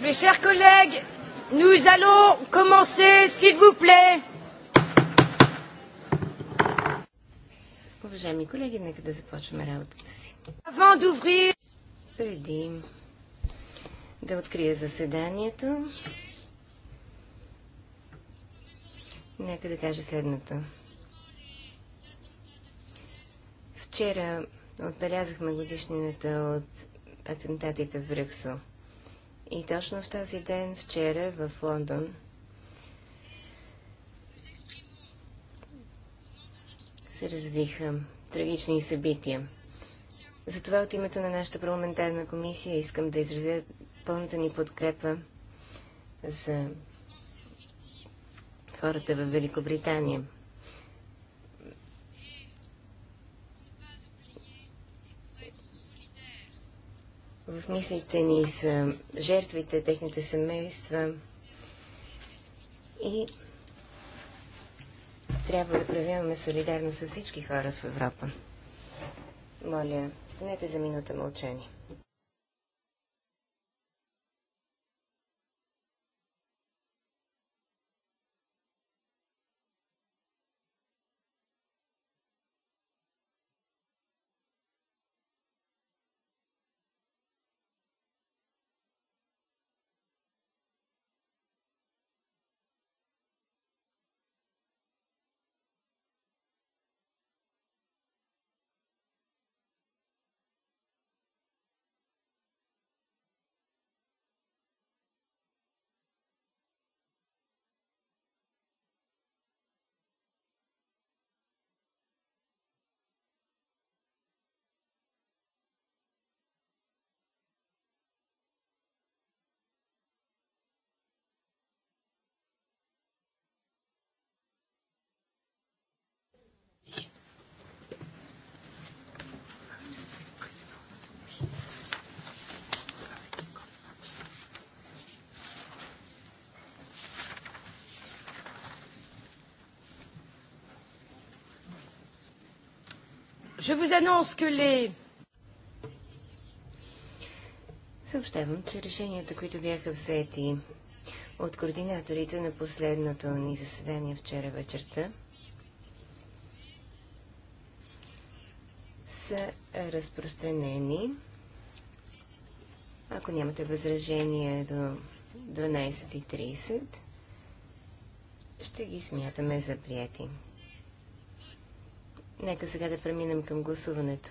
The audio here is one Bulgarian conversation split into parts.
Mes chers collègues, nous allons commencer, s'il vous plaît. Уважаеми колеги, нека да започваме работата си. Avant d'ouvrir... Преди да открия заседанието, нека да кажа следното. Вчера отбелязахме годишнината от атентатите в Брюксел – и точно в този ден, вчера, в Лондон, се развиха трагични събития. Затова от името на нашата парламентарна комисия искам да изразя пълната ни подкрепа за хората в Великобритания. В мислите ни за жертвите, техните семейства и трябва да проявяваме солидарност с всички хора в Европа. Моля, станете за минута мълчание. Je vous annonce que les... Съобщавам, че решенията, които бяха взети от координаторите на последното ни заседание вчера вечерта, са разпространени. Ако нямате възражение до 12.30, ще ги смятаме за прияти. Нека сега да преминем към гласуването.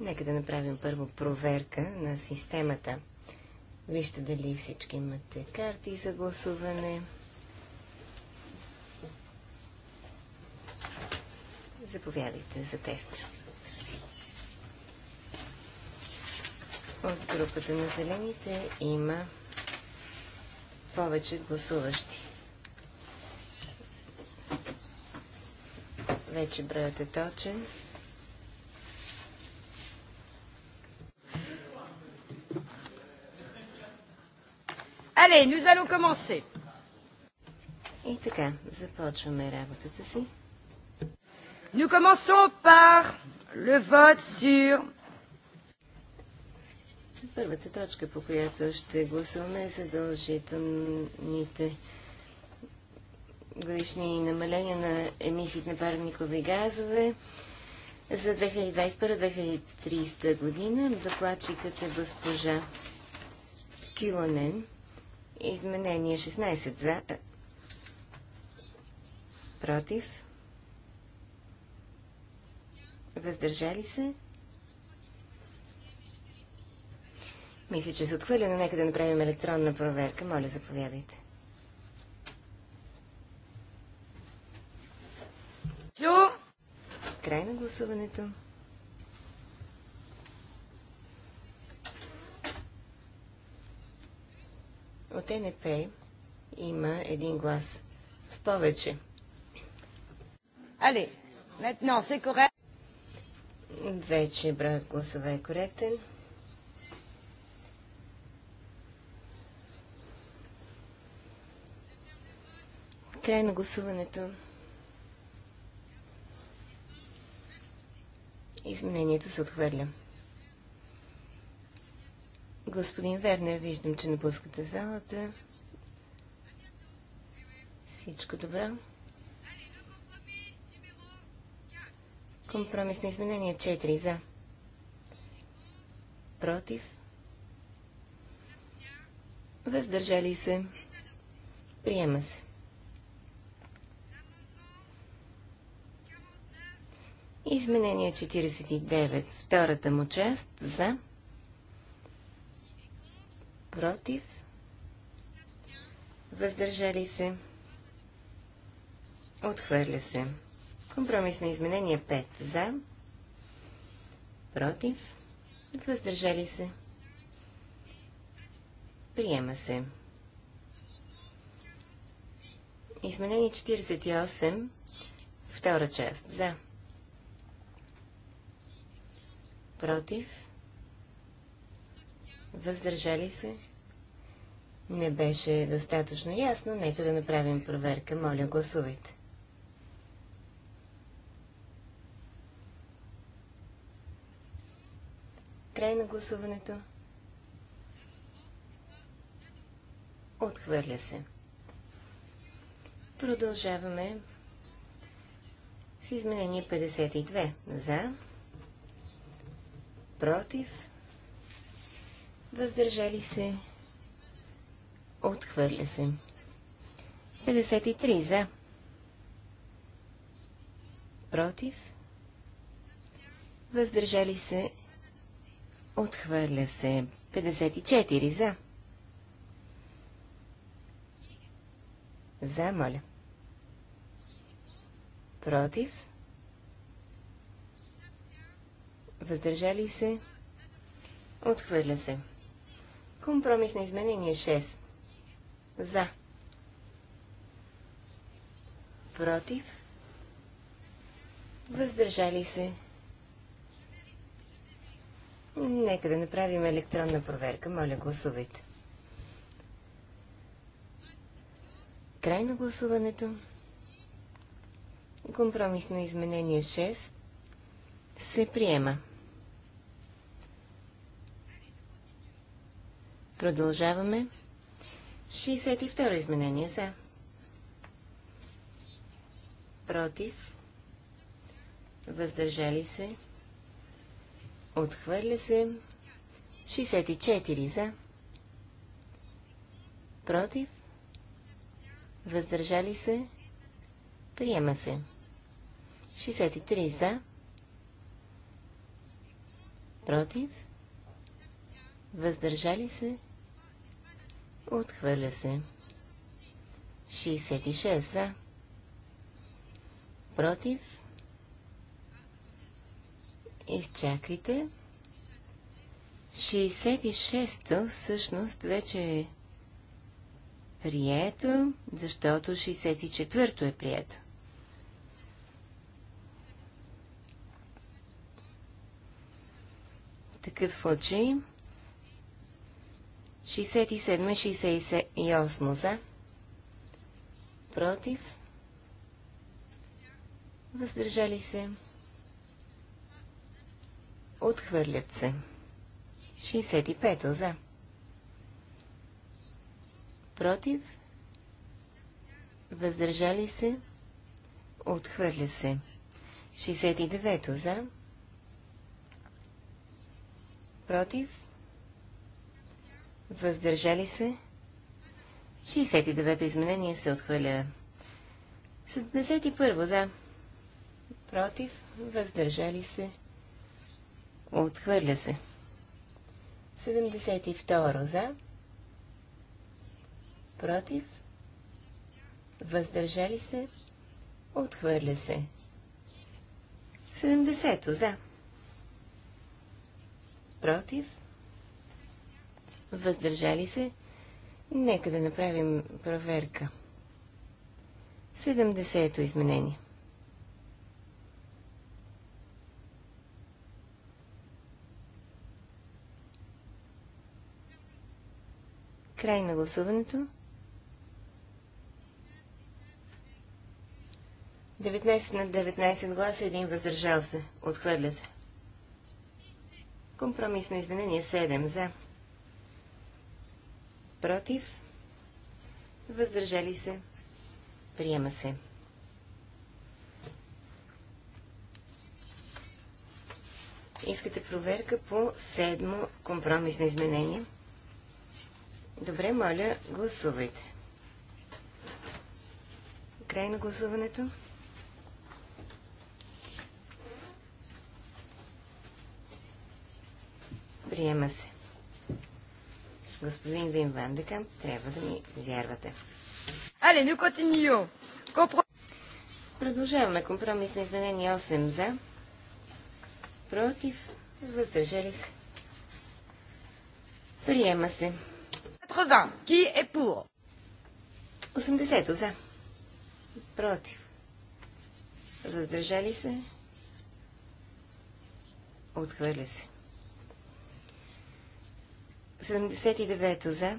Нека да направим първо проверка на системата. Вижте дали всички имате карти за гласуване. Заповядайте за тест. От групата на зелените има повече гласуващи. Вече броят е точен. Але, nous allons commencer. И така, започваме работата си. Nous commençons par le vote sur Първата точка, по която ще гласуваме е задължителните годишни намаления на емисиите на парникови газове за 2021-2030 година. Докладчикът е госпожа Киланен. Изменение 16 за. Е, против. Въздържали се. Мисля, че се отхвърля, но нека да направим електронна проверка. Моля, заповядайте. Ю! Край на гласуването. От НП има един глас в повече. Але, maintenant c'est корект. Вече броят гласове е коректен. Край на гласуването. Изменението се отхвърля. Господин Вернер, виждам, че напускате залата. Всичко добро. Компромис на изменение 4 за. Против. Въздържали се. Приема се. Изменение 49, втората му част, за, против, въздържали се, отхвърля се. Компромис на изменение 5, за, против, въздържали се, приема се. Изменение 48, втора част, за, против, въздържали се, не беше достатъчно ясно. Нека да направим проверка. Моля, гласувайте. Край на гласуването. Отхвърля се. Продължаваме с изменение 52. За против, въздържали се, отхвърля се. 53 за, против, въздържали се, отхвърля се. 54 за. За, моля. Против, въздържали се, отхвърля се. Компромис на изменение 6. За. Против. Въздържали се. Нека да направим електронна проверка. Моля, гласувайте. Край на гласуването. Компромисно изменение 6 се приема. Продължаваме. 62 изменение за. Против. Въздържали се. Отхвърля се. 64 за. Против. Въздържали се. Приема се. 63 за. Против. Въздържали се. Отхвърля се. 66 за. Против. Изчакайте. 66-то всъщност вече е прието, защото 64-то е прието. В такъв случай 67 68 за. Против. Въздържали се. Отхвърлят се. 65 за. Против. Въздържали се. Отхвърля се. 69 за. Против въздържали се. 69-то изменение се отхвърля. 71 за, против, въздържали се, отхвърля се. 72 за, против, въздържали се, отхвърля се. 70 за, против, Въздържали се? Нека да направим проверка. 70-то изменение. Край на гласуването. 19 на 19 гласа, един въздържал се. Отхвърля се. Компромисно изменение 7 за против, въздържали се, приема се. Искате проверка по седмо компромисно изменение? Добре, моля, гласувайте. Край на гласуването. Приема се господин Вин Вандекам, трябва да ми вярвате. Але, не континью. Продължаваме компромис на изменение 8 за, против, въздържали се. Приема се. 80. Ки е пуло? 80 за. Против. Въздържали се. Отхвърля се. 79 за,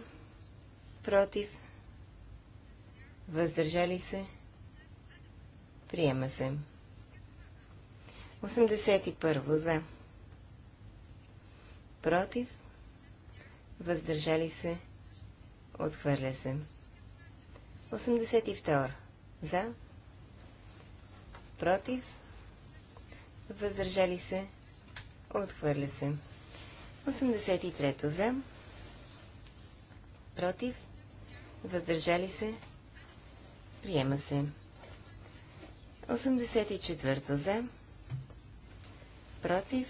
против, въздържали се, приема се. 81 за, против, въздържали се, отхвърля се. 82 за, против, въздържали се, отхвърля се. 83 за, против, въздържали се, приема се. 84 за, против,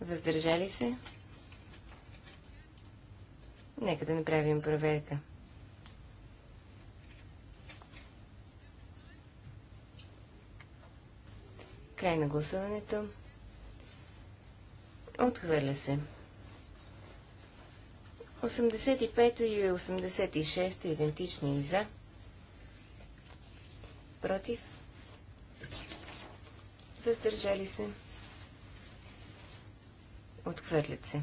въздържали се. Нека да направим проверка. Край на гласуването. Отхвърля се. 85 и 86 идентични и за. Против. Въздържали се. Отхвърлят се.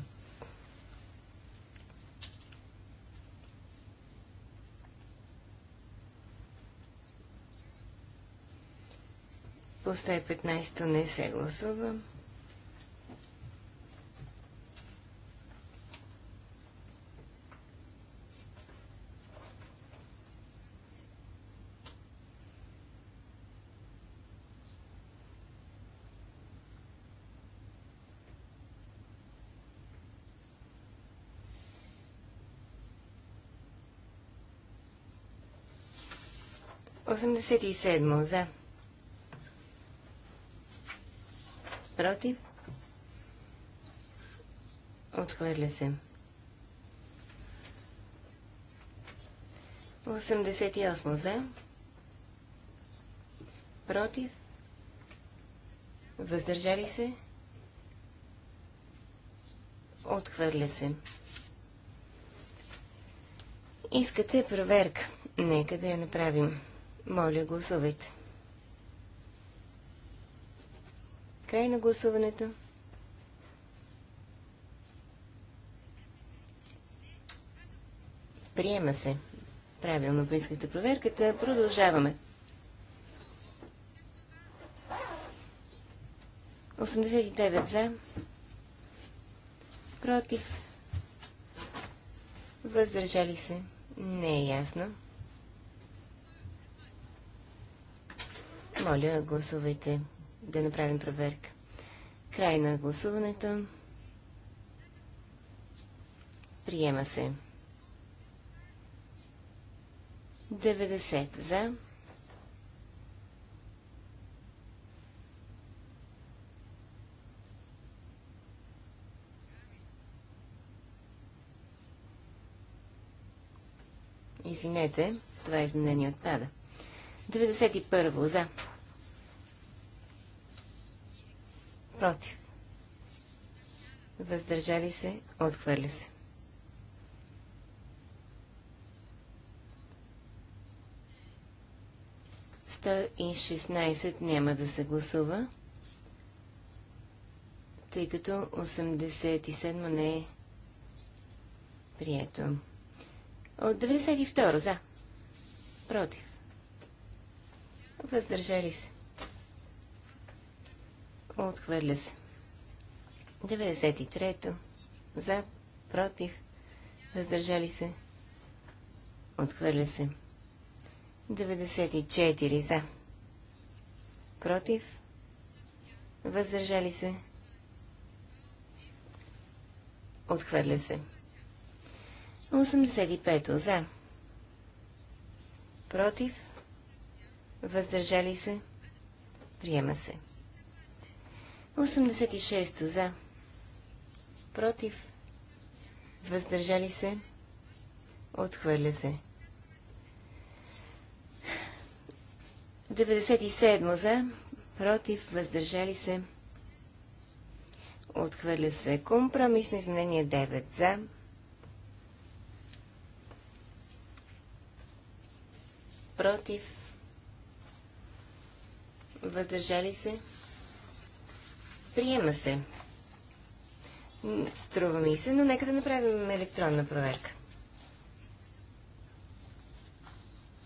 По 115 не се гласувам. 87 за. Против. Отхвърля се. 88 за. Против. Въздържали се. Отхвърля се. Искате проверка. Нека да я направим. Моля, гласувайте. Край на гласуването. Приема се. Правилно поискахте проверката. Продължаваме. 89 за. Против. Въздържали се. Не е ясно. Моля, гласувайте да направим проверка. Край на гласуването. Приема се. 90 за. Извинете, това изменение отпада. 91 за. Против. Въздържали се, отхвърля се. и 16 няма да се гласува, тъй като 87 не е прието. От 92 за. Против. Въздържали се. Отхвърля се. 93-то. За, против, въздържали се. Отхвърля се. 94 за. Против, въздържали се. Отхвърля се. 85 за. Против, Въздържали се? Приема се. 86 за. Против. Въздържали се? Отхвърля се. 97 за. Против. Въздържали се? Отхвърля се. Компромисно изменение 9 за. Против въздържали се, приема се. Струва ми се, но нека да направим електронна проверка.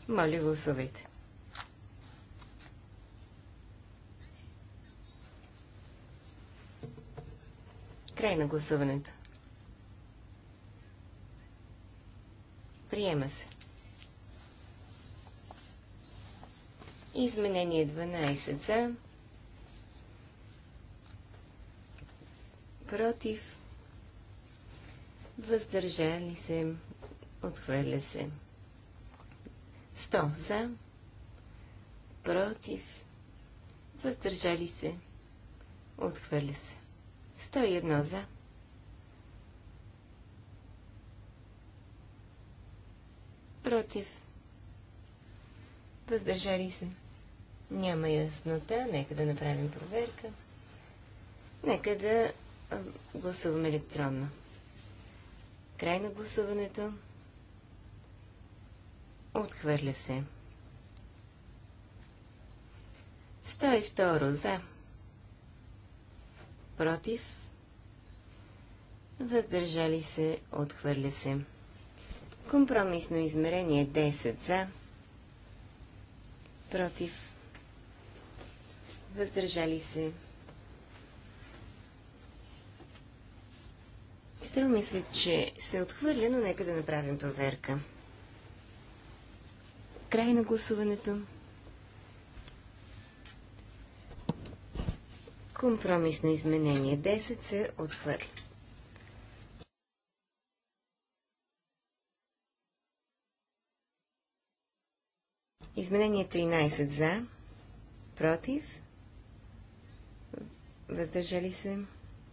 Моля, гласувайте. Край на гласуването. Приема се. Изменение 12 за. Против. Въздържали се. Отхвърля се. 100 за. Против. Въздържали се. Отхвърля се. 101 за. Против. Въздържали се. Няма яснота. Нека да направим проверка. Нека да гласуваме електронно. Край на гласуването. Отхвърля се. 102 за. Против. Въздържали се. Отхвърля се. Компромисно измерение 10 за. Против въздържали се. Струва ми се, че се отхвърля, но нека да направим проверка. Край на гласуването. Компромисно изменение 10 се отхвърля. Изменение 13 за, против, въздържали се,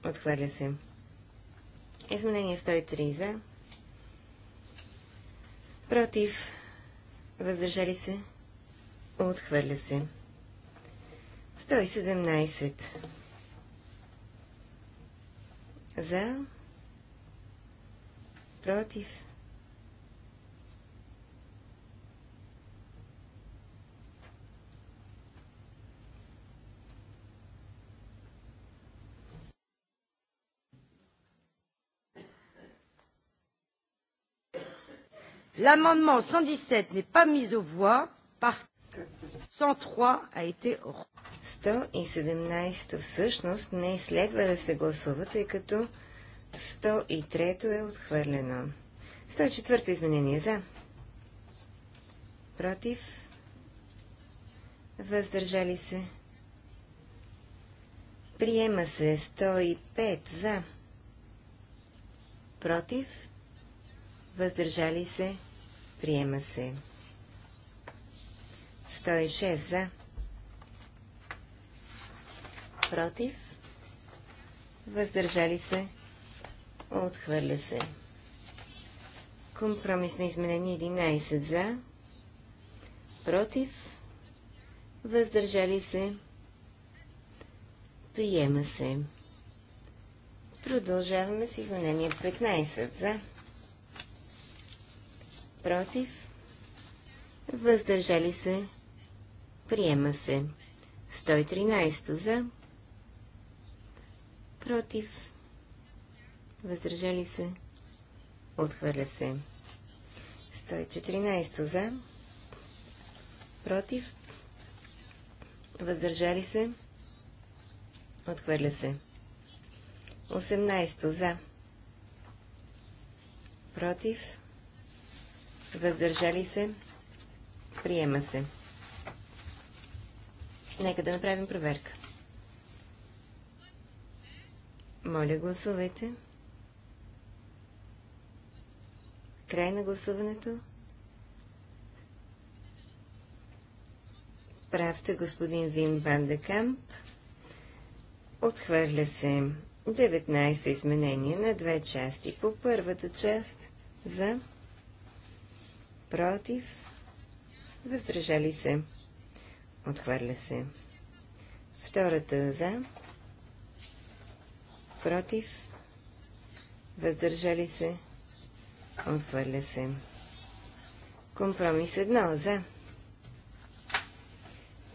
отхвърля се. Изменение 103 за, против, въздържали се, отхвърля се. 117 за, против, L'amendement 117 n'est pas mis aux voix parce que 103 a été... 117 всъщност не следва да се гласува, тъй като 103 е отхвърлено. 104 изменение за. Против. Въздържали се. Приема се 105 за. Против. Въздържали се. Приема се. 106 за. Против. Въздържали се. Отхвърля се. Компромисно изменение 11 за. Против. Въздържали се. Приема се. Продължаваме с изменение 15 за против, въздържали се, приема се. 113 за, против, въздържали се, отхвърля се. 114 за, против, въздържали се, отхвърля се. 18 за, против, въздържали се, приема се. Нека да направим проверка. Моля, гласувайте. Край на гласуването. Прав сте господин Вин Ван Отхвърля се 19 изменения на две части. По първата част за против, въздържали се, отхвърля се. Втората за, против, въздържали се, отхвърля се. Компромис едно за,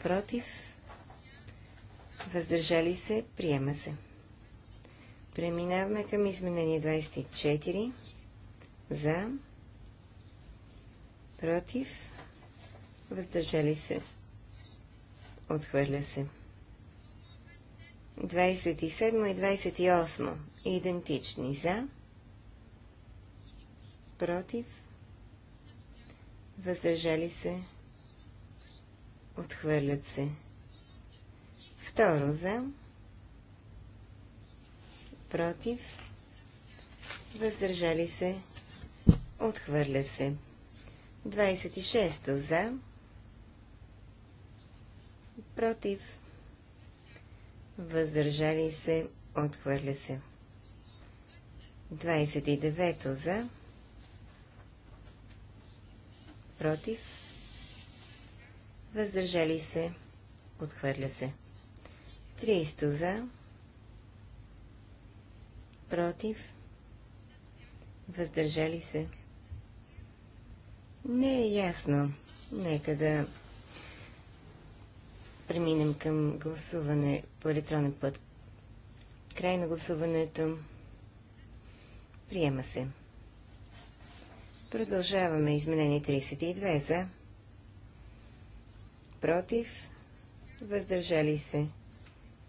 против, въздържали се, приема се. Преминаваме към изменение 24 за, против, въздържали се, отхвърля се. 27 и 28 идентични за, против, въздържали се, отхвърлят се. Второ за, против, въздържали се, отхвърля се. 26 за, против, въздържали се, отхвърля се. 29 за, против, въздържали се, отхвърля се. 30 за, против, въздържали се, не е ясно. Нека да преминем към гласуване по електронен път. Край на гласуването. Приема се. Продължаваме изменение 32 за. Против. Въздържали се.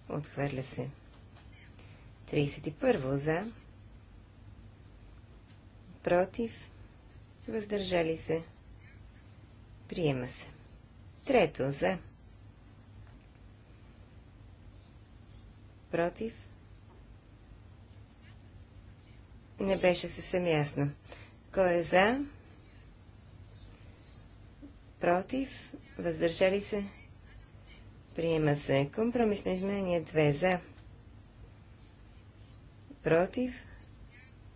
Отхвърля се. 31 за. Против въздържали се, приема се. Трето за, против, не беше съвсем ясно. Кой е за, против, въздържали се, приема се. Компромисно изменение 2 за, против,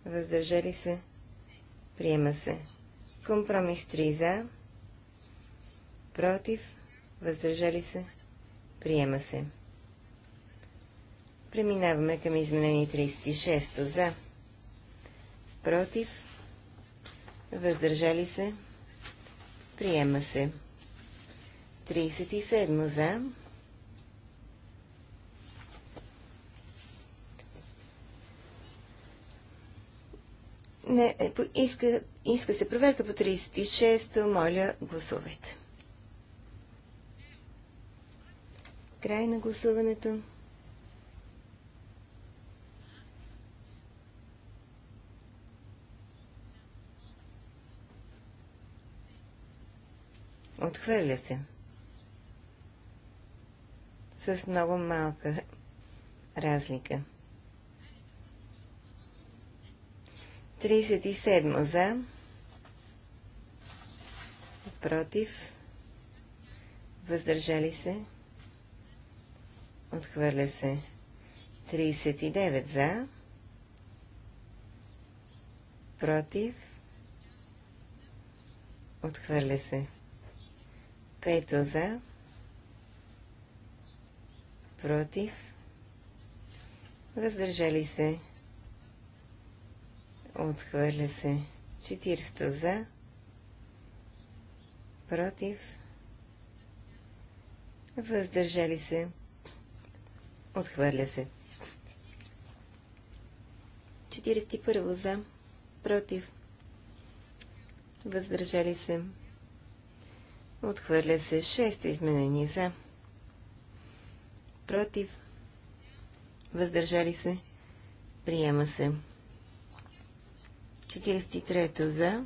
въздържали се, приема се. Компромис 3 за, против, въздържали се, приема се. Преминаваме към изменение 36 за, против, въздържали се, приема се. 37 за, Не, е, иска иска се проверка по 36-то. Моля, гласувайте. Край на гласуването. Отхвърля се. С много малка разлика. 37 за против, въздържали се, отхвърля се 39 за, против, отхвърля се 5 за, против, въздържали се, отхвърля се 40 за, против, въздържали се, отхвърля се. 41 за, против, въздържали се, отхвърля се. 6 изменение за, против, въздържали се, приема се. 43 за,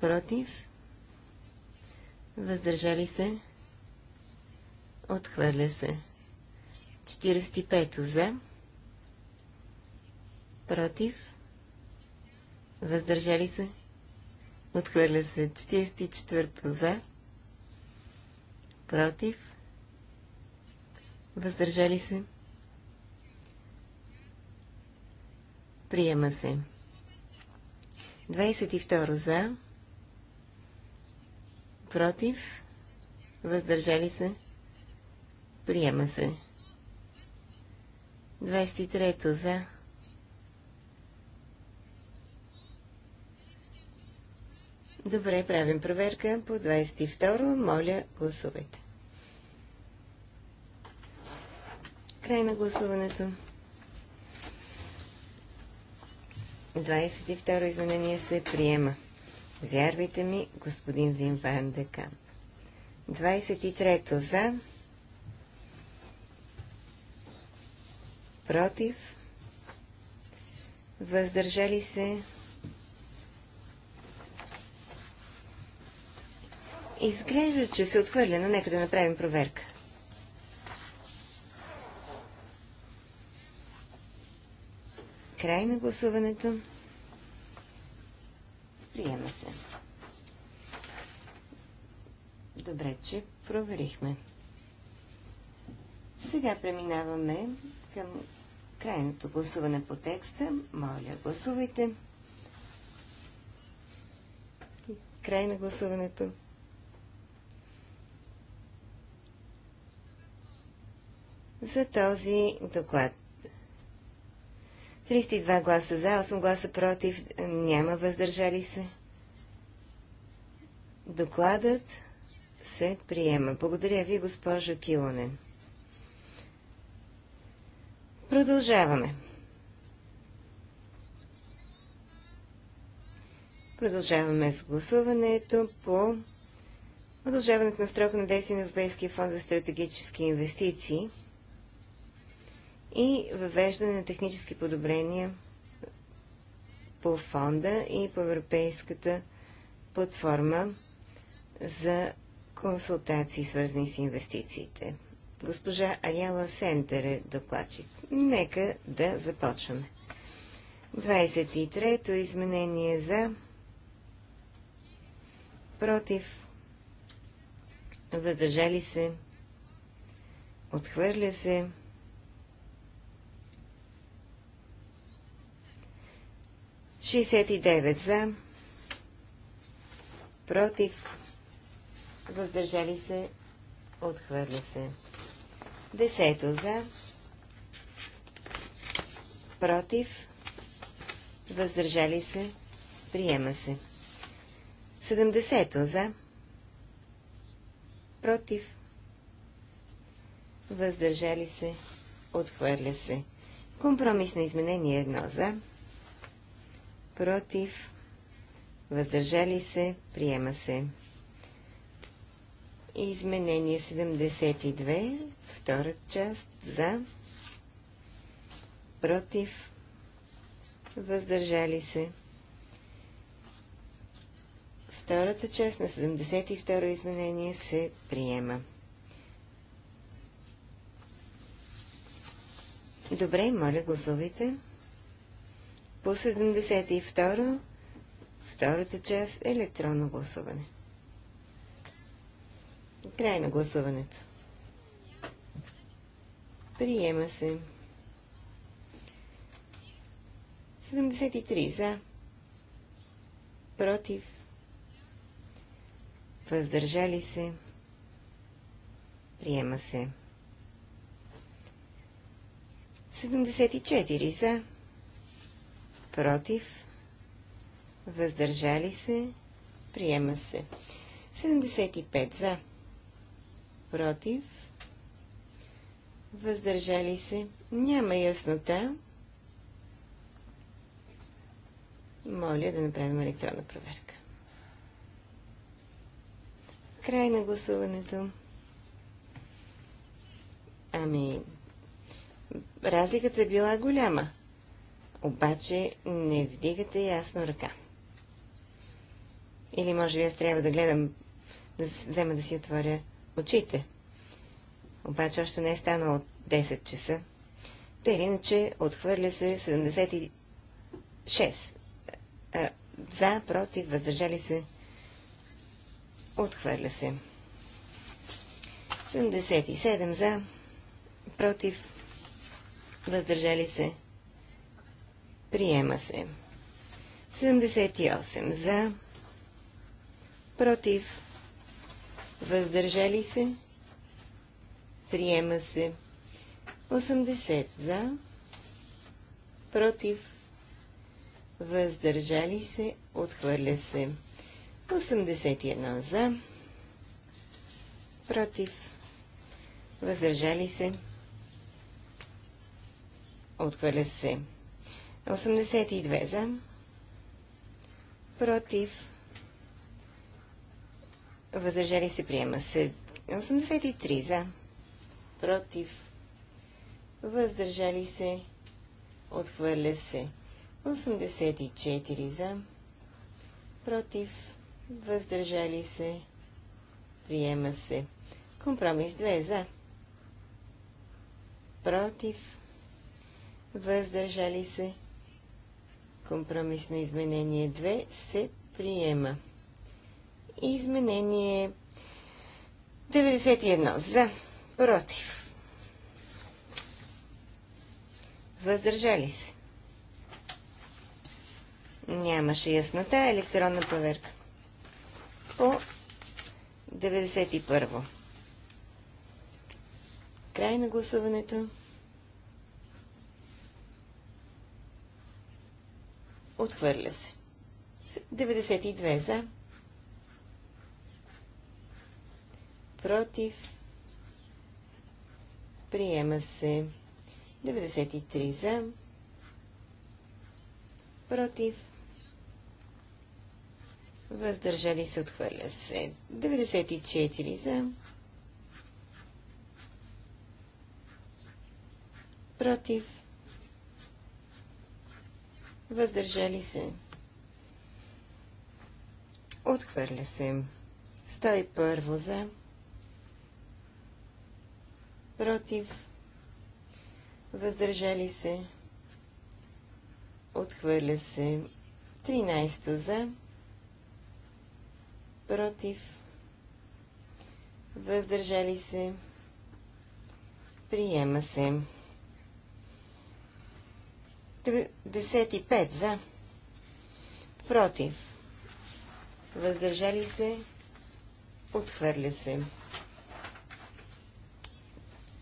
против, въздържали се, отхвърля се. 45 за, против, въздържали се, отхвърля се. 44 за, против, въздържали се, приема се. 22 за, против, въздържали се, приема се. 23 за, Добре, правим проверка по 22. Моля, гласувайте. Край на гласуването. 22 изменение се приема. Вярвайте ми, господин Вин Ван Декам. 23-то за. Против. Въздържали се. Изглежда, че се отхвърля, но нека да направим проверка. Край на гласуването. Приема се. Добре, че проверихме. Сега преминаваме към крайното гласуване по текста. Моля, гласувайте. Край на гласуването. За този доклад 32 гласа за, 8 гласа против, няма въздържали се. Докладът се приема. Благодаря ви, госпожа Килонен. Продължаваме. Продължаваме с гласуването по продължаването на строка на действие на Европейския фонд за стратегически инвестиции – и въвеждане на технически подобрения по фонда и по европейската платформа за консултации, свързани с инвестициите. Госпожа Аяла Сентер е докладчик. Нека да започваме. 23-то изменение за против въздържали се отхвърля се 69 за, против, въздържали се, отхвърля се. Десето за, против, въздържали се, приема се. 70 за, против, въздържали се, отхвърля се. Компромисно изменение едно за, против, въздържали се, приема се. Изменение 72, втора част, за, против, въздържали се. Втората част на 72 изменение се приема. Добре, моля, гласувайте. По 72, втората част е електронно гласуване. Край на гласуването. Приема се. 73 за. Против. Въздържали се. Приема се. 74 за против, въздържали се, приема се. 75 за, против, въздържали се, няма яснота. Моля да направим електронна проверка. Край на гласуването. Ами, разликата е била голяма. Обаче не вдигате ясно ръка. Или може би аз трябва да гледам, да взема да си отворя очите. Обаче още не е станало 10 часа. Те иначе отхвърля се 76. А, за, против, въздържали се. Отхвърля се. 77 за, против, въздържали се. Приема се. 78 за. Против. Въздържали се. Приема се. 80 за. Против. Въздържали се. Отхвърля се. 81 за. Против. Въздържали се. Отхвърля се. 82 за. Против. Въздържали се приема се. 83 за. Против. Въздържали се. Отхвърля се. 84 за. Против. Въздържали се. Приема се. Компромис 2 за. Против. Въздържали се. Компромисно изменение 2 се приема. Изменение 91 за, против, въздържали се. Нямаше яснота. Електронна проверка. По 91. Край на гласуването. Отхвърля се. 92 за. Против. Приема се. 93 за. Против. Въздържали се. Отхвърля се. 94 за. Против въздържали се. Отхвърля се. първо за, против, въздържали се. Отхвърля се. 13 за, против, въздържали се. Приема се. 35 за. Против. Въздържали се. Отхвърля се.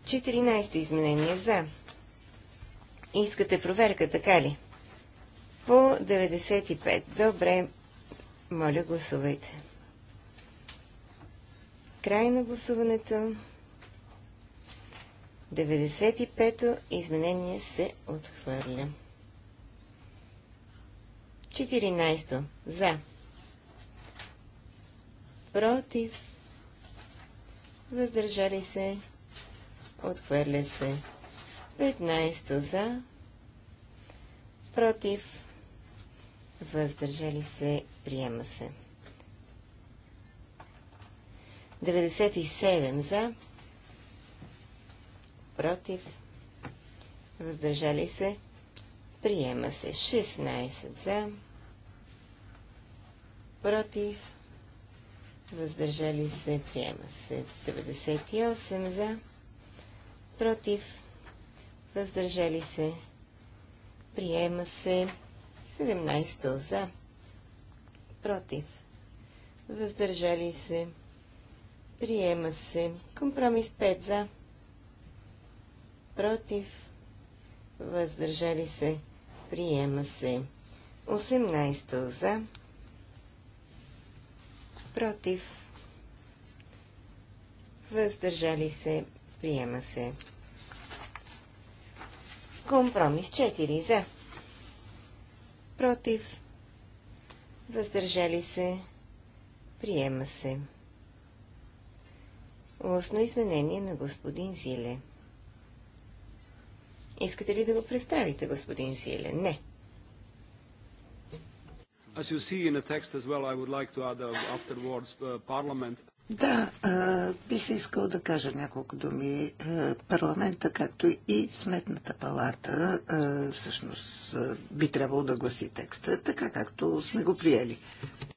14 изменение за. Искате проверка, така ли? По 95. Добре. Моля, гласувайте. Край на гласуването. 95-то изменение се отхвърля. 14. За. Против. Въздържали се. Отхвърля се. 15. За. Против. Въздържали се. Приема се. 97 за, против, въздържали се, приема се 16 за, против, въздържали се, приема се 98 за, против, въздържали се, приема се 17 за, против, въздържали се, приема се компромис 5 за, против, въздържали се, приема се 18 за, против, въздържали се, приема се. Компромис 4 за, против, въздържали се, приема се. Лосно изменение на господин Зиле. Искате ли да го представите, господин Зиле? Не. As you see in the text as well, I would like to add uh, afterwards uh, Parliament. Да, бих искал да кажа няколко думи. Е, парламента, както и Сметната палата, е, всъщност е, би трябвало да гласи текста, така както сме го приели.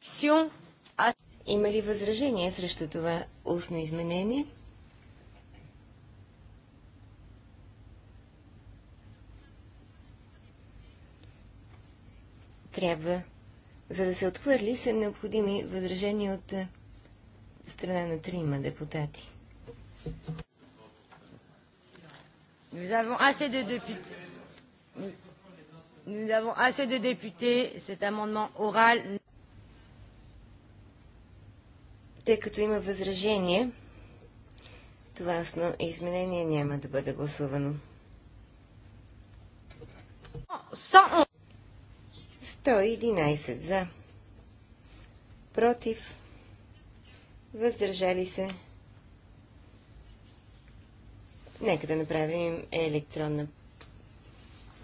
Сюн, а има ли възражение срещу това устно изменение? Трябва за да се отхвърли, са необходими възражения от е, страна на трима депутати. Nous avons assez de députés. Nous avons assez de députés. Cet amendement oral. Тъй като има възражение, това изменение няма да бъде гласувано. Sans 111 за. Против. Въздържали се. Нека да направим електронна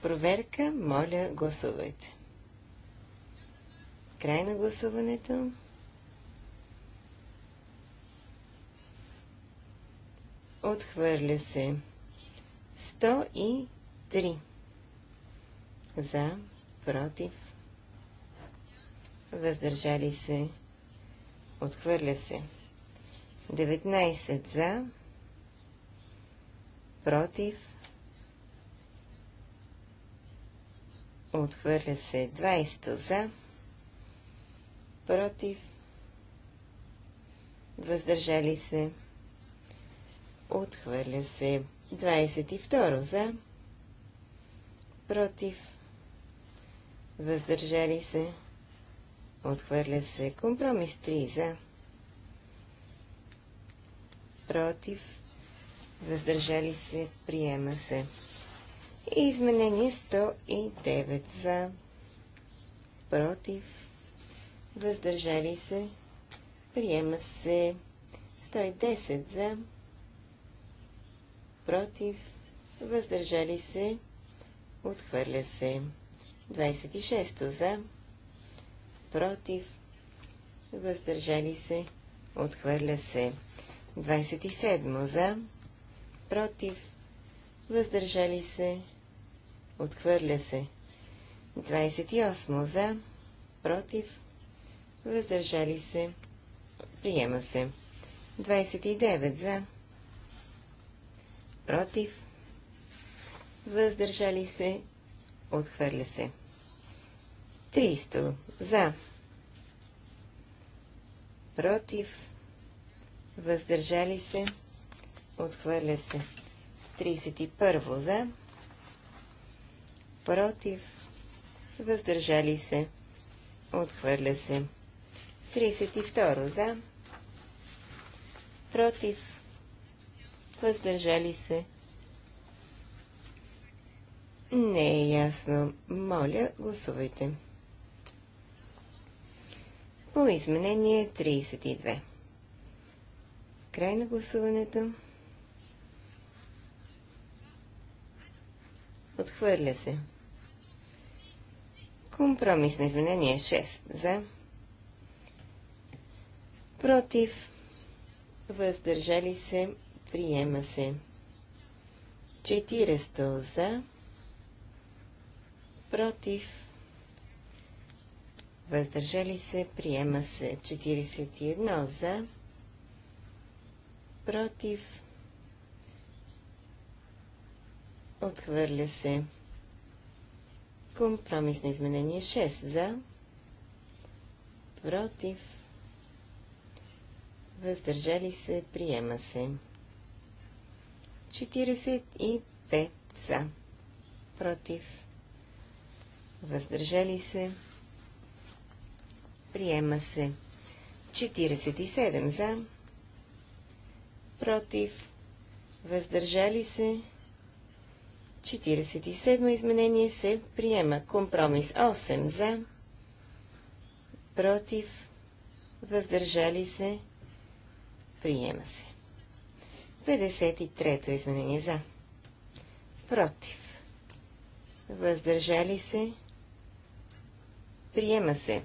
проверка. Моля, гласувайте. Край на гласуването. Отхвърля се. 103. За, против, въздържали се, отхвърля се. 19 за, против, отхвърля се 20 за, против, въздържали се, отхвърля се 22 за, против, въздържали се, Отхвърля се. Компромис 3 за. Против. Въздържали се. Приема се. И изменение 109 за. Против. Въздържали се. Приема се. 110 за. Против. Въздържали се. Отхвърля се. 26 за против, въздържали се, отхвърля се. 27 за, против, въздържали се, отхвърля се. 28 за, против, въздържали се, приема се. 29 за, против, въздържали се, отхвърля се. 300 за. Против. Въздържали се. Отхвърля се. 31 за. Против. Въздържали се. Отхвърля се. 32 за. Против. Въздържали се. Не е ясно. Моля, гласувайте по изменение 32. Край на гласуването. Отхвърля се. Компромис на изменение 6. За. Против. Въздържали се. Приема се. 400 за. Против въздържали се, приема се 41 за, против, отхвърля се компромисно изменение 6 за, против, въздържали се, приема се 45 за, против, въздържали се, Приема се. 47 за. Против. Въздържали се. 47 изменение се приема. Компромис 8 за. Против. Въздържали се. Приема се. 53-то изменение за. Против. Въздържали се. Приема се.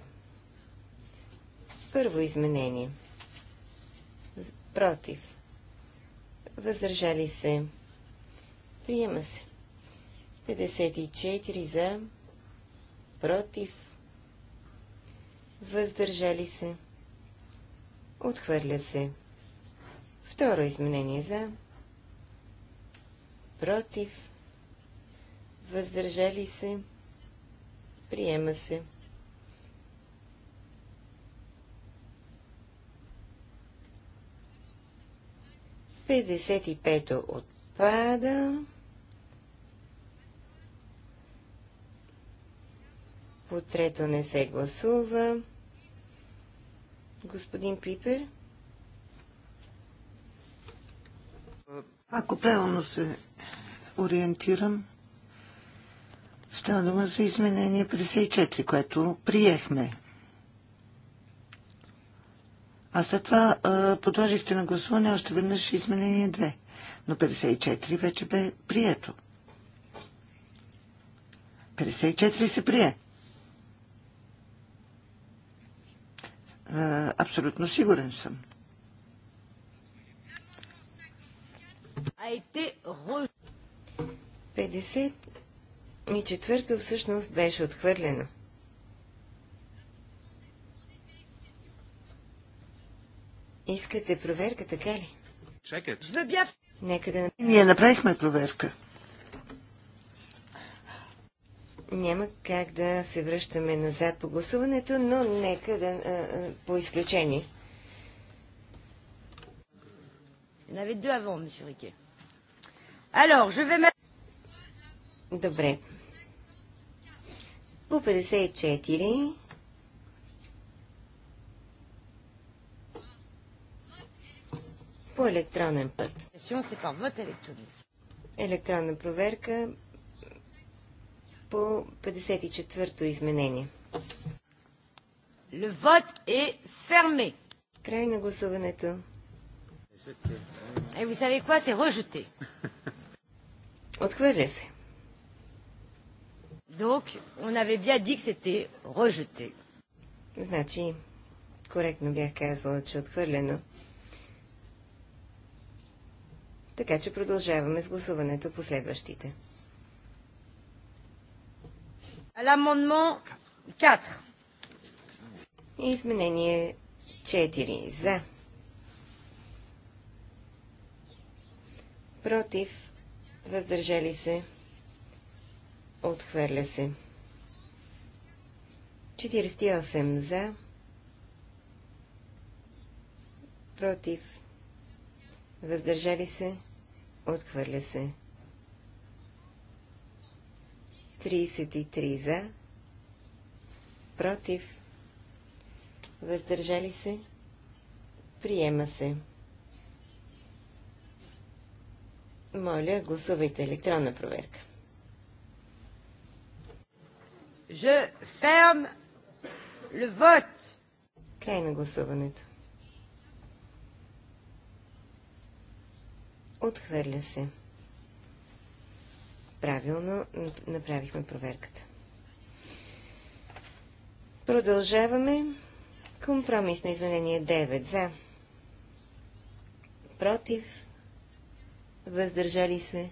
Първо изменение. Против. Въздържали се. Приема се. 54 за. Против. Въздържали се. Отхвърля се. Второ изменение за. Против. Въздържали се. Приема се. 55 то отпада. По трето не се гласува. Господин Пипер. Ако правилно се ориентирам, става дума за изменение 54, което приехме а след това а, подложихте на гласуване още веднъж изменение 2. Но 54 вече бе прието. 54 се прие. А, абсолютно сигурен съм. 50 и четвърто всъщност беше отхвърлено. Искате проверка, така ли? Нека да... Ние направихме проверка. Няма как да се връщаме назад по гласуването, но нека да... А, а, по изключение. Добре. По 54 по електронен път. Електронна проверка по 54-то изменение. Le vote est fermé. Край на гласуването. Et vous savez quoi, c'est rejeté. Отхвърля се. Donc, on avait bien dit que c'était rejeté. Значи, коректно бях казала, че е отхвърлено. Така че продължаваме с гласуването по следващите. L'amendement 4. Изменение 4. За. Против. Въздържали се. Отхвърля се. 48 за. Против. Въздържали се. Отхвърля се. 33 за. Против. Въздържали се. Приема се. Моля, гласувайте електронна проверка. Je ferme le vote. Край на гласуването. Отхвърля се. Правилно направихме проверката. Продължаваме. Компромис на изменение 9 за. Против. Въздържали се.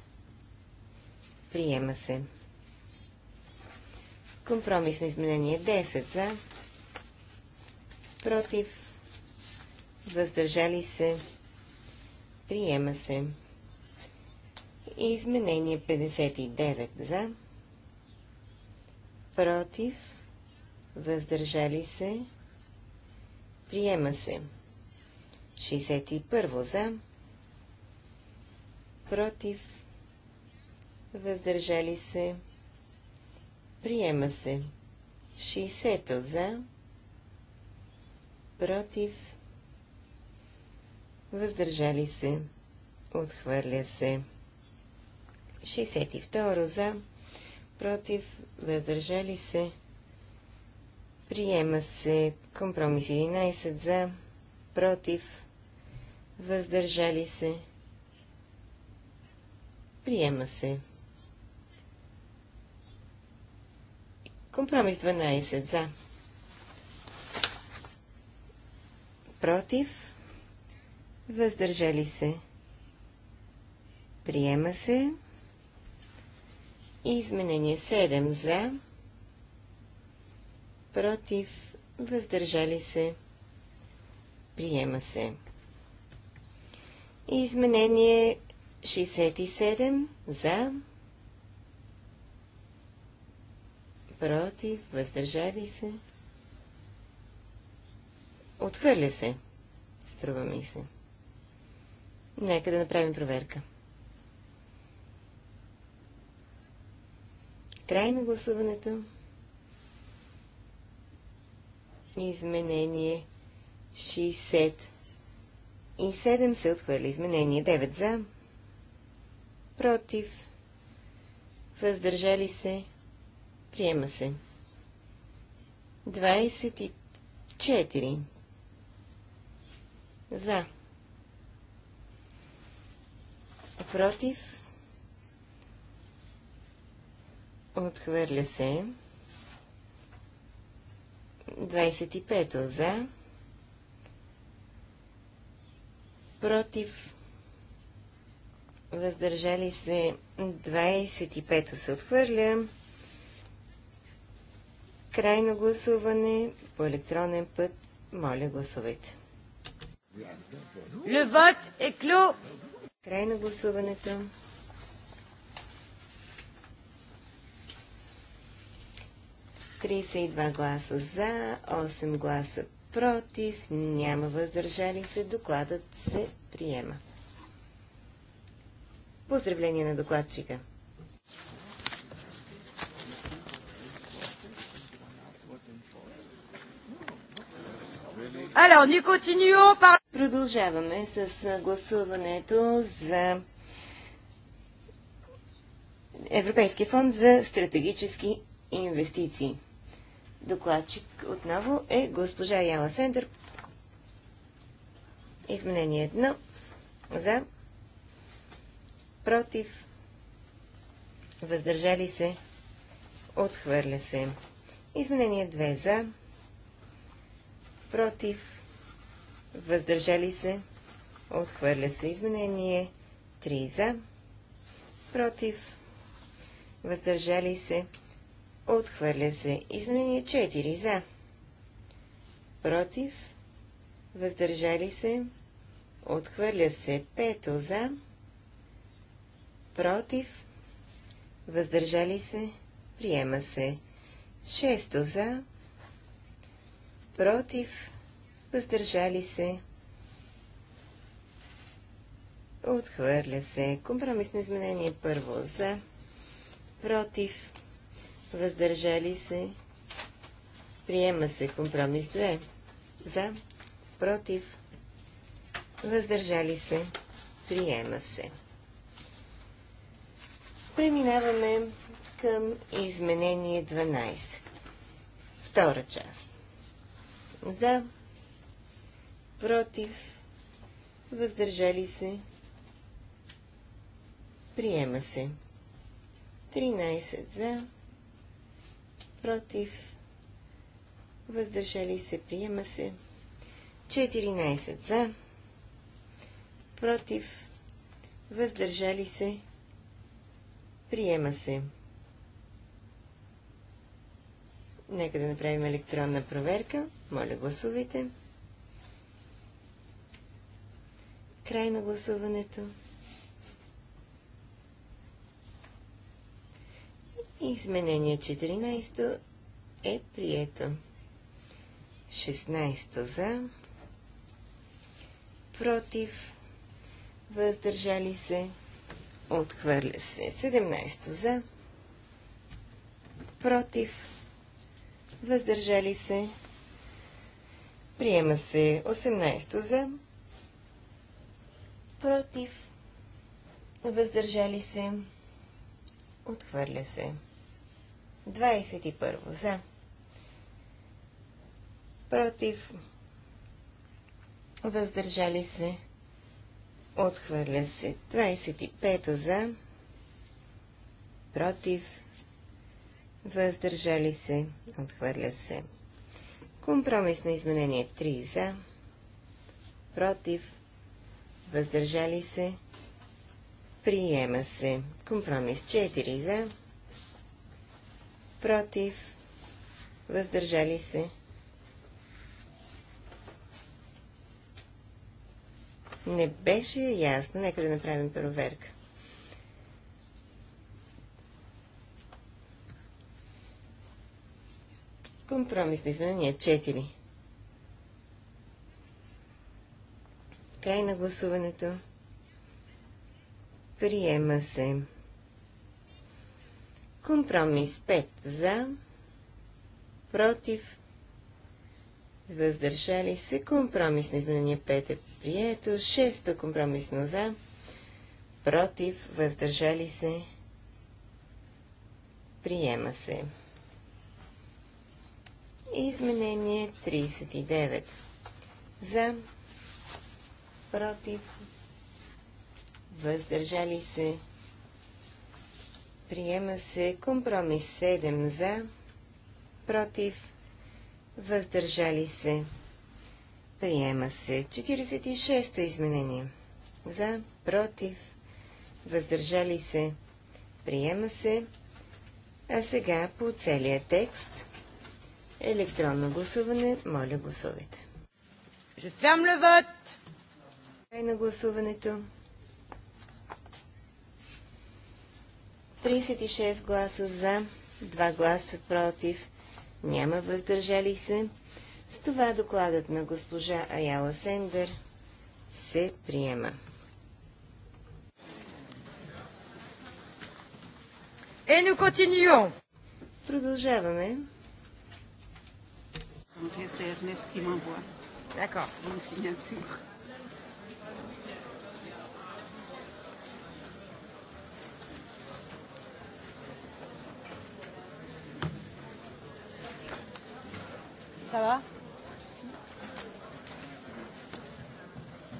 Приема се. Компромис на изменение 10 за. Против. Въздържали се. Приема се. Изменение 59 за. Против. Въздържали се. Приема се. 61 за. Против. Въздържали се. Приема се. 60 за. Против въздържали се, отхвърля се. 62 за, против, въздържали се, приема се. Компромис 11 за, против, въздържали се, приема се. Компромис 12 за. Против въздържали се. Приема се. И изменение 7 за, против, въздържали се. Приема се. И изменение 67 за, против, въздържали се. Отхвърля се, струва ми се. Нека да направим проверка. Край на гласуването. Изменение 60. И 7 се отхвърли. Изменение 9 за. Против. Въздържали се. Приема се. 24. За. против, отхвърля се. 25 за, против, въздържали се 25 се отхвърля. Крайно гласуване по електронен път. Моля, гласувайте. Le vote est clos. Край на гласуването. Тридесет два гласа за, 8 гласа против, няма въздържали се. Докладът се приема. Поздравление на докладчика. Alors, nous continuons par... Продължаваме с гласуването за Европейския фонд за стратегически инвестиции. Докладчик отново е госпожа Яна Сендър. Изменение едно за против въздържали се отхвърля се. Изменение 2 за против, въздържали се, отхвърля се. Изменение 3 за, против, въздържали се, отхвърля се. Изменение 4 за, против, въздържали се, отхвърля се. 5 за, против, въздържали се, приема се. 6 за, против, въздържали се, отхвърля се. Компромисно изменение първо за, против, въздържали се, приема се. Компромис 2 за, против, въздържали се, приема се. Преминаваме към изменение 12. Втора част за, против, въздържали се, приема се. 13 за, против, въздържали се, приема се. 14 за, против, въздържали се, приема се. Нека да направим електронна проверка. Моля, гласувайте. Край на гласуването. Изменение 14 е прието. 16 за, против, въздържали се, отхвърля се. 17 за, против, въздържали се, приема се 18 за, против, въздържали се, отхвърля се 21 за, против, въздържали се, отхвърля се 25 за, против, въздържали се, отхвърля се. Компромис на изменение 3 за, против, въздържали се, приема се. Компромис 4 за, против, въздържали се. Не беше ясно, нека да направим проверка. Компромис на изменение 4. Край на гласуването. Приема се. Компромис 5 за, против, въздържали се. Компромисно изменение 5 е прието. 6 компромисно за, против, въздържали се. Приема се. Изменение 39. За, против, въздържали се. Приема се компромис 7 за, против, въздържали се. Приема се 46-то изменение. За, против, въздържали се. Приема се. А сега по целия текст – Електронно гласуване. Моля, гласувайте. Je ferme le vote. Край на гласуването. 36 гласа за, 2 гласа против, няма въздържали се. С това докладът на госпожа Аяла Сендер се приема. Е, Продължаваме c'est Ernest qui m'envoie. D'accord. Une signature. Ça va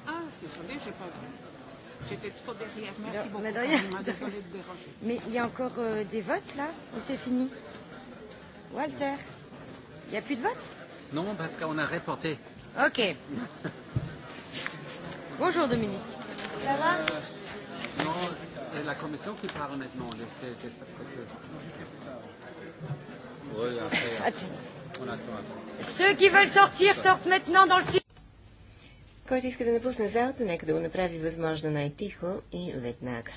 Ah, désolé, j'ai pas vu. J'étais trop derrière. Merci beaucoup. Mais, désolé de Mais il y a encore euh, des votes là Ou c'est fini Walter Il n'y a plus de vote Non, parce qu'on a reporté. Ok. Bonjour Dominique. Ça va Non, c'est la commission qui parle maintenant. Ceux qui veulent sortir sortent maintenant dans le site. Който иска да напусне залата, нека да го направи възможно най-тихо и веднага.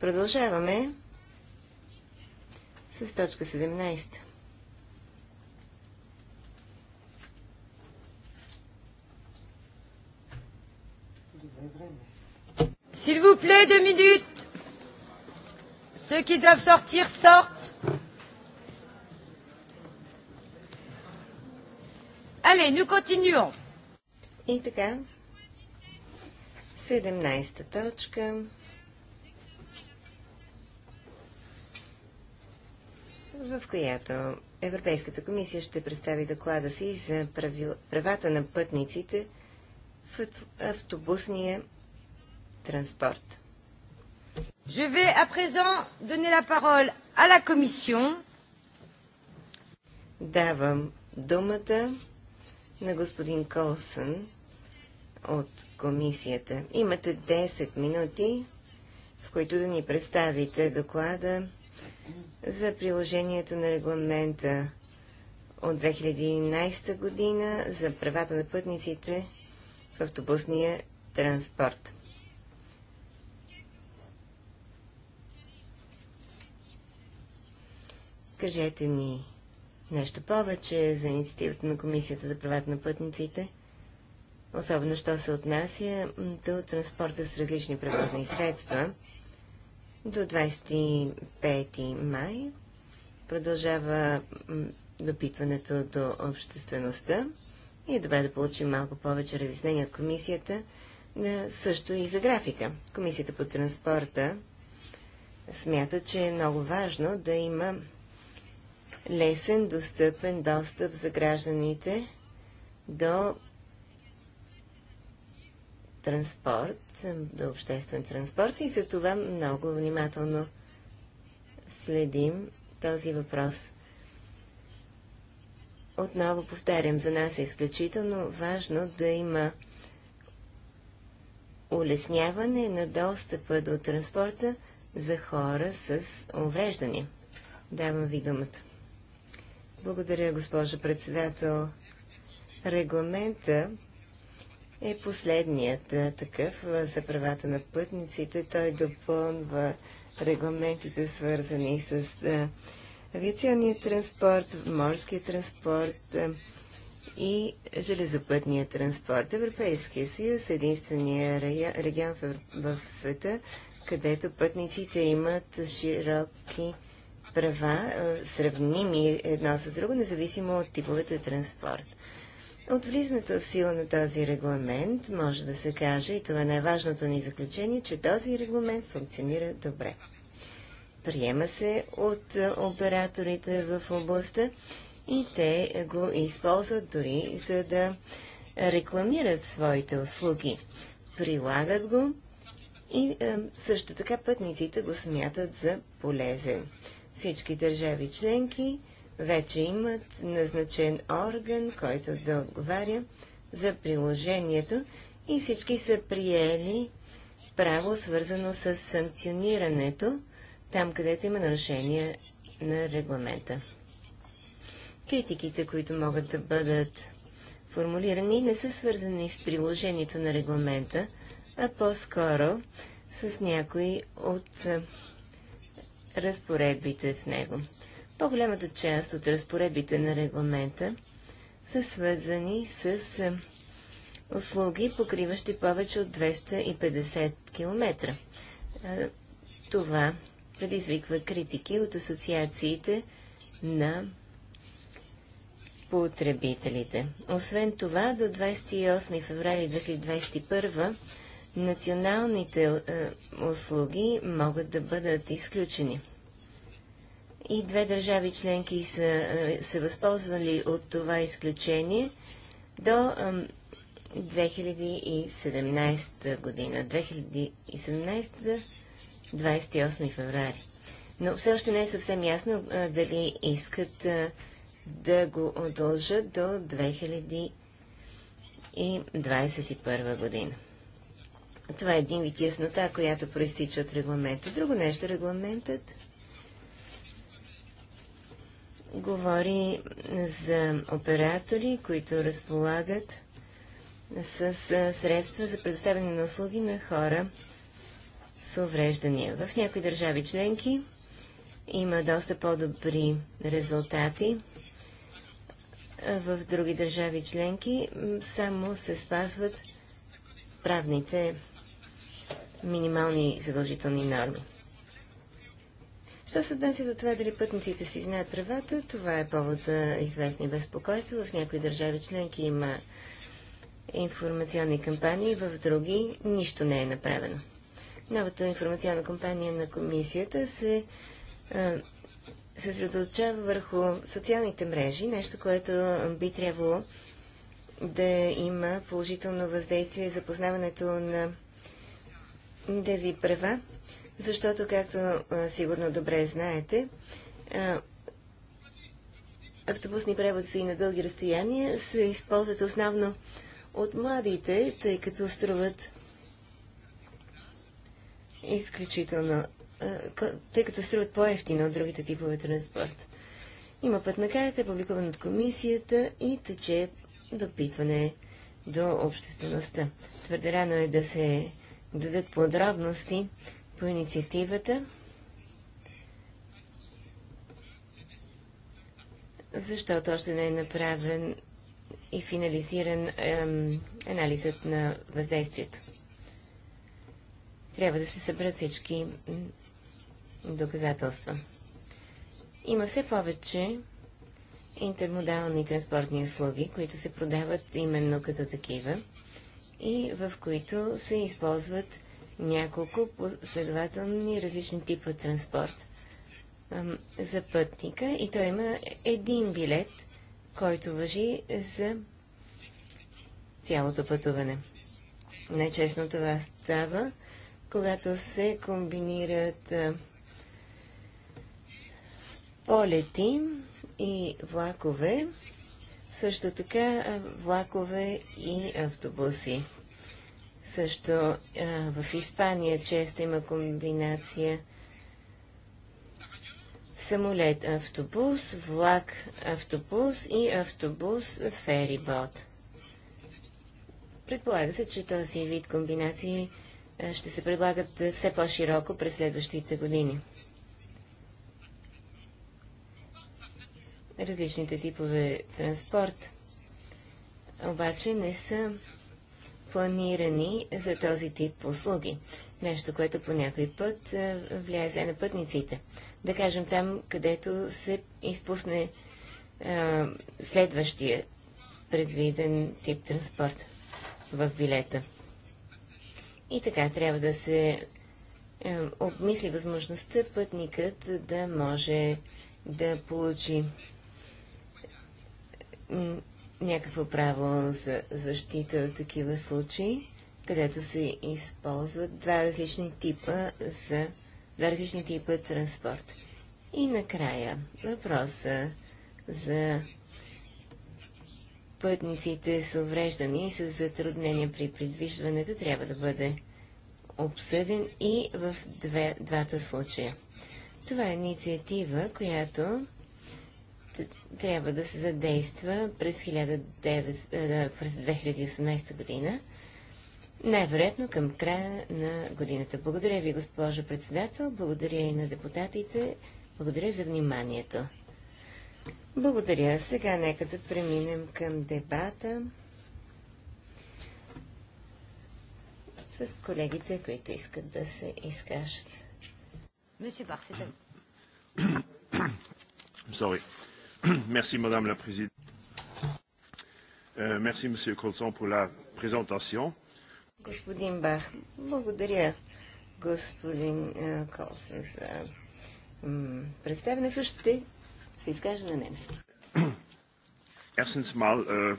Продължаваме с точка 17. S'il vous plaît, deux minutes. Ceux qui doivent sortir sortent. Allez, nous continuons. И така, 17-та точка. в която Европейската комисия ще представи доклада си за правил... правата на пътниците в автобусния транспорт. Je vais à présent donner la parole à la commission. Давам думата на господин Колсън от комисията. Имате 10 минути, в които да ни представите доклада за приложението на регламента от 2011 година за правата на пътниците в автобусния транспорт. Кажете ни нещо повече за инициативата на Комисията за правата на пътниците, особено що се отнася до транспорта с различни превозни средства. До 25 май продължава допитването до обществеността и е добре да получим малко повече разяснения от комисията, също и за графика. Комисията по транспорта смята, че е много важно да има лесен, достъпен достъп за гражданите до транспорт, до обществен транспорт и за това много внимателно следим този въпрос. Отново повтарям, за нас е изключително важно да има улесняване на достъпа до транспорта за хора с увреждане. Давам ви думата. Благодаря, госпожо председател. Регламента е последният такъв за правата на пътниците. Той допълнва регламентите, свързани с авиационния транспорт, морския транспорт и железопътния транспорт. Европейския съюз е единствения регион в, в света, където пътниците имат широки права, е, сравними едно с друго, независимо от типовете транспорт. От влизането в сила на този регламент може да се каже, и това е най-важното ни заключение, че този регламент функционира добре. Приема се от е, операторите в областта и те го използват дори за да рекламират своите услуги. Прилагат го и е, също така пътниците го смятат за полезен. Всички държави членки вече имат назначен орган, който да отговаря за приложението и всички са приели право, свързано с санкционирането, там където има нарушение на регламента. Критиките, които могат да бъдат формулирани, не са свързани с приложението на регламента, а по-скоро с някои от разпоредбите в него. По-голямата част от разпоредбите на регламента са свързани с е, услуги, покриващи повече от 250 км. Е, това предизвиква критики от асоциациите на потребителите. Освен това, до 28 феврали 2021 националните е, услуги могат да бъдат изключени. И две държави членки са е, се възползвали от това изключение до 2017 година. 2017 28 феврари. Но все още не е съвсем ясно е, дали искат да го удължат до 2021 година. Това е един вид яснота, която проистича от регламента. Друго нещо, регламентът говори за оператори, които разполагат с средства за предоставяне на услуги на хора с увреждания. В някои държави членки има доста по-добри резултати. В други държави членки само се спазват правните минимални задължителни норми. Що се отнася до това дали пътниците си знаят правата, това е повод за известни безпокойства. В някои държави членки има информационни кампании, в други нищо не е направено. Новата информационна кампания на комисията се съсредоточава върху социалните мрежи, нещо, което би трябвало да има положително въздействие за познаването на тези права, защото, както сигурно добре знаете, автобусни преводци на дълги разстояния се използват основно от младите, тъй като струват изключително, тъй като струват по-ефтино от другите типове транспорт. Има на карта, публикуван от комисията и тече допитване до обществеността. Твърде рано е да се дадат подробности по инициативата. защото още не е направен и финализиран ем, анализът на въздействието. Трябва да се събрат всички доказателства. Има все повече интермодални транспортни услуги, които се продават именно като такива и в които се използват няколко последователни различни типа транспорт за пътника и той има един билет, който въжи за цялото пътуване. Най-честно това става, когато се комбинират полети и влакове, също така влакове и автобуси. Също а, в Испания често има комбинация самолет, автобус, влак, автобус и автобус, ферибот. Предполага се, че този вид комбинации ще се предлагат все по-широко през следващите години. различните типове транспорт, обаче не са планирани за този тип услуги. Нещо, което по някой път влияе зле на пътниците. Да кажем там, където се изпусне а, следващия предвиден тип транспорт в билета. И така трябва да се е, обмисли възможността пътникът да може да получи някакво право за защита от такива случаи, където се използват два различни типа за два различни типа транспорт. И накрая въпроса за пътниците с увреждания и с затруднения при придвижването трябва да бъде обсъден и в две, двата случая. Това е инициатива, която трябва да се задейства през, 19... Е, през 2018 година, най-вероятно към края на годината. Благодаря ви, госпожа председател, благодаря и на депутатите, благодаря за вниманието. Благодаря. Сега нека да преминем към дебата с колегите, които искат да се изкажат. Monsieur Barcetel. Sorry. Merci, Madame la Présidente. Euh, merci, Monsieur Колсон, pour la présentation. Господин Бах, благодаря, господин е, Колсон, за представянето. Ще се изкажа на немски. Erstens mal, э,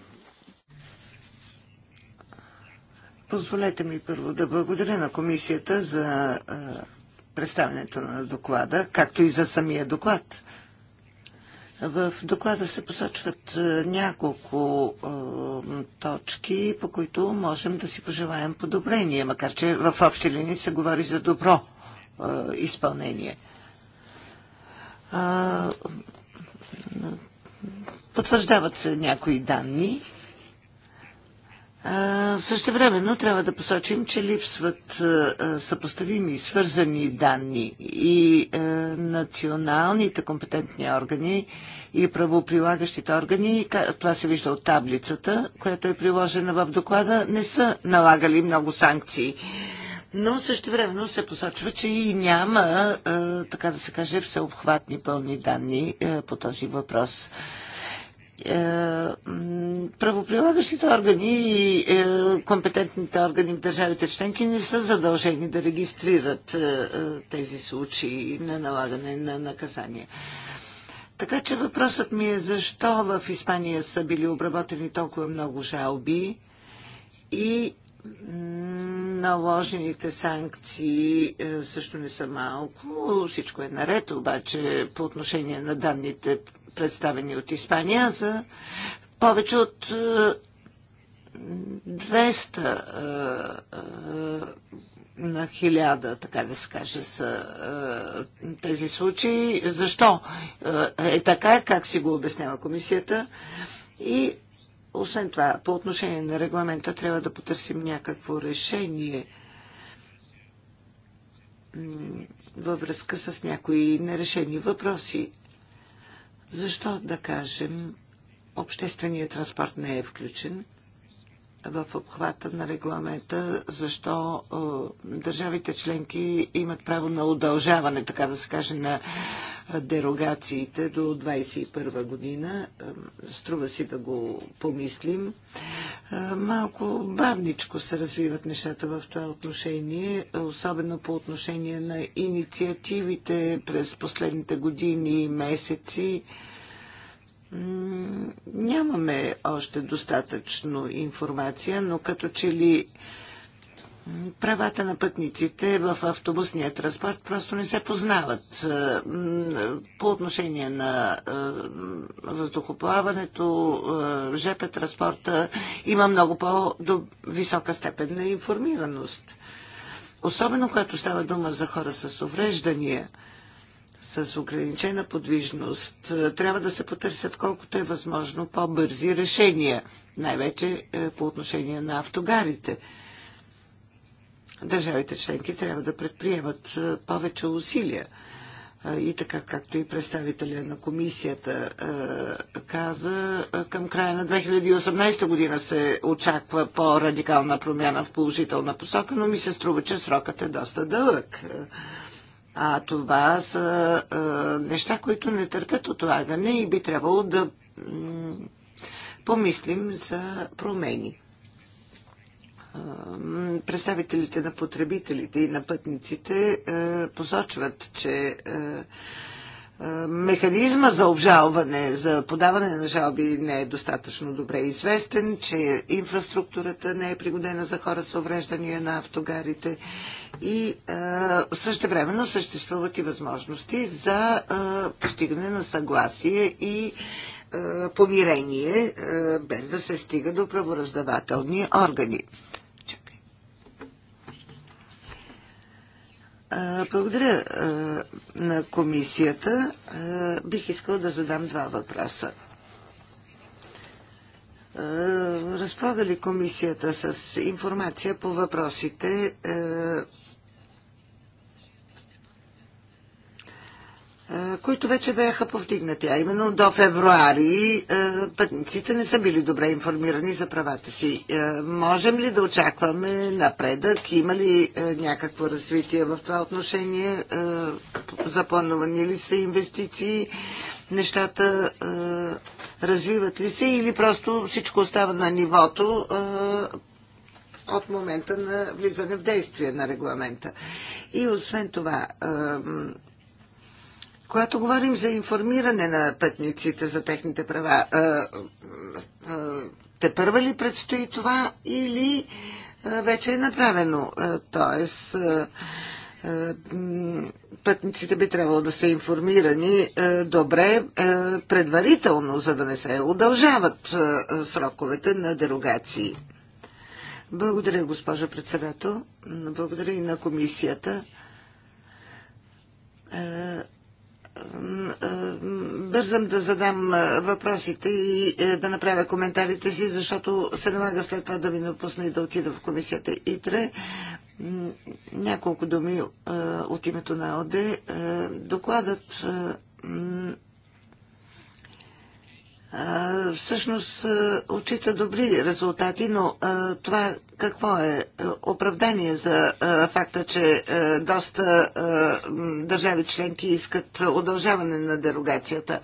Позволете ми първо да благодаря на комисията за а, э, представянето на доклада, както и за самия доклад. В доклада се посочват няколко точки, по които можем да си пожелаем подобрение, макар че в общи линии се говори за добро изпълнение. Потвърждават се някои данни също времено трябва да посочим, че липсват съпоставими и свързани данни и националните компетентни органи и правоприлагащите органи, това се вижда от таблицата, която е приложена в доклада, не са налагали много санкции. Но също времено се посочва, че и няма, така да се каже, всеобхватни пълни данни по този въпрос. Е, правоприлагащите органи и е, компетентните органи в държавите членки не са задължени да регистрират е, тези случаи на налагане на наказание. Така че въпросът ми е защо в Испания са били обработени толкова много жалби и наложените санкции също не са малко. Всичко е наред, обаче по отношение на данните представени от Испания за повече от 200 е, е, е, на хиляда, така да се каже, са тези случаи. Защо е така, как си го обяснява комисията? И освен това, по отношение на регламента трябва да потърсим някакво решение във връзка с някои нерешени въпроси. Защо, да кажем, общественият транспорт не е включен? в обхвата на регламента, защо е, държавите членки имат право на удължаване, така да се каже, на е, дерогациите до 2021 година. Е, струва си да го помислим. Малко бавничко се развиват нещата в това отношение, особено по отношение на инициативите през последните години и месеци. Нямаме още достатъчно информация, но като че ли правата на пътниците в автобусния транспорт просто не се познават. Е, по отношение на е, въздухоплаването, е, ЖП транспорта има много по-висока степен на информираност. Особено когато става дума за хора с увреждания – с ограничена подвижност, е, трябва да се потърсят колкото е възможно по-бързи решения, най-вече е, по отношение на автогарите. Държавите членки трябва да предприемат е, повече усилия. И така, както и представителя на комисията каза, към края на 2018 година се очаква по-радикална промяна в положителна посока, но ми се струва, че срокът е доста дълъг. А това са а, неща, които не търпят отлагане и би трябвало да помислим за промени. А, представителите на потребителите и на пътниците а, посочват, че а, е, механизма за обжалване, за подаване на жалби не е достатъчно добре известен, че инфраструктурата не е пригодена за хора с увреждания на автогарите и е, също времено съществуват и възможности за е, постигане на съгласие и помирение, без да се стига до правораздавателни органи. Благодаря на комисията. Бих искал да задам два въпроса. Разполага ли комисията с информация по въпросите които вече бяха повдигнати. А именно до февруари пътниците не са били добре информирани за правата си. Можем ли да очакваме напредък? Има ли някакво развитие в това отношение? Запланувани ли са инвестиции? Нещата развиват ли се или просто всичко остава на нивото от момента на влизане в действие на регламента? И освен това, когато говорим за информиране на пътниците за техните права, те първа ли предстои това или вече е направено? Тоест, пътниците би трябвало да са информирани добре предварително, за да не се удължават сроковете на дерогации. Благодаря, госпожа председател. Благодаря и на комисията бързам да задам въпросите и е, да направя коментарите си, защото се налага след това да ви напусна и да отида в комисията ИТРЕ. Няколко думи от името на ОДЕ. Е, докладът е, всъщност отчита добри резултати, но това какво е, е оправдание за факта, че доста държави членки искат удължаване на дерогацията?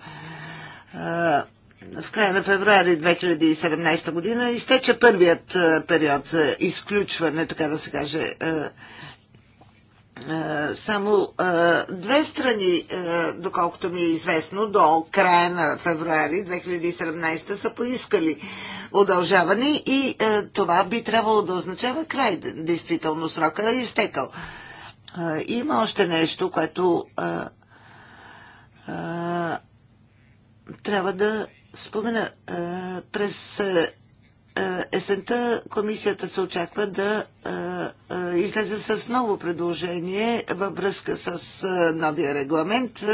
В края на февруари 2017 година изтече първият период за изключване, така да се каже, е, само е, две страни, е, доколкото ми е известно, до края на февруари 2017 са поискали удължаване и това би трябвало да означава край. Действително срока е изтекал. Има още нещо, което трябва да спомена. През е, есента комисията се очаква да е, е, излезе с ново предложение във връзка с новия регламент.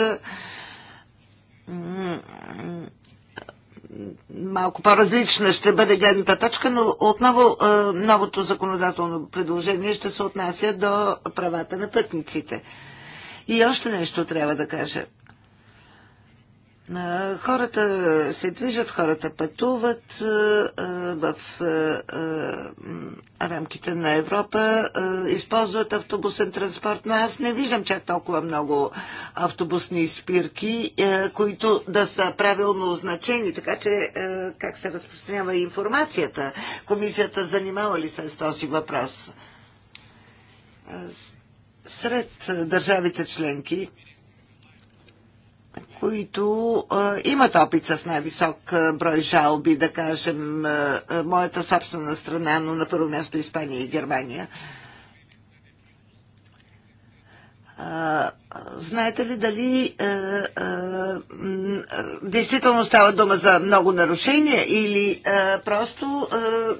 Малко по-различна ще бъде гледната точка, но отново новото законодателно предложение ще се отнася до правата на пътниците. И още нещо трябва да кажа. Хората се движат, хората пътуват в рамките на Европа, използват автобусен транспорт, но аз не виждам чак толкова много автобусни спирки, които да са правилно означени, така че как се разпространява информацията? Комисията занимава ли се с този въпрос? Сред държавите членки които а, имат опит с най-висок брой жалби, да кажем, а, а, моята собствена страна, но на първо място Испания и Германия. А, знаете ли дали а, а, действително става дума за много нарушения или а, просто а,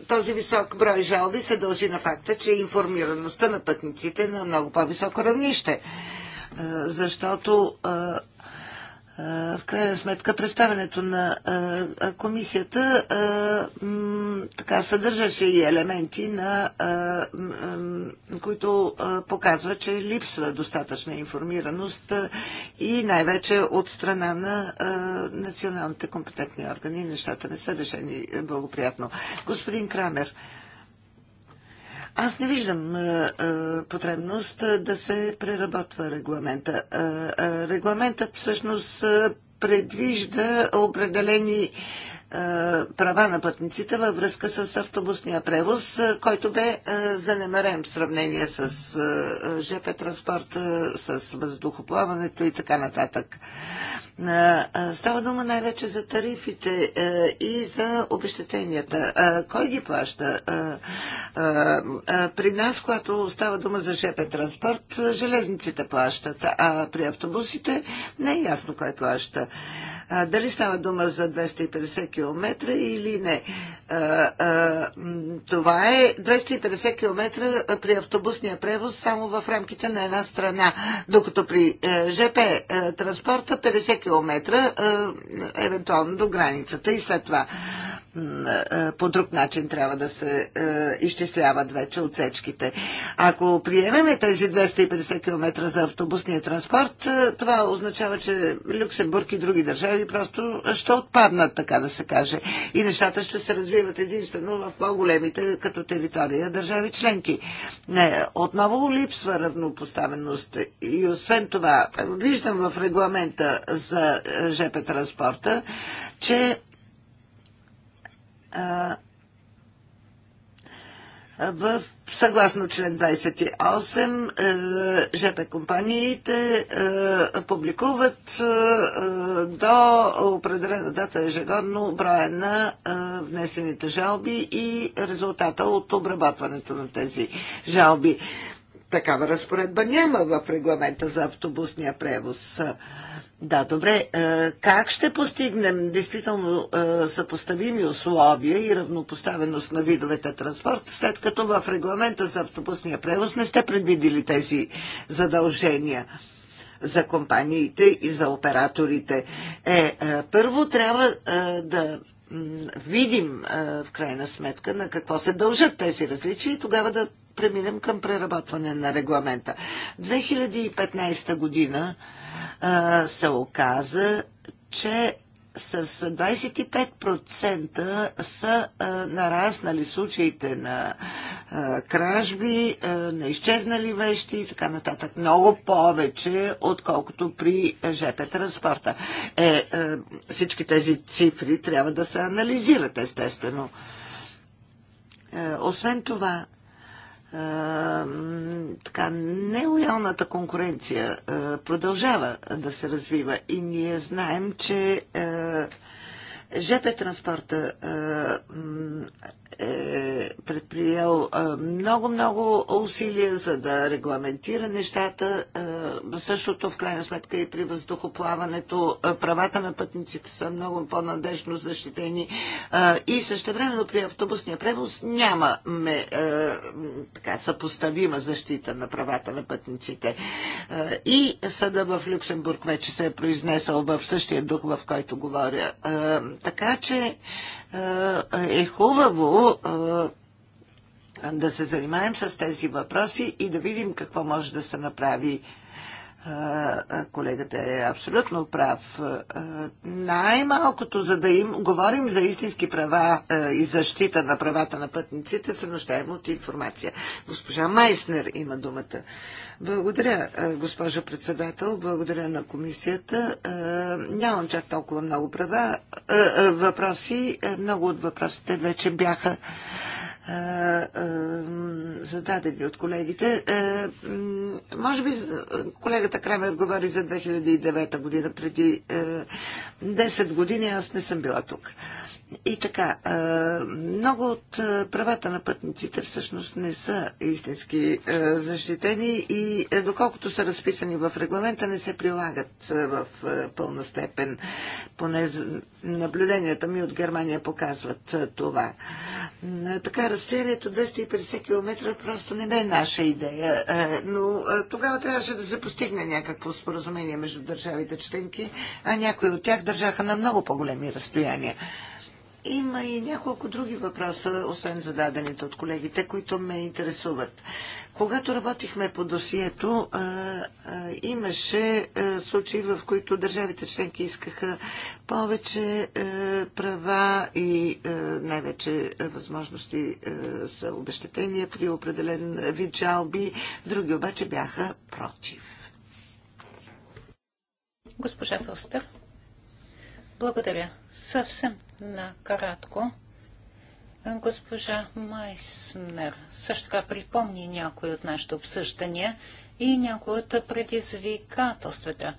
този висок брой жалби се дължи на факта, че информираността на пътниците е на много по-високо равнище? А, защото а, в крайна сметка представенето на комисията така съдържаше и елементи, на, които показва, че липсва достатъчна информираност и най-вече от страна на националните компетентни органи нещата не са решени благоприятно. Господин Крамер, аз не виждам потребност да се преработва регламента. Регламентът всъщност предвижда определени е, права на пътниците във връзка с автобусния превоз, е, който бе е, занемарен в сравнение с ЖП транспорта, с въздухоплаването и така нататък. Става дума най-вече за тарифите и за обещетенията. Кой ги плаща? При нас, когато става дума за ЖП транспорт, железниците плащат, а при автобусите не е ясно кой плаща дали става дума за 250 км или не. Това е 250 км при автобусния превоз само в рамките на една страна, докато при ЖП транспорта 50 км евентуално до границата и след това по друг начин трябва да се изчисляват вече отсечките. Ако приемеме тези 250 км за автобусния транспорт, това означава, че Люксембург и други държави или просто ще отпаднат, така да се каже. И нещата ще се развиват единствено в по-големите като територия държави членки. Не, отново липсва равнопоставеност. И освен това, виждам в регламента за ЖП транспорта, че в Съгласно член 28, е, ЖП компаниите е, публикуват е, до определена дата ежегодно броя на внесените жалби и резултата от обработването на тези жалби. Такава разпоредба няма в регламента за автобусния превоз. Да, добре. Е, как ще постигнем действително е, съпоставими условия и равнопоставеност на видовете транспорт, след като в регламента за автобусния превоз не сте предвидили тези задължения? за компаниите и за операторите. Е, е първо трябва да видим в крайна сметка на какво се дължат тези различия и тогава да преминем към преработване на регламента. 2015 година се оказа, че с 25% са а, нараснали случаите на а, кражби, а, на изчезнали вещи и така нататък. Много повече, отколкото при ЖП транспорта. Е, а, е, всички тези цифри трябва да се анализират, естествено. А, е, освен това, така нелоялната конкуренция продължава да се развива и ние знаем, че ЖП транспорта е предприел е, много-много усилия за да регламентира нещата. Е, същото в крайна сметка и при въздухоплаването. Е, правата на пътниците са много по-надежно защитени и същевременно при автобусния превоз нямаме така съпоставима защита на правата на пътниците. И съда в Люксембург вече се е произнесъл в същия дух, в който говоря. Така че е хубаво да се занимаем с тези въпроси и да видим какво може да се направи. Колегата е абсолютно прав. Най-малкото, за да им говорим за истински права и защита на правата на пътниците, се нуждаем от информация. Госпожа Майснер има думата. Благодаря, госпожо председател. Благодаря на комисията. Нямам чак толкова много права, въпроси. Много от въпросите вече бяха зададени от колегите. Може би колегата Краме говори за 2009 година. Преди 10 години аз не съм била тук. И така, много от правата на пътниците всъщност не са истински защитени и е, доколкото са разписани в регламента, не се прилагат в пълна степен. Поне наблюденията ми от Германия показват това. Така, разстоянието 250 км просто не бе наша идея, но тогава трябваше да се постигне някакво споразумение между държавите членки, а някои от тях държаха на много по-големи разстояния. Има и няколко други въпроса, освен зададените от колегите, които ме интересуват. Когато работихме по досието, а, а, имаше а, случаи, в които държавите членки искаха повече а, права и а, най-вече възможности а, за обещетения при определен вид жалби. Други обаче бяха против. Госпожа Фостер, благодаря. Съвсем накратко. Госпожа Майснер също така припомни някои от нашите обсъждания и някои от предизвикателствата.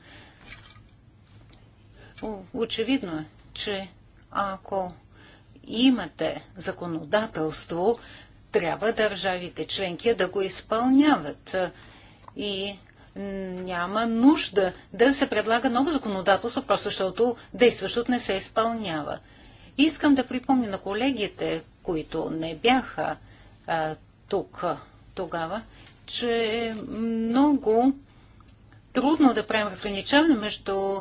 Очевидно е, че ако имате законодателство, трябва държавите членки да го изпълняват. И няма нужда да се предлага ново законодателство, просто защото действащото не се изпълнява. Искам да припомня на колегите, които не бяха а, тук тогава, че е много трудно да правим разграничаване между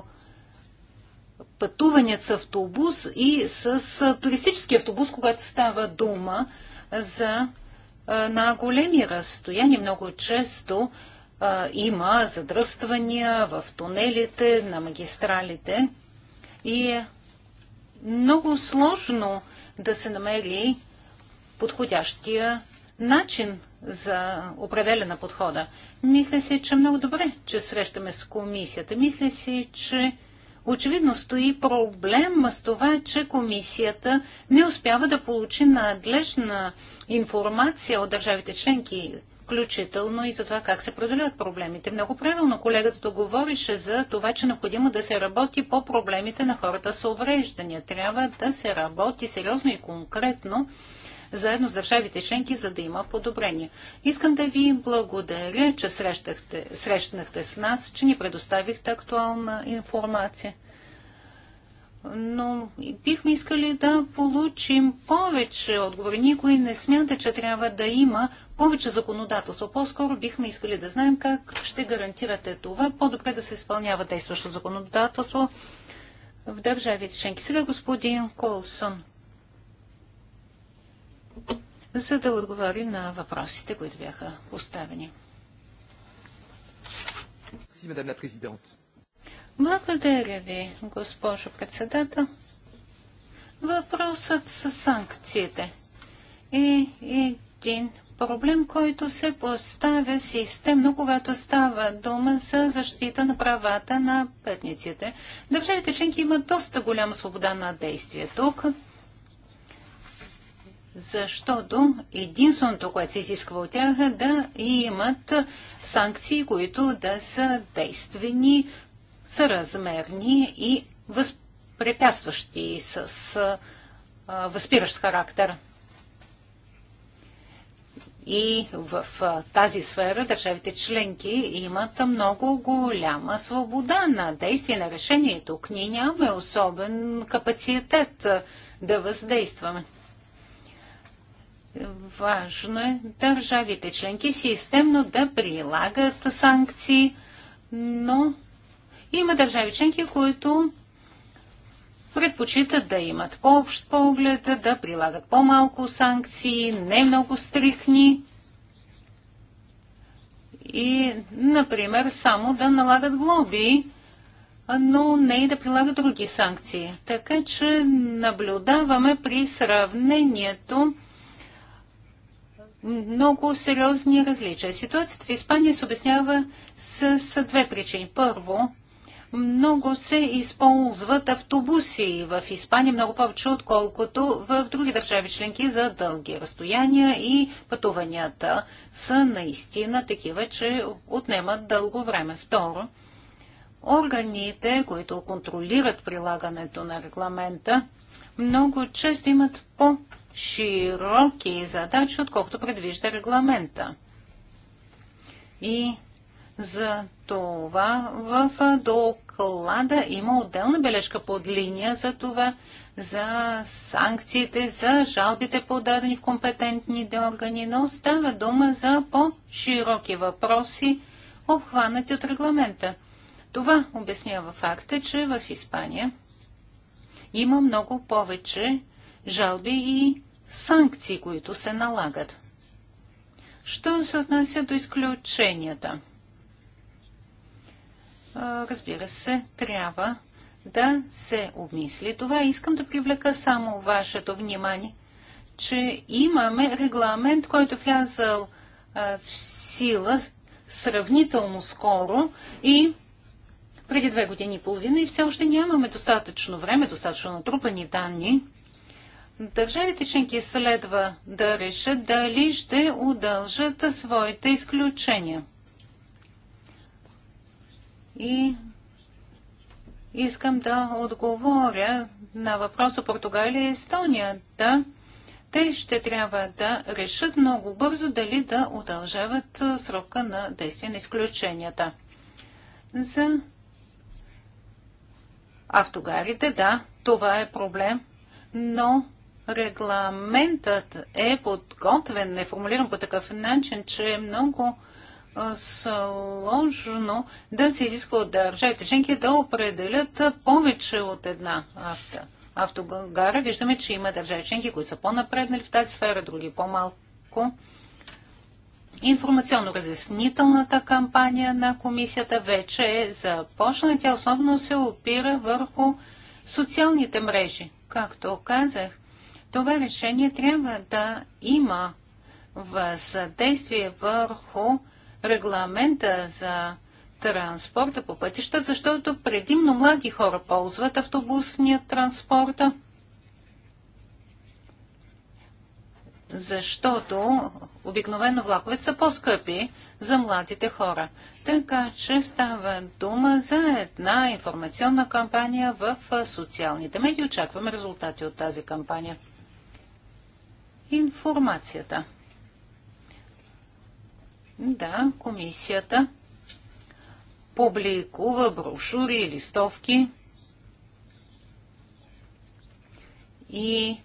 пътуванията с автобус и с туристически автобус, когато става дума за на големи разстояния. Много често а, има задръствания в тунелите, на магистралите и много сложно да се намери подходящия начин за определена подхода. Мисля си, че много добре, че срещаме с комисията. Мисля си, че очевидно стои проблем с това, че комисията не успява да получи надлежна информация от държавите членки включително и за това как се преодоляват проблемите. Много правилно колегата говореше за това, че е необходимо да се работи по проблемите на хората с увреждания. Трябва да се работи сериозно и конкретно заедно с държавите членки, за да има подобрение. Искам да ви благодаря, че срещнахте с нас, че ни предоставихте актуална информация но бихме искали да получим повече отговори. Никой не смята, че трябва да има повече законодателство. По-скоро бихме искали да знаем как ще гарантирате това, по-добре да се изпълнява действащо законодателство в държавите членки. Сега господин Колсон, за да отговори на въпросите, които бяха поставени. Благодаря ви, госпожо председател. Въпросът с санкциите е един проблем, който се поставя системно, когато става дума за защита на правата на пътниците. Държавите членки имат доста голяма свобода на действие тук, защото единственото, което се изисква от тях е да имат санкции, които да са действени, съразмерни и възпрепятстващи с възпиращ характер. И в тази сфера държавите членки имат много голяма свобода на действие на решение. Тук ние нямаме особен капацитет да въздействаме. Важно е държавите членки системно да прилагат санкции, но има държави членки, които предпочитат да имат по-общ поглед, да прилагат по-малко санкции, не много стрихни и, например, само да налагат глоби, но не и да прилагат други санкции. Така че наблюдаваме при сравнението много сериозни различия. Ситуацията в Испания се обяснява с, с две причини. Първо, много се използват автобуси в Испания, много повече отколкото в други държави членки за дълги разстояния и пътуванията са наистина такива, че отнемат дълго време. Второ, органите, които контролират прилагането на регламента, много често имат по-широки задачи, отколкото предвижда регламента. И за това в доклада има отделна бележка под линия за това, за санкциите, за жалбите подадени в компетентните органи, но става дума за по-широки въпроси, обхванати от регламента. Това обяснява факта, че в Испания има много повече жалби и санкции, които се налагат. Що се отнася до изключенията? разбира се, трябва да се обмисли това. Искам да привлека само вашето внимание, че имаме регламент, който е влязал в сила сравнително скоро и преди две години и половина и все още нямаме достатъчно време, достатъчно натрупани данни. Държавите членки следва да решат дали ще удължат своите изключения и искам да отговоря на въпроса Португалия и Естония. Да, те ще трябва да решат много бързо дали да удължават срока на действие на изключенията. За автогарите, да, това е проблем, но регламентът е подготвен, е формулиран по такъв начин, че е много сложно да се изисква от държавите членки да определят повече от една авто. автогара. Виждаме, че има държави членки, които са по-напреднали в тази сфера, други по-малко. Информационно-разяснителната кампания на комисията вече е започна. Тя основно се опира върху социалните мрежи. Както казах, това решение трябва да има въздействие върху регламента за транспорта по пътища, защото предимно млади хора ползват автобусния транспорт. защото обикновено влаковете са по-скъпи за младите хора. Така че става дума за една информационна кампания в социалните медии. Очакваме резултати от тази кампания. Информацията. Да, комисията публикува брошури и листовки и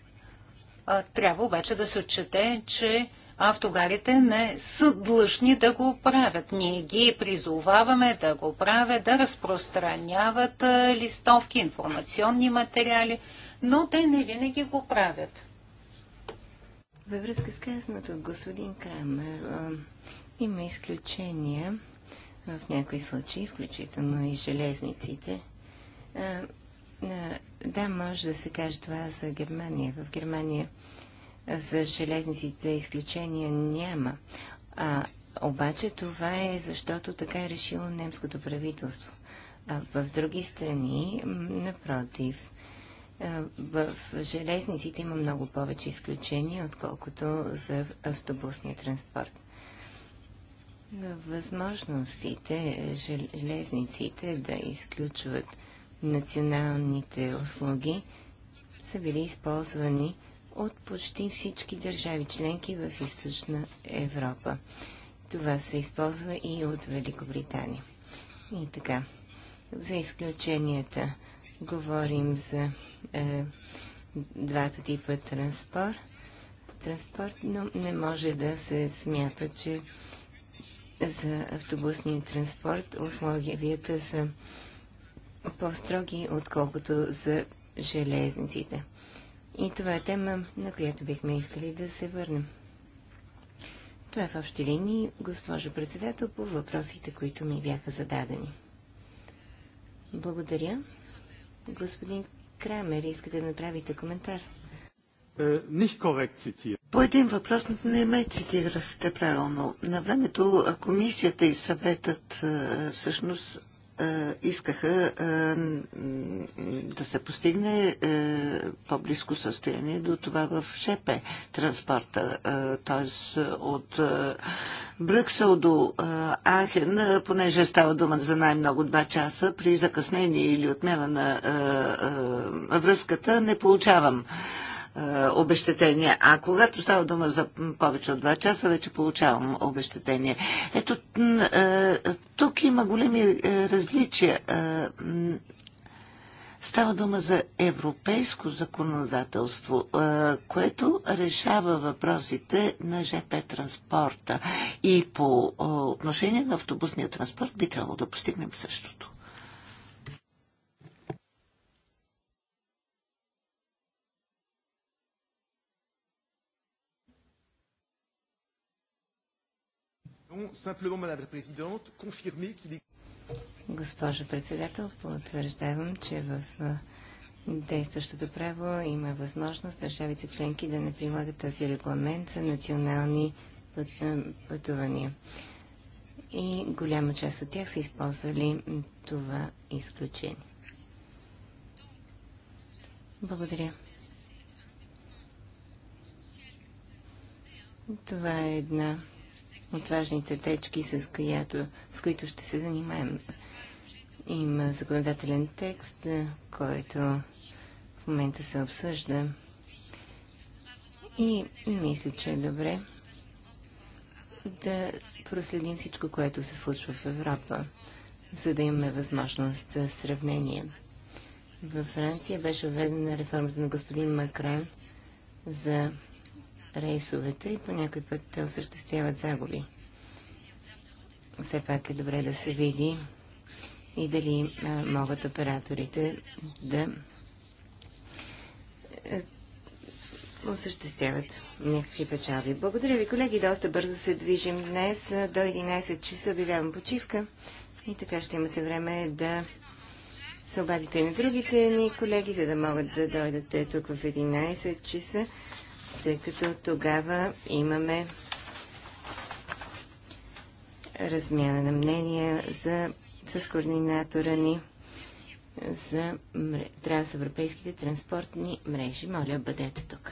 а, трябва обаче да се отчете, че автогарите не са длъжни да го правят. Ние ги призоваваме да го правят, да разпространяват а, листовки, информационни материали, но те не винаги го правят. Във връзка с казаното от господин Крамер, има изключения в някои случаи, включително и железниците. А, да, може да се каже това за Германия. В Германия за железниците изключения няма. А, обаче това е защото така е решило немското правителство. А в други страни, напротив, в железниците има много повече изключения, отколкото за автобусния транспорт възможностите железниците да изключват националните услуги са били използвани от почти всички държави членки в източна Европа. Това се използва и от Великобритания. И така, за изключенията говорим за е, двата типа транспорт, транспорт, но не може да се смята, че за автобусния транспорт условията са по-строги, отколкото за железниците. И това е тема, на която бихме искали да се върнем. Това е в общи линии, госпожо председател, по въпросите, които ми бяха зададени. Благодаря. Господин Крамер, искате да направите коментар? Nicht е, korrekt по един въпрос не ме цитирахте правилно. На времето комисията и съветът е, всъщност е, искаха е, да се постигне по-близко състояние до това в ШП транспорта, т.е. от Брюксел до Ахен, понеже става дума за най-много 2 часа, при закъснение или отмяна на връзката не получавам е, обещетение. А когато става дума за повече от 2 часа, вече получавам обещетение. Ето, е, тук има големи е, различия. Става дума за европейско законодателство, което решава въпросите на ЖП транспорта. И по отношение на автобусния транспорт би трябвало да постигнем същото. Госпожо председател, потвърждавам, че в действащото право има възможност държавите членки да не прилагат този регламент за национални пътувания. И голяма част от тях са използвали това изключение. Благодаря. Това е една от важните течки, с, която, с които ще се занимаем. Има законодателен текст, който в момента се обсъжда. И мисля, че е добре да проследим всичко, което се случва в Европа, за да имаме възможност за сравнение. Във Франция беше введена реформата на господин Макрон за рейсовете и по някой път те осъществяват загуби. Все пак е добре да се види и дали а, могат операторите да а, е, осъществяват някакви печалби. Благодаря ви, колеги. Доста бързо се движим днес. До 11 часа обявявам почивка и така ще имате време да се обадите и на другите ни колеги, за да могат да дойдете тук в 11 часа тъй като тогава имаме размяна на мнения за, с координатора ни за трансевропейските транспортни мрежи. Моля, бъдете тук.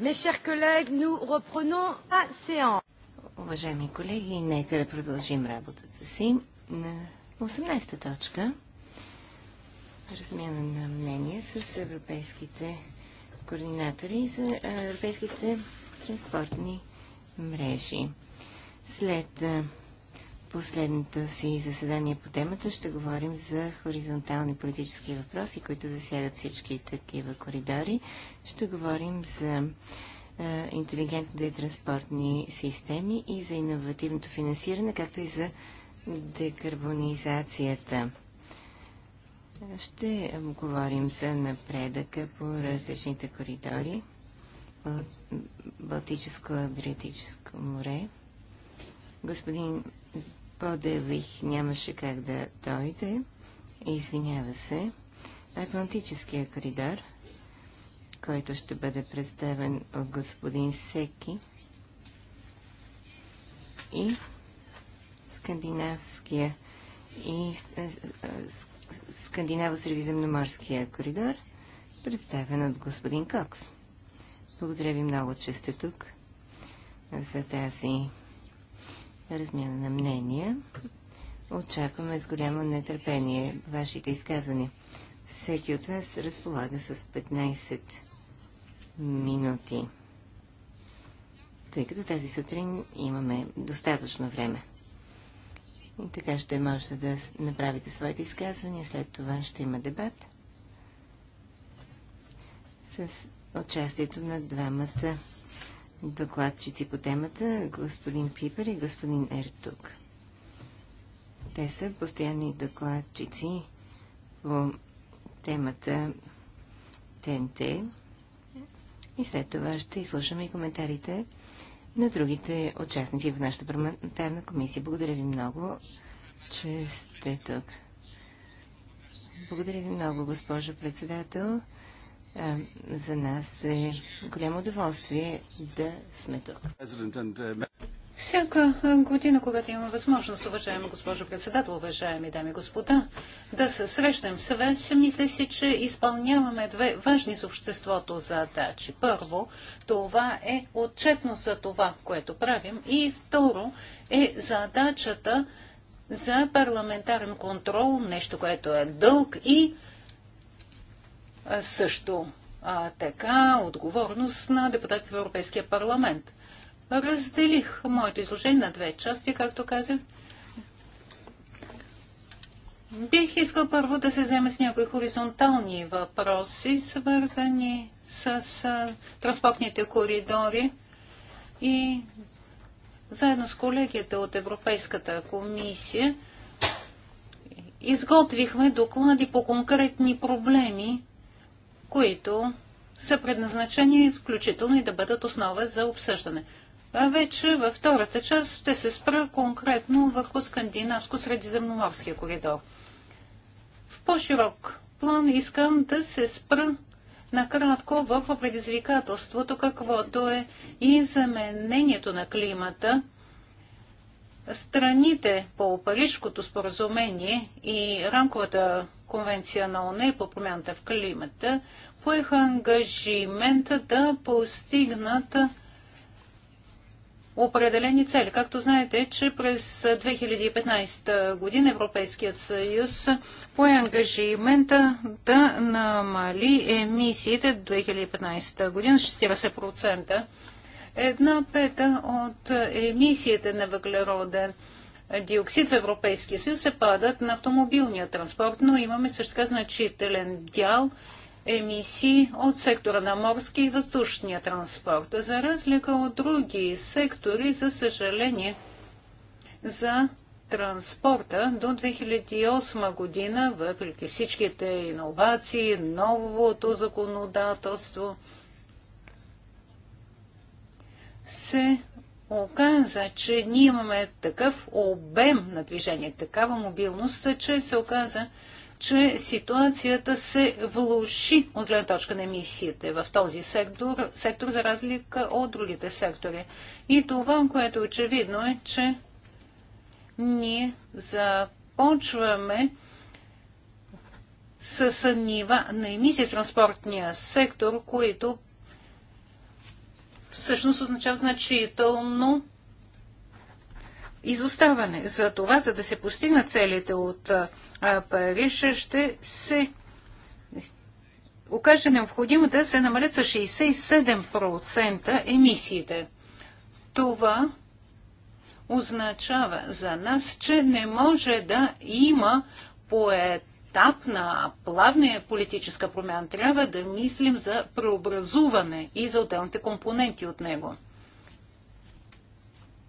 Mes chers collègues, nous reprenons la séance. Уважаеми колеги, нека да продължим работата си. На 18-та точка размяна на мнение с европейските координатори за европейските транспортни мрежи. След последното си заседание по темата ще говорим за хоризонтални политически въпроси, които засягат всички такива коридори. Ще говорим за е, интелигентните транспортни системи и за иновативното финансиране, както и за декарбонизацията. Ще говорим за напредъка по различните коридори от Балтическо-Адриатическо море. Господин Подевих нямаше как да дойде. Извинява се. Атлантическия коридор, който ще бъде представен от господин Секи и скандинавския и е, е, скандинаво-средиземноморския коридор, представен от господин Кокс. Благодаря ви много, че сте тук за тази размяна на мнения. Очакваме с голямо нетърпение вашите изказвания. Всеки от вас разполага с 15 минути, тъй като тази сутрин имаме достатъчно време. И така ще можете да направите своите изказвания. След това ще има дебат с участието на двамата докладчици по темата, господин Пипер и господин Ертук. Те са постоянни докладчици по темата ТНТ. И след това ще изслушаме и коментарите на другите участници в нашата парламентарна комисия. Благодаря ви много, че сте тук. Благодаря ви много, госпожо председател. Е, за нас е голямо удоволствие да сме тук. Е, Всяка година, когато имаме възможност, уважаема госпожо председател, уважаеми дами и господа, да се срещнем с вас, мисля си, че изпълняваме две важни с обществото задачи. Първо, това е отчетност за това, което правим. И второ, е задачата за парламентарен контрол, нещо, което е дълг и също а, така отговорност на депутат в Европейския парламент. Разделих моето изложение на две части, както казах. Бих искал първо да се взема с някои хоризонтални въпроси, свързани с, с транспортните коридори и заедно с колегията от Европейската комисия изготвихме доклади по конкретни проблеми, които са предназначени включително и да бъдат основа за обсъждане. А вече във втората част ще се спра конкретно върху Скандинавско-средиземноморския коридор. В по-широк план искам да се спра накратко върху предизвикателството, каквото е и заменението на климата Страните по парижското споразумение и рамковата конвенция на ОНЕ по промяната в климата поеха ангажимента да постигнат определени цели. Както знаете, че през 2015 година Европейският съюз пое ангажимента да намали емисиите до 2015 година с 40% една пета от емисиите на въглероден диоксид в Европейския съюз се падат на автомобилния транспорт, но имаме също така значителен дял емисии от сектора на морски и въздушния транспорт. За разлика от други сектори, за съжаление, за транспорта до 2008 година, въпреки всичките иновации, новото законодателство – се оказа, че ние имаме такъв обем на движение, такава мобилност, че се оказа, че ситуацията се влуши от гледна точка на емисиите в този сектор, сектор за разлика от другите сектори. И това, което е очевидно е, че ние започваме с нива на емисии в транспортния сектор, които всъщност означава значително изоставане. За това, за да се постигнат целите от Париж, ще се окаже необходимо да се намалят с 67% емисиите. Това означава за нас, че не може да има поет етап на плавния политическа промяна трябва да мислим за преобразуване и за отделните компоненти от него.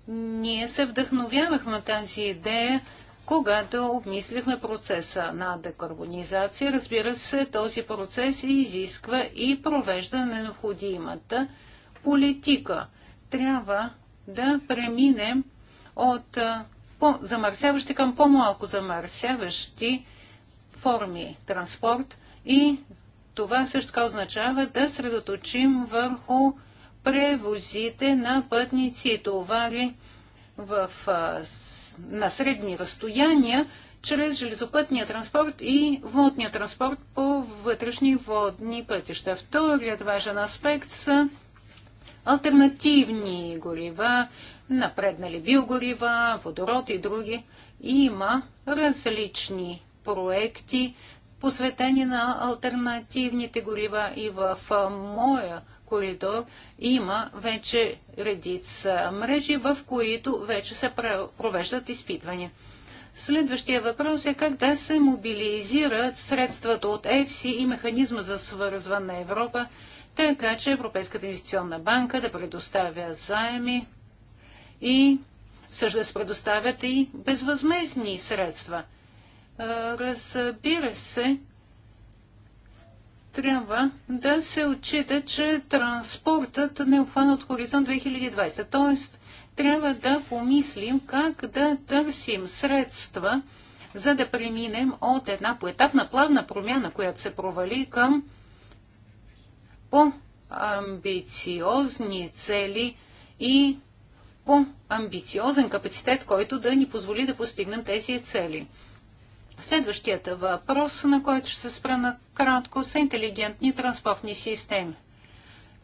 Ние се вдъхновявахме тази идея, когато обмислихме процеса на декарбонизация. Разбира се, този процес изисква и провежда на необходимата политика. Трябва да преминем от по-замърсяващи към по-малко замърсяващи форми транспорт и това също така означава да средоточим върху превозите на пътници и товари в, на средни разстояния чрез железопътния транспорт и водния транспорт по вътрешни водни пътища. Вторият важен аспект са альтернативни горива, напреднали биогорива, водород и други. Има различни проекти, посветени на альтернативните горива и в моя коридор има вече редица мрежи, в които вече се провеждат изпитвания. Следващия въпрос е как да се мобилизират средствата от ЕФСИ и механизма за свързване на Европа, така че Европейската инвестиционна банка да предоставя заеми и също да се предоставят и безвъзмезни средства – Разбира се, трябва да се отчита, че транспортът не е обхванат хоризонт 2020. Тоест, трябва да помислим как да търсим средства, за да преминем от една поетапна плавна промяна, която се провали към по-амбициозни цели и по-амбициозен капацитет, който да ни позволи да постигнем тези цели. Следващият въпрос, на който ще се спра на кратко, са интелигентни транспортни системи.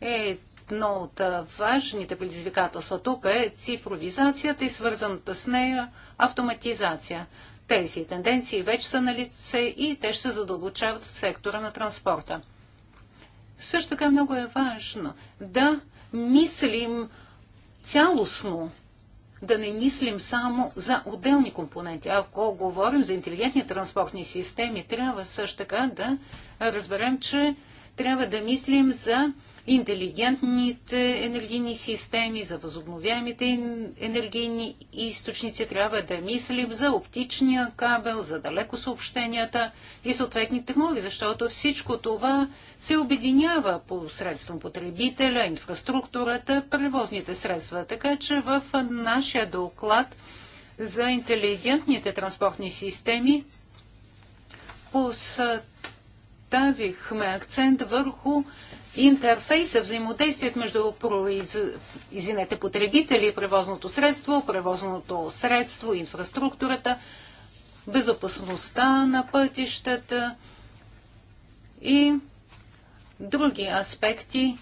Е, едно от важните предизвикателства тук е цифровизацията и свързаната с нея автоматизация. Тези тенденции вече са на лице и те ще се задълбочават в сектора на транспорта. Също така много е важно да мислим цялостно да не мислим само за отделни компоненти. Ако говорим за интелигентни транспортни системи, трябва също така да разберем, че трябва да мислим за интелигентните енергийни системи, за възобновяемите енергийни източници. Трябва да мислим за оптичния кабел, за далеко съобщенията и съответни технологии, защото всичко това се обединява посредством потребителя, инфраструктурата, превозните средства. Така че в нашия доклад за интелигентните транспортни системи поставихме акцент върху интерфейса, взаимодействието между произ... извинете, потребители, превозното средство, превозното средство, инфраструктурата, безопасността на пътищата и други аспекти,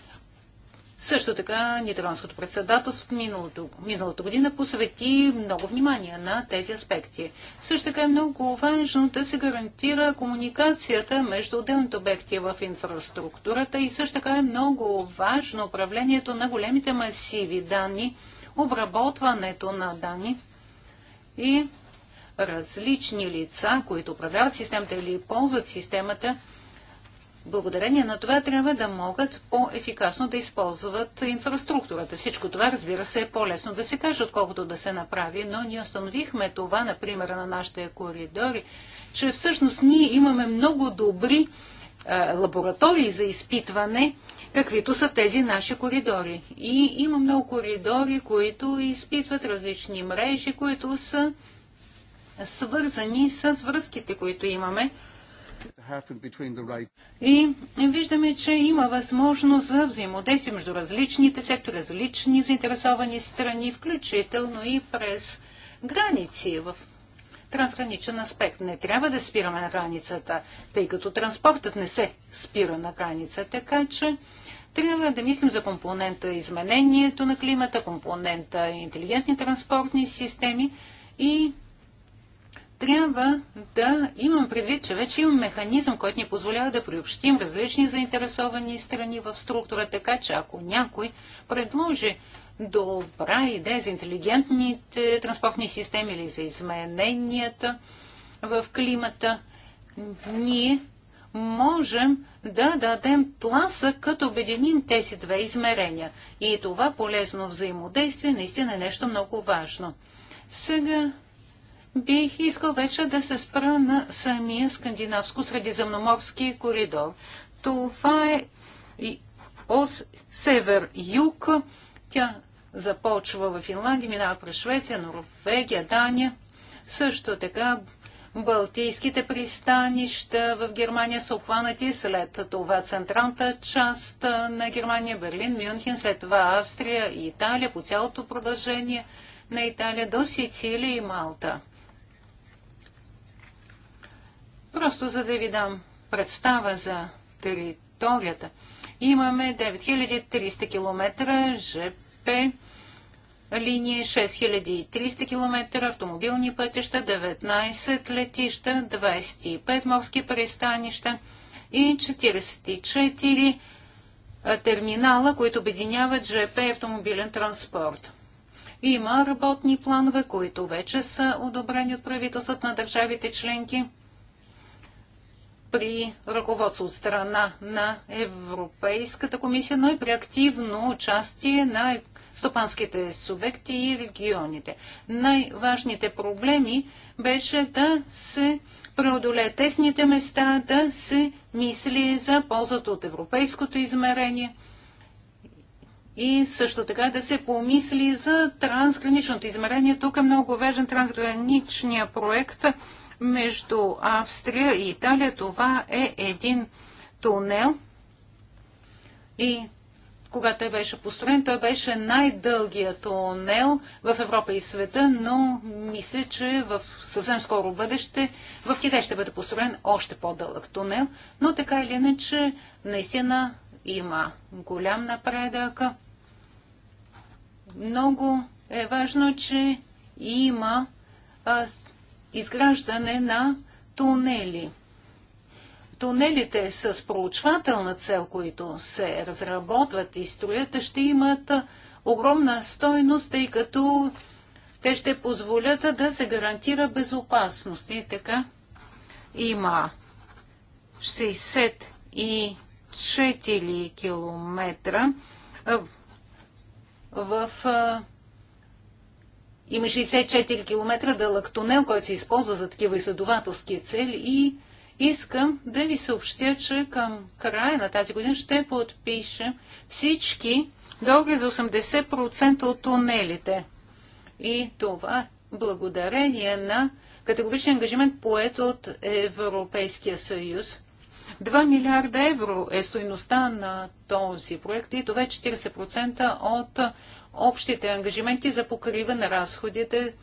също така Нидерландското председателство миналото, миналата година посвети много внимание на тези аспекти. Също така е много важно да се гарантира комуникацията между отделните обекти в инфраструктурата и също така е много важно управлението на големите масиви данни, обработването на данни и различни лица, които управляват системата или ползват системата – благодарение на това трябва да могат по-ефикасно да използват инфраструктурата. Всичко това, разбира се, е по-лесно да се каже, отколкото да се направи, но ние установихме това, например, на нашите коридори, че всъщност ние имаме много добри е, лаборатории за изпитване, каквито са тези наши коридори. И има много коридори, които изпитват различни мрежи, които са свързани с връзките, които имаме и виждаме, че има възможност за взаимодействие между различните сектори, различни заинтересовани страни, включително и през граници в трансграничен аспект. Не трябва да спираме на границата, тъй като транспортът не се спира на граница, така че трябва да мислим за компонента изменението на климата, компонента интелигентни транспортни системи и трябва да имам предвид, че вече имам механизъм, който ни позволява да приобщим различни заинтересовани страни в структура, така че ако някой предложи добра идея за интелигентните транспортни системи или за измененията в климата, ние можем да дадем тласък, като обединим тези две измерения. И това полезно взаимодействие наистина е нещо много важно. Сега бих искал вече да се спра на самия скандинавско-средиземноморски коридор. Това е ос север-юг. Тя започва в Финландия, минава през Швеция, Норвегия, Дания. Също така Балтийските пристанища в Германия са обхванати, след това централната част на Германия, Берлин, Мюнхен, след това Австрия и Италия по цялото продължение на Италия до Сицилия и Малта. Просто за да ви дам представа за територията. Имаме 9300 км ЖП линии, 6300 км автомобилни пътища, 19 летища, 25 морски пристанища и 44 терминала, които обединяват ЖП и автомобилен транспорт. Има работни планове, които вече са одобрени от правителството на държавите членки – при ръководство от страна на Европейската комисия, но и при активно участие на стопанските субекти и регионите. Най-важните проблеми беше да се преодолее тесните места, да се мисли за ползата от европейското измерение и също така да се помисли за трансграничното измерение. Тук е много важен трансграничния проект между Австрия и Италия. Това е един тунел и когато той беше построен, той беше най-дългият тунел в Европа и света, но мисля, че в съвсем скоро бъдеще в Китай ще бъде построен още по-дълъг тунел, но така или иначе наистина има голям напредък. Много е важно, че има изграждане на тунели. Тунелите с проучвателна цел, които се разработват и строят, ще имат огромна стойност, тъй като те ще позволят да се гарантира безопасност. И така има 64 километра в има 64 км дълъг тунел, който се използва за такива изследователски цели и искам да ви съобщя, че към края на тази година ще подпишем всички договори за 80% от тунелите. И това благодарение на категоричен ангажимент поет от Европейския съюз. 2 милиарда евро е стоеността на този проект и това е 40% от общите ангажименти за покрива на разходите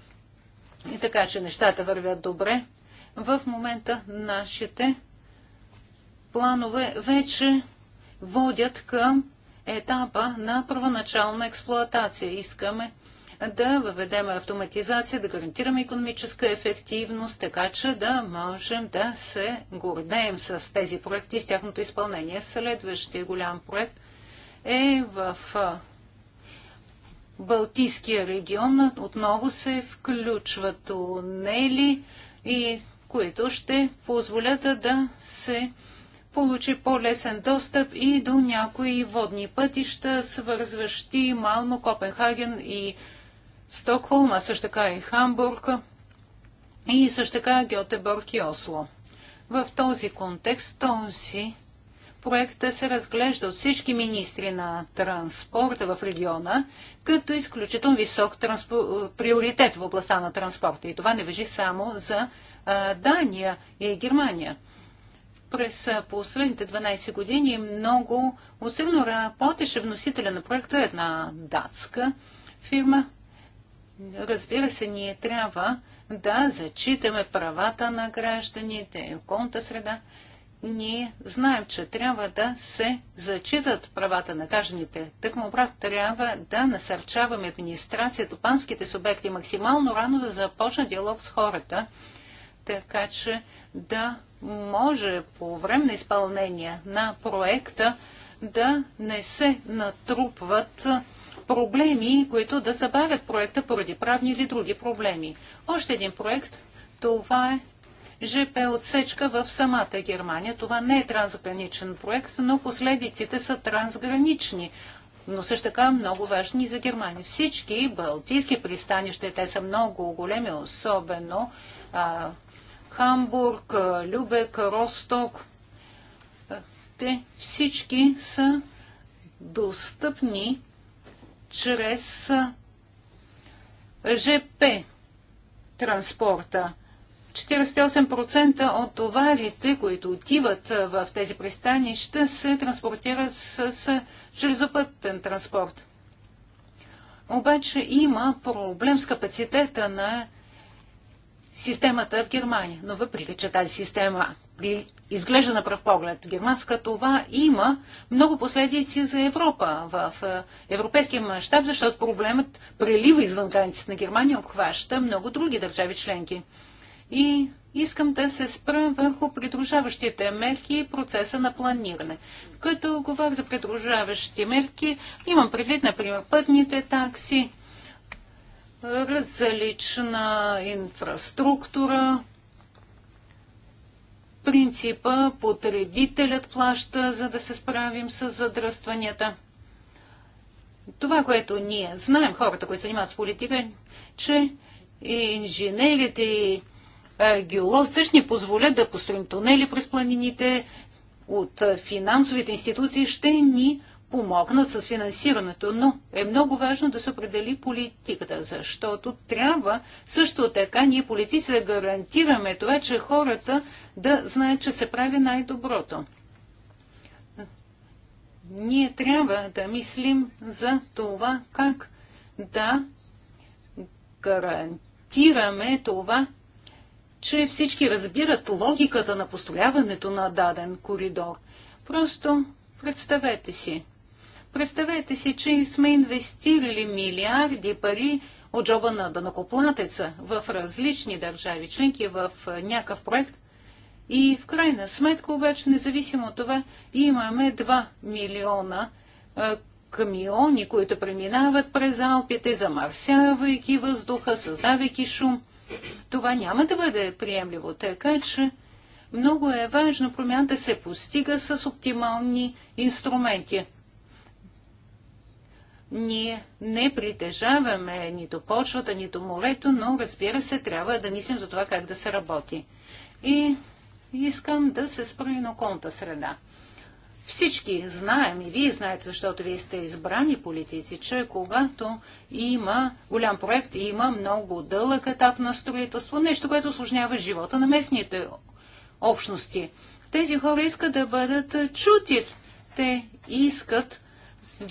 и така, че нещата вървят добре. В момента нашите планове вече водят към етапа на първоначална експлоатация. Искаме да въведем автоматизация, да гарантираме економическа ефективност, така че да можем да се гордеем с тези проекти и с тяхното изпълнение. Следващия голям проект е в Балтийския регион отново се включват тунели и които ще позволят да се получи по-лесен достъп и до някои водни пътища, свързващи Малмо, Копенхаген и Стокхолм, а също така и Хамбург и също така Гьотеборг и Осло. В този контекст този проекта се разглежда от всички министри на транспорта в региона като изключително висок транспо... приоритет в областта на транспорта. И това не въжи само за а, Дания и Германия. През последните 12 години много усилно работеше вносителя на проекта една датска фирма. Разбира се, ние трябва да зачитаме правата на гражданите, околната среда, ние знаем, че трябва да се зачитат правата на гражданите. му прав, трябва да насърчаваме администрацията, панските субекти максимално рано да започне диалог с хората, така че да може по време на изпълнение на проекта да не се натрупват проблеми, които да забавят проекта поради правни или други проблеми. Още един проект, това е ЖП отсечка в самата Германия. Това не е трансграничен проект, но последиците са трансгранични но също така много важни за Германия. Всички балтийски пристанища, те са много големи, особено а, Хамбург, Любек, Росток. Те всички са достъпни чрез ЖП транспорта. 48% от товарите, които отиват в тези пристанища, се транспортират с, железопътен транспорт. Обаче има проблем с капацитета на системата в Германия. Но въпреки, че тази система изглежда на пръв поглед германска, това има много последици за Европа в европейския мащаб, защото проблемът прелива извън границите на Германия, обхваща много други държави членки. И искам да се спра върху придружаващите мерки и процеса на планиране. Като говоря за придружаващи мерки, имам предвид, например, пътните такси, различна инфраструктура, принципа потребителят плаща, за да се справим с задръстванията. Това, което ние знаем, хората, които се занимават с политика, е, че инженерите и е, ще ни позволят да построим тунели през планините от е, финансовите институции, ще ни помогнат с финансирането, но е много важно да се определи политиката, защото трябва също така ние политици да гарантираме това, че хората да знаят, че се прави най-доброто. Ние трябва да мислим за това как да гарантираме това, че всички разбират логиката на построяването на даден коридор. Просто представете си. Представете си, че сме инвестирали милиарди пари от джоба на данокоплатеца в различни държави членки, в някакъв проект. И в крайна сметка, обаче, независимо от това, имаме 2 милиона камиони, които преминават през Алпите, замърсявайки въздуха, създавайки шум това няма да бъде приемливо. Така че много е важно промяната да се постига с оптимални инструменти. Ние не притежаваме нито почвата, нито морето, но разбира се, трябва да мислим за това как да се работи. И искам да се спра на околната среда. Всички знаем и вие знаете, защото вие сте избрани политици, че когато има голям проект, има много дълъг етап на строителство, нещо, което осложнява живота на местните общности. Тези хора искат да бъдат чути. Те искат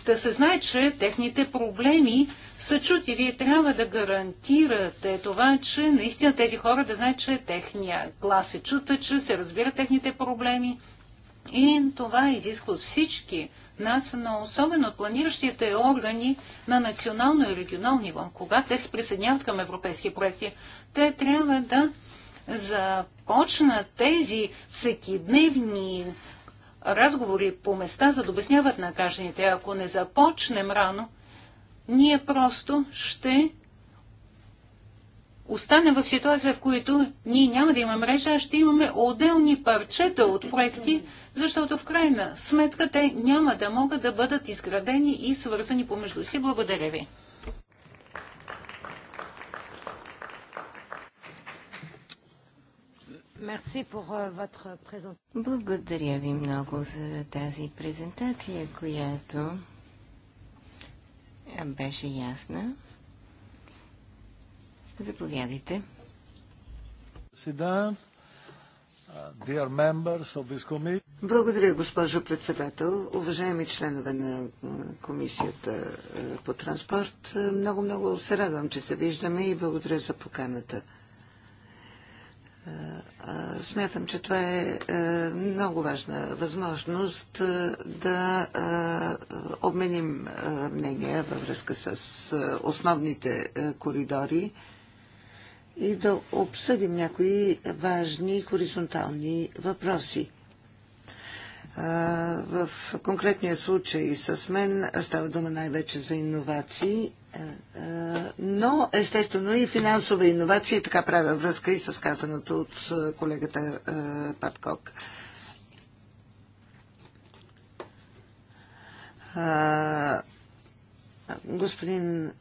да се знае, че техните проблеми са чути. Вие трябва да гарантирате това, че наистина тези хора да знаят, че техния глас е чута, че се разбира техните проблеми и това изисква всички нас, но особено от планиращите органи на национално и регионално ниво, когато те се присъединяват към европейски проекти, те трябва да започнат тези всекидневни разговори по места, за да обясняват на гражданите. Ако не започнем рано, ние просто ще останем в ситуация, в която ние няма да има мрежа, а ще имаме отделни парчета от проекти, защото в крайна сметка те няма да могат да бъдат изградени и свързани помежду си. Благодаря ви. Euh, Благодаря ви много за тази презентация, която беше ясна. Заповядайте. Uh, благодаря, госпожо председател. Уважаеми членове на Комисията е, по транспорт, е, много-много се радвам, че се виждаме и благодаря за поканата. Е, смятам, че това е много важна възможност да обменим мнения във връзка с основните коридори и да обсъдим някои важни хоризонтални въпроси. В конкретния случай с мен става дума най-вече за иновации, но естествено и финансова иновация, така правя връзка и с казаното от колегата Паткок. А, Господин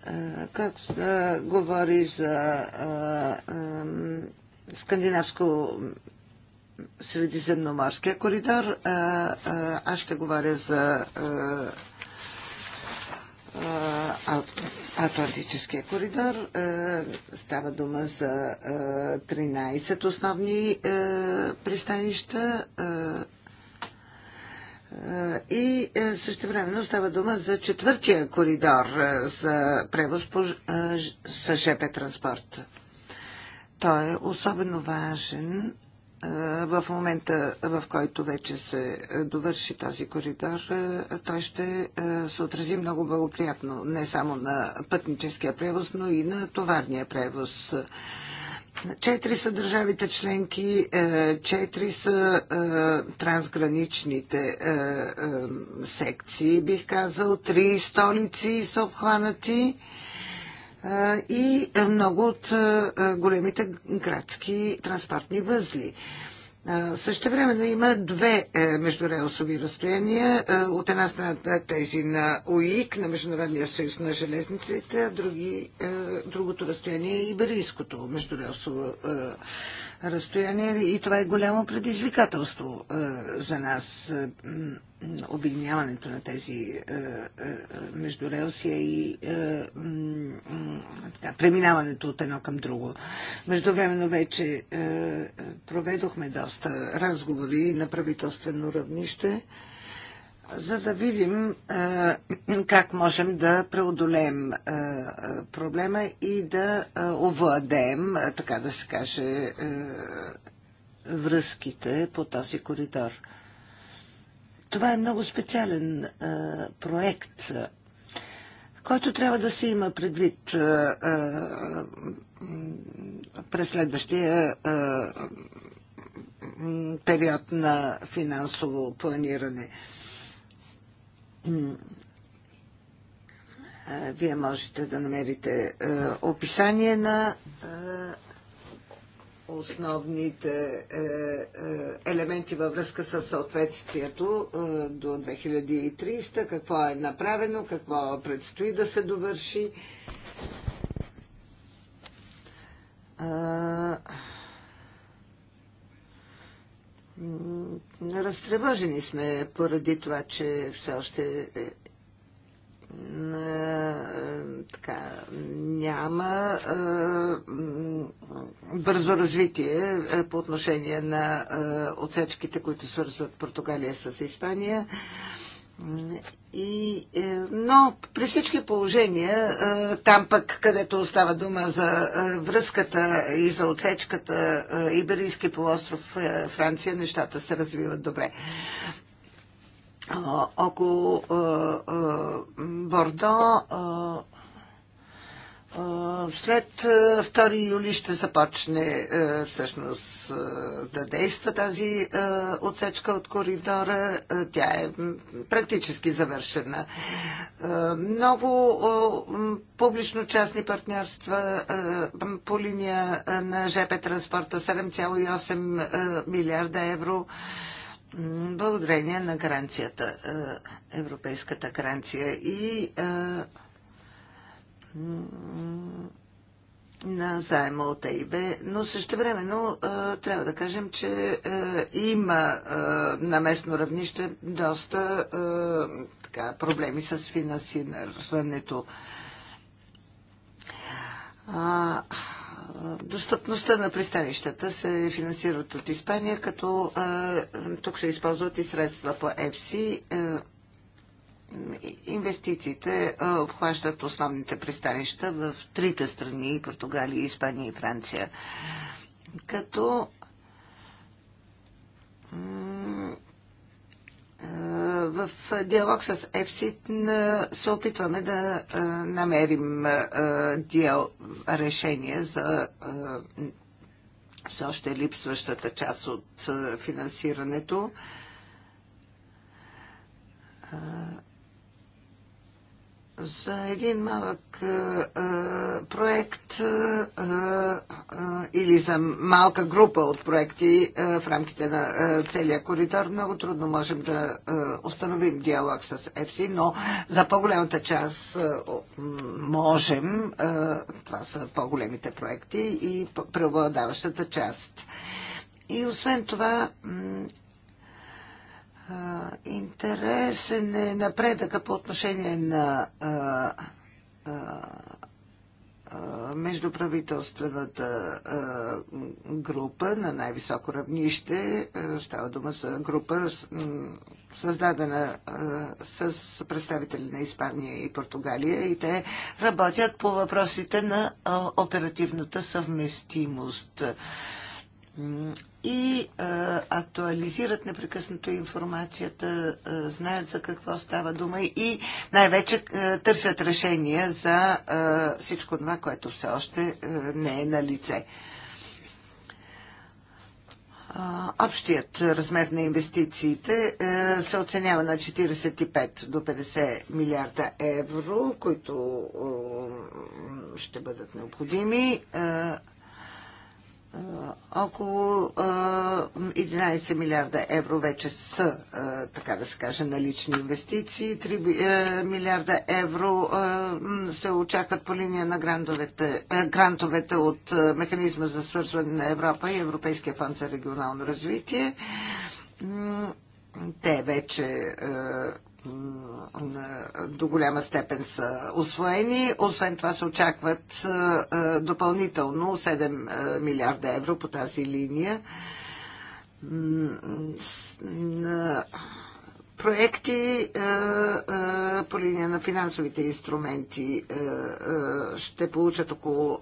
как говори за скандинавско средиземноморския коридор. Аз ще говоря за Атлантическия коридор. Става дума за 13 основни пристанища и е, също времено става дума за четвъртия коридор е, за превоз по, с ЖП транспорт. Той е особено важен е, в момента, в който вече се довърши този коридор, той ще се отрази много благоприятно не само на пътническия превоз, но и на товарния превоз. Четири са държавите членки, е, четири са е, трансграничните е, секции, бих казал, три столици са обхванати и много от големите градски транспортни възли. Също времено има две е, междурелсови разстояния. От една страна е тези на УИК, на Международния съюз на железниците, а други, е, другото разстояние е иберийското междурелсово разстояние. И това е голямо предизвикателство за нас обединяването на тези е, е, между релсия и е, така, преминаването от едно към друго. Междувременно вече проведохме доста разговори на правителствено равнище за да видим как можем да преодолеем проблема и да овладеем, така да се каже, връзките по този коридор. Това е много специален а, проект, който трябва да се има предвид а, а, през следващия а, период на финансово планиране. Вие можете да намерите описание на основните е, е, елементи във връзка с съответствието е, до 2030, какво е направено, какво предстои да се довърши. Разтревожени сме поради това, че все още е, така, няма а, е, бързо развитие е, по отношение на а, отсечките, които свързват Португалия с Испания. И, но при всички положения, там пък, където остава дума за връзката и за отсечката Иберийски полуостров Франция, нещата се развиват добре около Бордо. След 2 юли ще започне всъщност да действа тази отсечка от коридора. Тя е практически завършена. Много публично-частни партньорства по линия на ЖП транспорта 7,8 милиарда евро благодарение на гаранцията, е, европейската гаранция и е, на заема от ЕИБ, но същевременно е, трябва да кажем, че има на местно равнище доста така, проблеми с финансирането. Достъпността на пристанищата се финансират от Испания, като тук се използват и средства по ЕФСИ. Инвестициите обхващат основните пристанища в трите страни Португалия, Испания и Франция. Като в диалог с ЕФСИ се опитваме да намерим решение за все още липсващата част от финансирането за един малък проект или за малка група от проекти в рамките на целия коридор, много трудно можем да установим диалог с FC, но за по-голямата част можем. Това са по-големите проекти и преобладаващата част. И освен това, Интересен е напредъка по отношение на а, а, междуправителствената група на най-високо равнище. Става дума за група създадена с представители на Испания и Португалия и те работят по въпросите на оперативната съвместимост и а, актуализират непрекъснато информацията, а, знаят за какво става дума и най-вече търсят решения за а, всичко това, което все още а, не е на лице. Общият размер на инвестициите се оценява на 45 до 50 милиарда евро, които ще бъдат необходими около 11 милиарда евро вече са, така да се каже, налични инвестиции. 3 милиарда евро се очакват по линия на грантовете, грантовете от Механизма за свързване на Европа и Европейския фонд за регионално развитие. Те вече до голяма степен са освоени. Освен това се очакват допълнително 7 милиарда евро по тази линия проекти е, е, по линия на финансовите инструменти е, ще получат около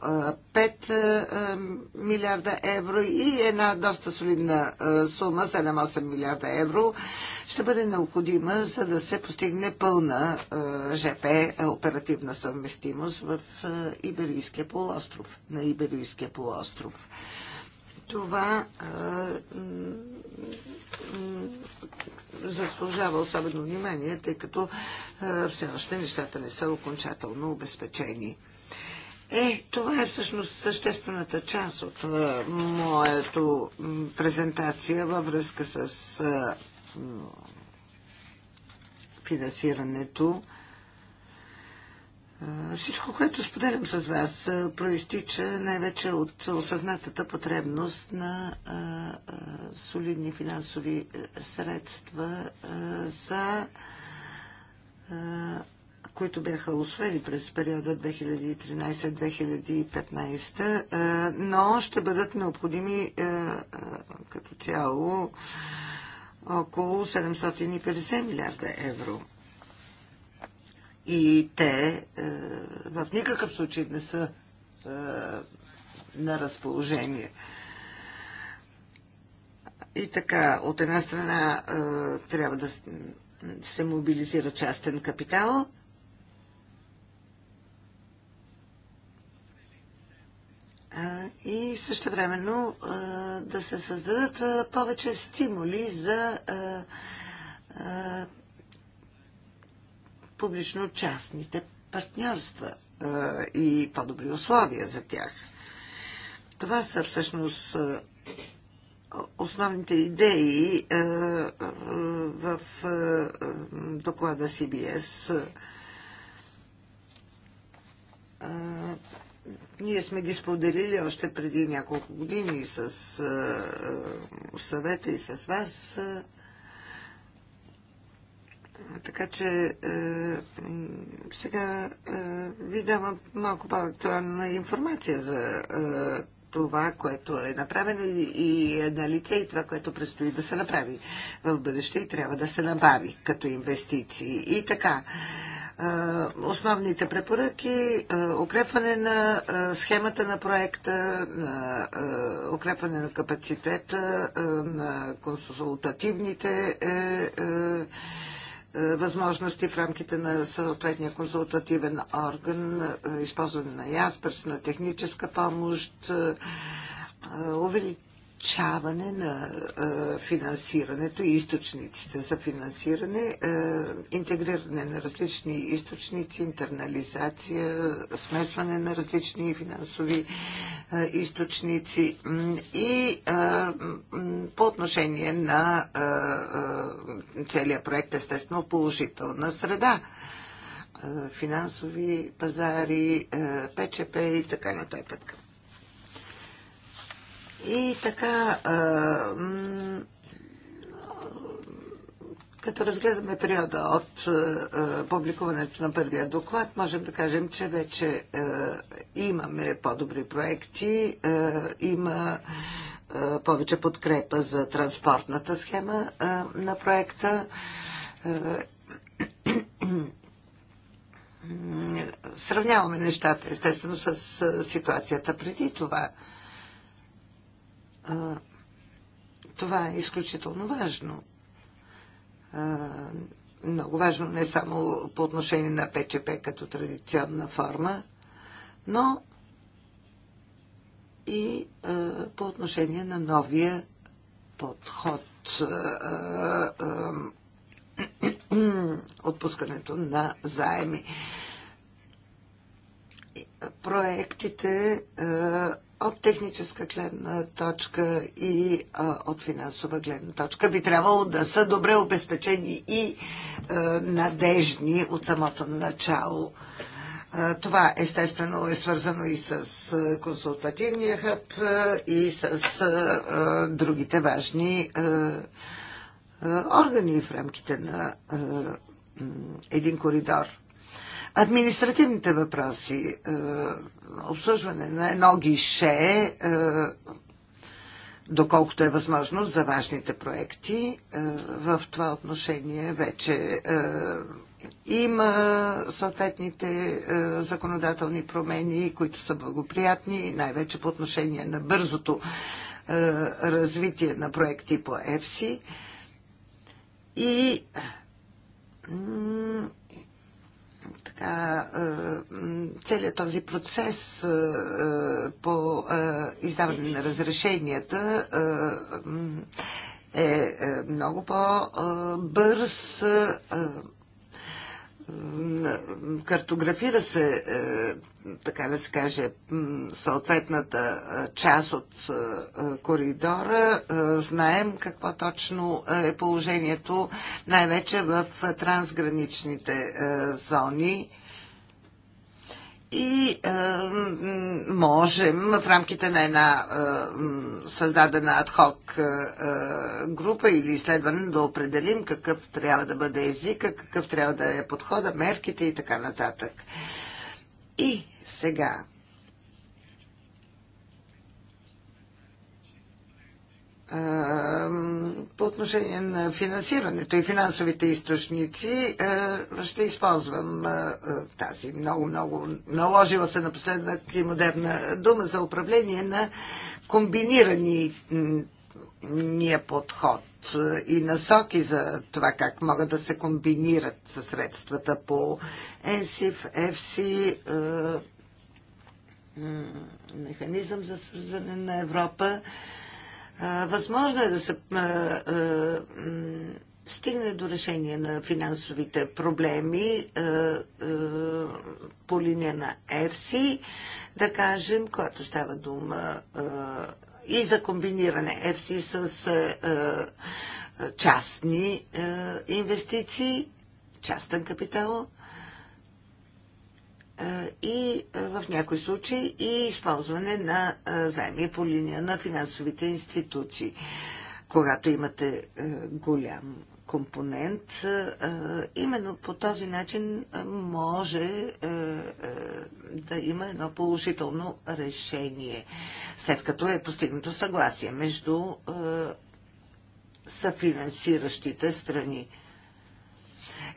5 милиарда евро и една доста солидна сума, 7-8 милиарда евро, ще бъде необходима, за да се постигне пълна ЖП оперативна съвместимост в Иберийския полуостров, на Иберийския полуостров. Това заслужава особено внимание, тъй като е, все още нещата не са окончателно обезпечени. Е, това е всъщност съществената част от е, моето презентация във връзка с е, финансирането. Всичко, което споделям с вас, проистича най-вече от осъзнатата потребност на солидни финансови средства за които бяха освоени през периода 2013-2015, но ще бъдат необходими като цяло около 750 милиарда евро. И те е, в никакъв случай не са е, на разположение. И така, от една страна е, трябва да се мобилизира частен капитал, и също времено да се създадат повече стимули за публично-частните партньорства и по-добри условия за тях. Това са всъщност основните идеи в доклада CBS. Ние сме ги споделили още преди няколко години с съвета и с вас. Така че е, сега е, ви давам малко по-актуална информация за е, това, което е направено и, е на лице и това, което предстои да се направи в бъдеще и трябва да се набави като инвестиции. И така, е, основните препоръки, е, укрепване на е, схемата на проекта, на укрепване на капацитета, на консултативните е, възможности в рамките на съответния консултативен орган, е, използване на ясперс, на техническа помощ, е, увеличение насърчаване на финансирането и източниците за финансиране, интегриране на различни източници, интернализация, смесване на различни финансови източници и по отношение на целият проект, естествено, положителна среда финансови пазари, ПЧП и така нататък. И така, като разгледаме периода от публикуването на първия доклад, можем да кажем, че вече имаме по-добри проекти, има повече подкрепа за транспортната схема на проекта сравняваме нещата, естествено, с ситуацията преди това. Това е изключително важно. Много важно не само по отношение на ПЧП като традиционна форма, но и по отношение на новия подход отпускането на заеми. Проектите от техническа гледна точка и а, от финансова гледна точка би трябвало да са добре обезпечени и а, надежни от самото начало. А, това естествено е свързано и с а, консултативния хъб а, и с а, а, другите важни а, а, органи в рамките на а, един коридор административните въпроси, е, обслужване на едно гише, е, доколкото е възможно за важните проекти. Е, в това отношение вече има съответните законодателни промени, които са благоприятни, най-вече по отношение на бързото развитие на проекти по ЕФСИ. И целият този процес по издаване на разрешенията е много по-бърз картографира се, е, така да се каже, съответната е, част от е, коридора. Знаем какво точно е положението, най-вече в трансграничните зони и е, можем в рамките на една е, създадена адхок е, е, група или изследване да определим какъв трябва да бъде езика, какъв трябва да е подхода, мерките и така нататък. И сега по отношение на финансирането и финансовите източници ще използвам тази много-много наложила се напоследък и модерна дума за управление на комбинирания подход и насоки за това как могат да се комбинират със средствата по ЕСИФ, ЕФСИ, механизъм за свързване на Европа. Възможно е да се стигне до решение на финансовите проблеми по линия на ЕФСИ, да кажем, което става дума и за комбиниране ЕФСИ с частни инвестиции, частен капитал и в някои случаи и използване на заеми по линия на финансовите институции. Когато имате голям компонент, именно по този начин може да има едно положително решение, след като е постигнато съгласие между съфинансиращите страни.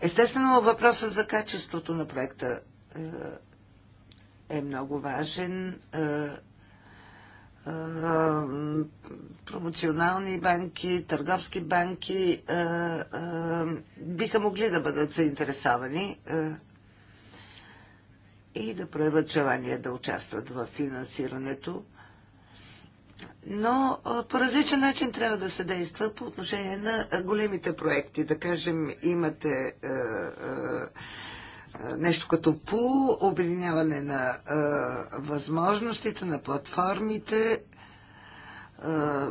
Естествено, въпроса за качеството на проекта е, е много важен. Е, е, промоционални банки, търговски банки биха могли да бъдат заинтересовани и да проявят желание да участват в финансирането. Но по различен начин трябва да се действа по отношение на големите проекти. Да кажем, имате е, е, нещо като пул, обединяване на а, възможностите, на платформите. А,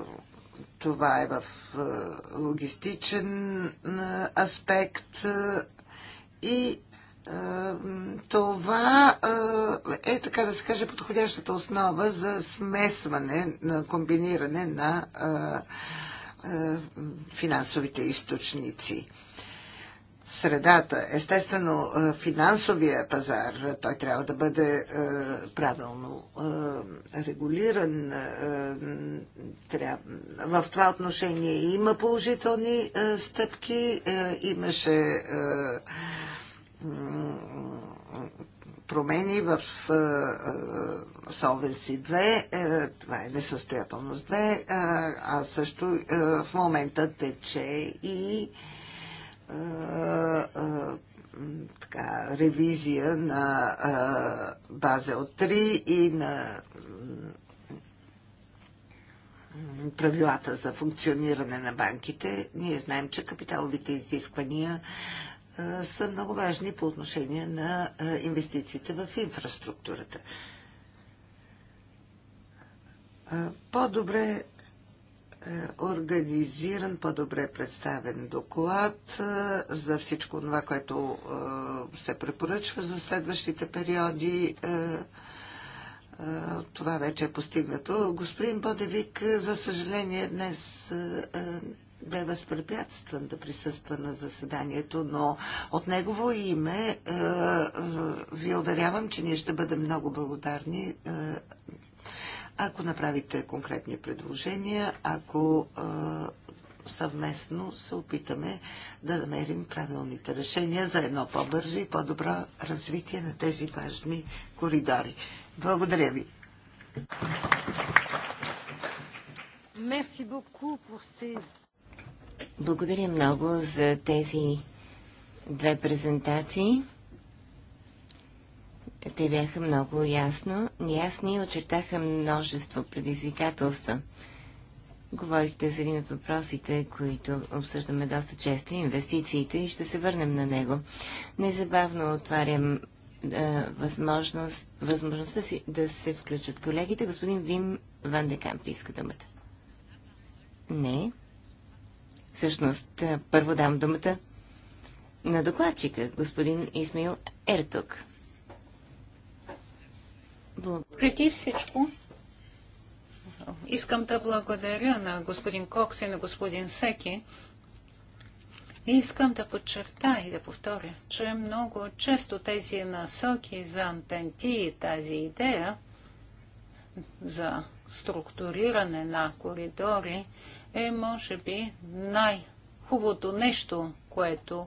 това е в а, логистичен а, аспект а, и а, това а, е, така да се каже, подходящата основа за смесване, на комбиниране на а, а, финансовите източници средата. Естествено, е, финансовия пазар, той трябва да бъде е, правилно е, регулиран. В това отношение има положителни стъпки. Имаше промени в Solvency 2, това е несъстоятелност 2, а също в момента тече и така, ревизия на а, Базел 3 и на правилата за функциониране на банките. Ние знаем, че капиталовите изисквания а, са много важни по отношение на а, инвестициите в инфраструктурата. По-добре е, организиран, по-добре представен доклад е, за всичко това, което е, се препоръчва за следващите периоди. Това вече е постигнато. Господин Бодевик, за съжаление, днес бе възпрепятстван да присъства на заседанието, но от негово име ви уверявам, че ние ще бъдем много благодарни ако направите конкретни предложения, ако а, съвместно се опитаме да намерим правилните решения за едно по-бързо и по-добро развитие на тези важни коридори. Благодаря ви. Благодаря много за тези две презентации те бяха много ясно, ясни очертаха множество предизвикателства. Говорихте за един от въпросите, които обсъждаме доста често, инвестициите, и ще се върнем на него. Незабавно отварям е, възможност, възможността си да се включат колегите. Господин Вим Ван Декамп иска думата. Не. Всъщност, е, първо дам думата на докладчика, господин Исмил Ертук. Преди всичко, искам да благодаря на господин Кокс и на господин Секи. И искам да подчертая и да повторя, че много често тези насоки за антенти и тази идея за структуриране на коридори е, може би, най-хубавото нещо, което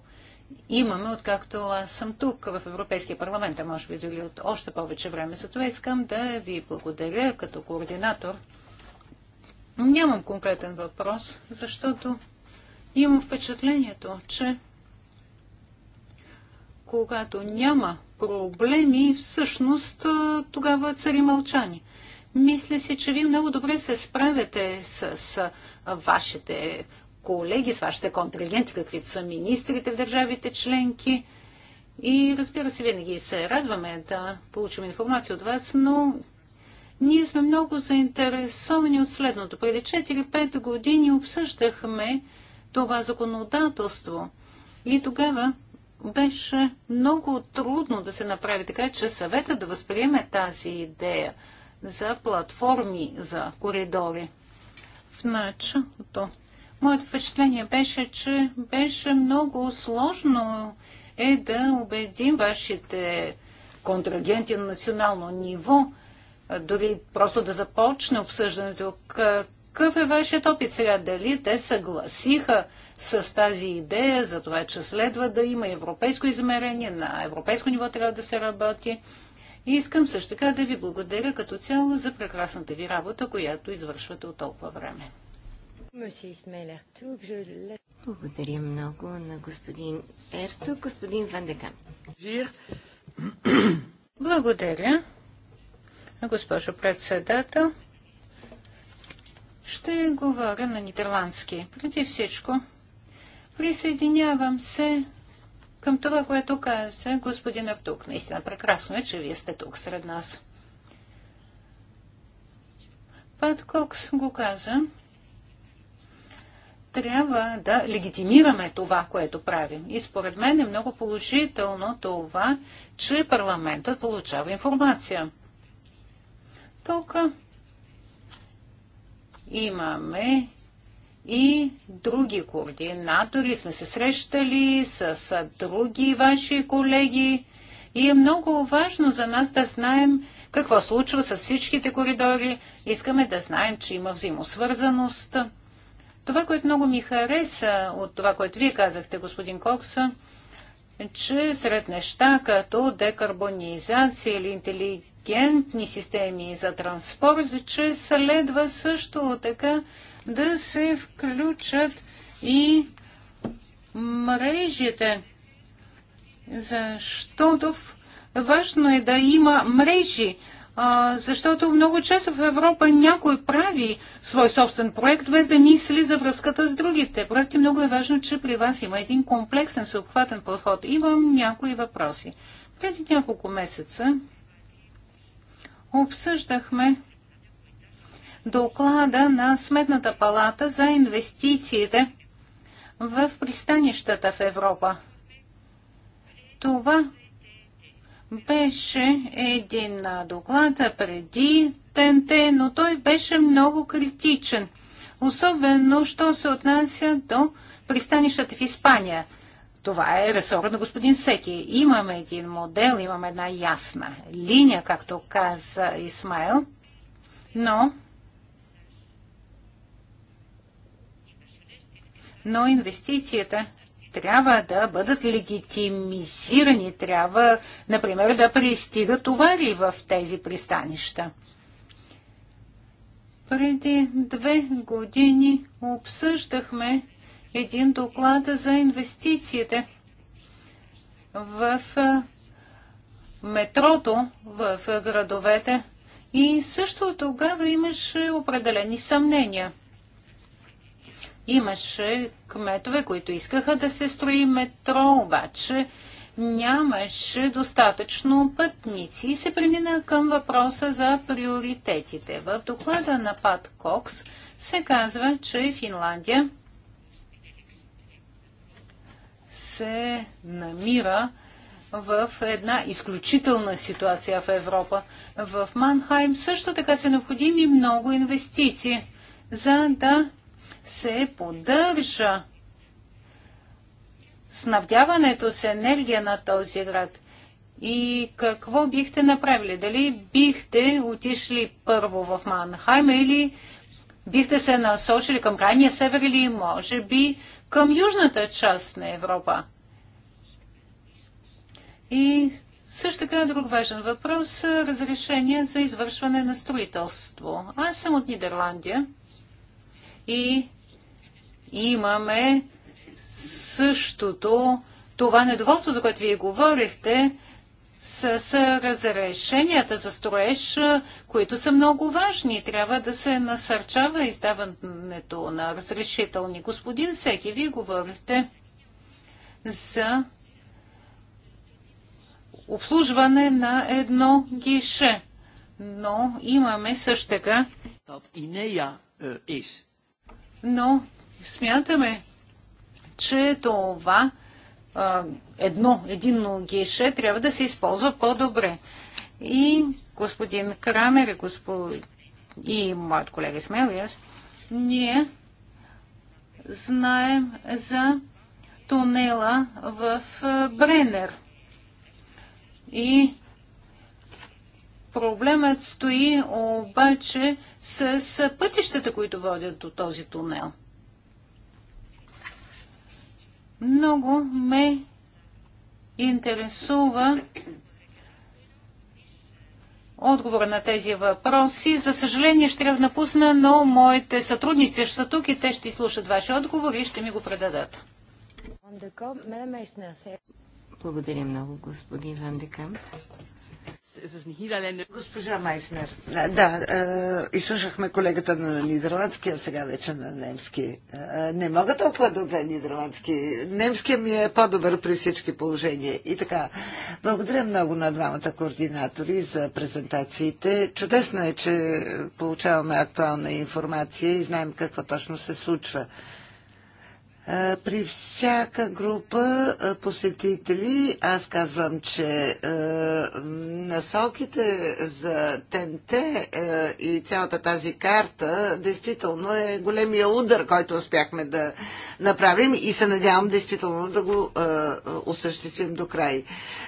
имаме, откакто аз съм тук в Европейския парламент, а може би дори от още повече време. Затова искам да ви благодаря като координатор. Нямам конкретен въпрос, защото имам впечатлението, че когато няма проблеми, всъщност тогава цари мълчани. Мисля си, че вие много добре се справяте с, с вашите колеги, с вашите контрагенти, каквито са министрите в държавите членки. И разбира се, винаги се радваме да получим информация от вас, но ние сме много заинтересовани от следното. Преди 4-5 години обсъждахме това законодателство и тогава беше много трудно да се направи така, че съвета да възприеме тази идея за платформи, за коридори. В началото Моето впечатление беше, че беше много сложно е да убедим вашите контрагенти на национално ниво, дори просто да започне обсъждането. Какъв е вашият опит сега? Дали те съгласиха с тази идея за това, че следва да има европейско измерение, на европейско ниво трябва да се работи? И искам също така да ви благодаря като цяло за прекрасната ви работа, която извършвате от толкова време. Благодаря много на господин Ерто, господин Ван Декан. Благодаря, госпожо председател. Ще говоря на нидерландски. Преди всичко, присъединявам се към това, което каза господин Артук. Наистина прекрасно е, че вие сте тук сред нас. Пат Кокс го каза, трябва да легитимираме това, което правим. И според мен е много положително това, че парламентът получава информация. Тук имаме и други координатори. Сме се срещали с, други ваши колеги. И е много важно за нас да знаем какво случва с всичките коридори. Искаме да знаем, че има взаимосвързаност. Това, което много ми хареса от това, което вие казахте, господин Кокс, е, че сред неща като декарбонизация или интелигентни системи за транспорт, че следва също така да се включат и мрежите, защото важно е да има мрежи, а, защото много често в Европа някой прави свой собствен проект, без да мисли за връзката с другите проекти. Много е важно, че при вас има един комплексен, съобхватен подход. Имам някои въпроси. Преди няколко месеца обсъждахме доклада на Сметната палата за инвестициите в пристанищата в Европа. Това беше един доклад преди ТНТ, но той беше много критичен. Особено, що се отнася до пристанищата в Испания. Това е ресора на господин Секи. Имаме един модел, имаме една ясна линия, както каза Исмайл, но но инвестицията трябва да бъдат легитимизирани, трябва, например, да пристигат товари в тези пристанища. Преди две години обсъждахме един доклад за инвестициите в метрото в градовете и също тогава имаше определени съмнения – Имаше кметове, които искаха да се строи метро, обаче нямаше достатъчно пътници и се премина към въпроса за приоритетите. В доклада на Пат Кокс се казва, че Финландия се намира в една изключителна ситуация в Европа. В Манхайм също така са необходими много инвестиции, за да се поддържа снабдяването с енергия на този град. И какво бихте направили? Дали бихте отишли първо в Манхайм или бихте се насочили към крайния север или може би към южната част на Европа? И също така друг важен въпрос – разрешение за извършване на строителство. Аз съм от Нидерландия и имаме същото това недоволство, за което вие говорихте, с, с разрешенията за строеж, които са много важни. Трябва да се насърчава издаването на разрешителни. Господин Секи, вие говорихте за обслужване на едно гише. Но имаме също така. Е, Но смятаме, че това едно, единно гейше трябва да се използва по-добре. И господин Крамер и, господ... и моят колега аз, ние знаем за тунела в Бренер. И проблемът стои обаче с пътищата, които водят до този тунел – много ме интересува отговора на тези въпроси. За съжаление ще трябва напусна, но моите сътрудници ще са тук и те ще слушат вашия отговор и ще ми го предадат. Благодаря много, господин Вандекам. Госпожа Майснер. Да, изслушахме колегата на нидерландски, а сега вече на немски. Не мога толкова добре нидерландски. Немския ми е по-добър при всички положения. И така, благодаря много на двамата координатори за презентациите. Чудесно е, че получаваме актуална информация и знаем какво точно се случва. При всяка група посетители, аз казвам, че насоките за ТНТ и цялата тази карта действително е големия удар, който успяхме да направим и се надявам действително да го осъществим до край.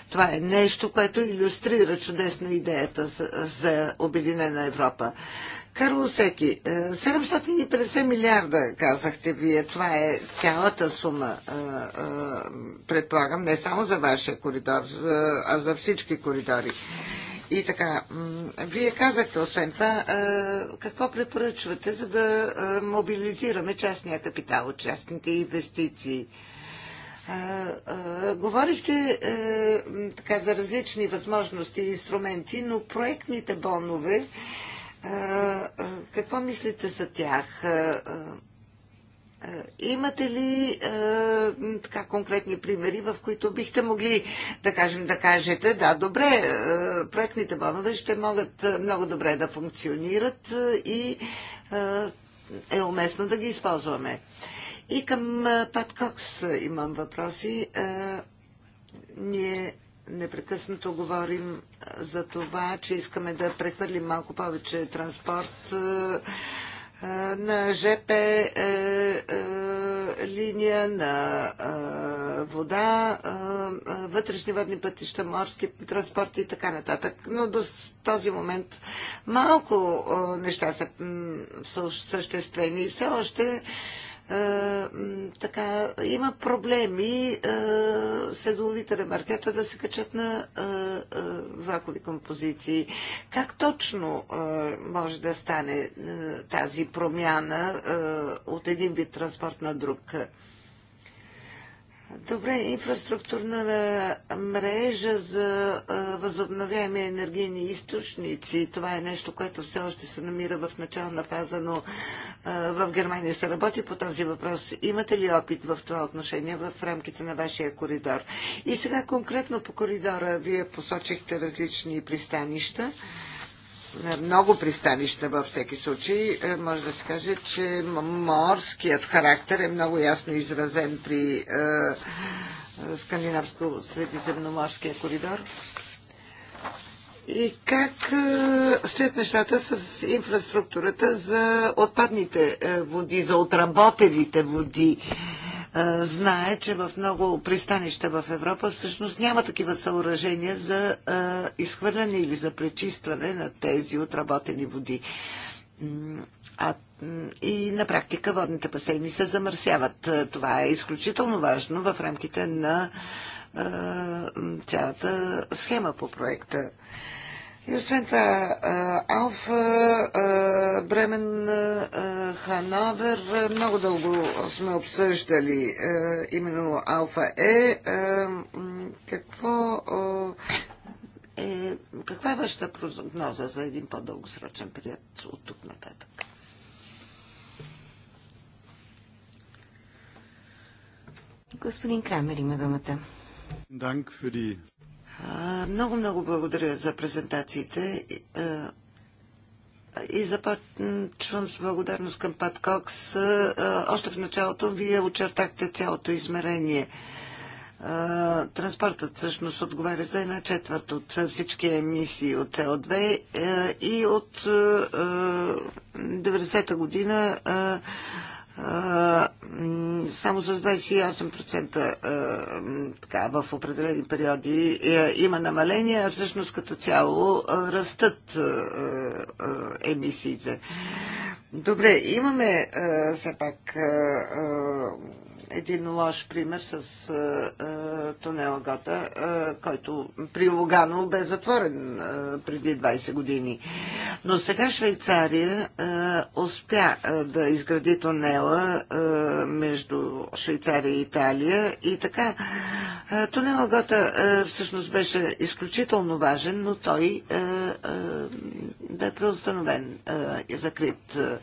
Това е нещо, което иллюстрира чудесно идеята за, за Обединена Европа. Карло Секи, 750 е, милиарда казахте вие. Това е цялата сума, е, е, предполагам, не само за вашия коридор, а за всички коридори. И така, вие казахте, освен това, какво препоръчвате, за да мобилизираме частния капитал, частните инвестиции? Говорихте така за различни възможности и инструменти, но проектните бонове какво мислите за тях? Имате ли така конкретни примери, в които бихте могли, да кажем, да кажете, да, добре, проектните бонове ще могат много добре да функционират и е, е уместно да ги използваме. И към Пат Кокс имам въпроси. ние непрекъснато говорим за това, че искаме да прехвърлим малко повече транспорт на ЖП е, е, линия, на вода, вътрешни водни пътища, морски транспорт и така нататък. Но до този момент малко неща са съществени и все още е, така, има проблеми е, седловите ремаркета да се качат на е, влакови композиции. Как точно може да стане тази промяна от един вид транспорт на друг? Добре, инфраструктурна мрежа за възобновяеми енергийни източници. Това е нещо, което все още се намира в начална фаза, но в Германия се работи по този въпрос. Имате ли опит в това отношение в рамките на вашия коридор? И сега конкретно по коридора вие посочихте различни пристанища много пристанища във всеки случай. Е, може да се каже, че морският характер е много ясно изразен при е, е Скандинавско-средиземноморския коридор. И как е, стоят нещата с инфраструктурата за отпадните е, води, за отработените води? знае, че в много пристанища в Европа всъщност няма такива съоръжения за изхвърляне или за пречистване на тези отработени води. А, и на практика водните басейни се замърсяват. Това е изключително важно в рамките на цялата схема по проекта. И освен това, Алфа, Бремен, Хановер, много дълго сме обсъждали именно Алфа Е. Какво е, каква е вашата прогноза за един по-дългосрочен период от тук нататък? Господин Крамер има думата. Много, много благодаря за презентациите и започвам с благодарност към Пат Кокс. Още в началото вие очертахте цялото измерение. Транспортът всъщност отговаря за една четвърт от всички емисии от СО2 и от 90-та година само с 28% така, в определени периоди е, има намаление, а всъщност като цяло растат емисиите. Добре, имаме все пак един лош пример с а, е, е, тунела Гота, а, е, който при Лугано бе затворен а, преди 20 години. Но сега Швейцария а, успя а, да изгради тунела а, между Швейцария и Италия и така. А, тунела Гота а, всъщност беше изключително важен, но той а, а, бе преустановен, а, закрит. А,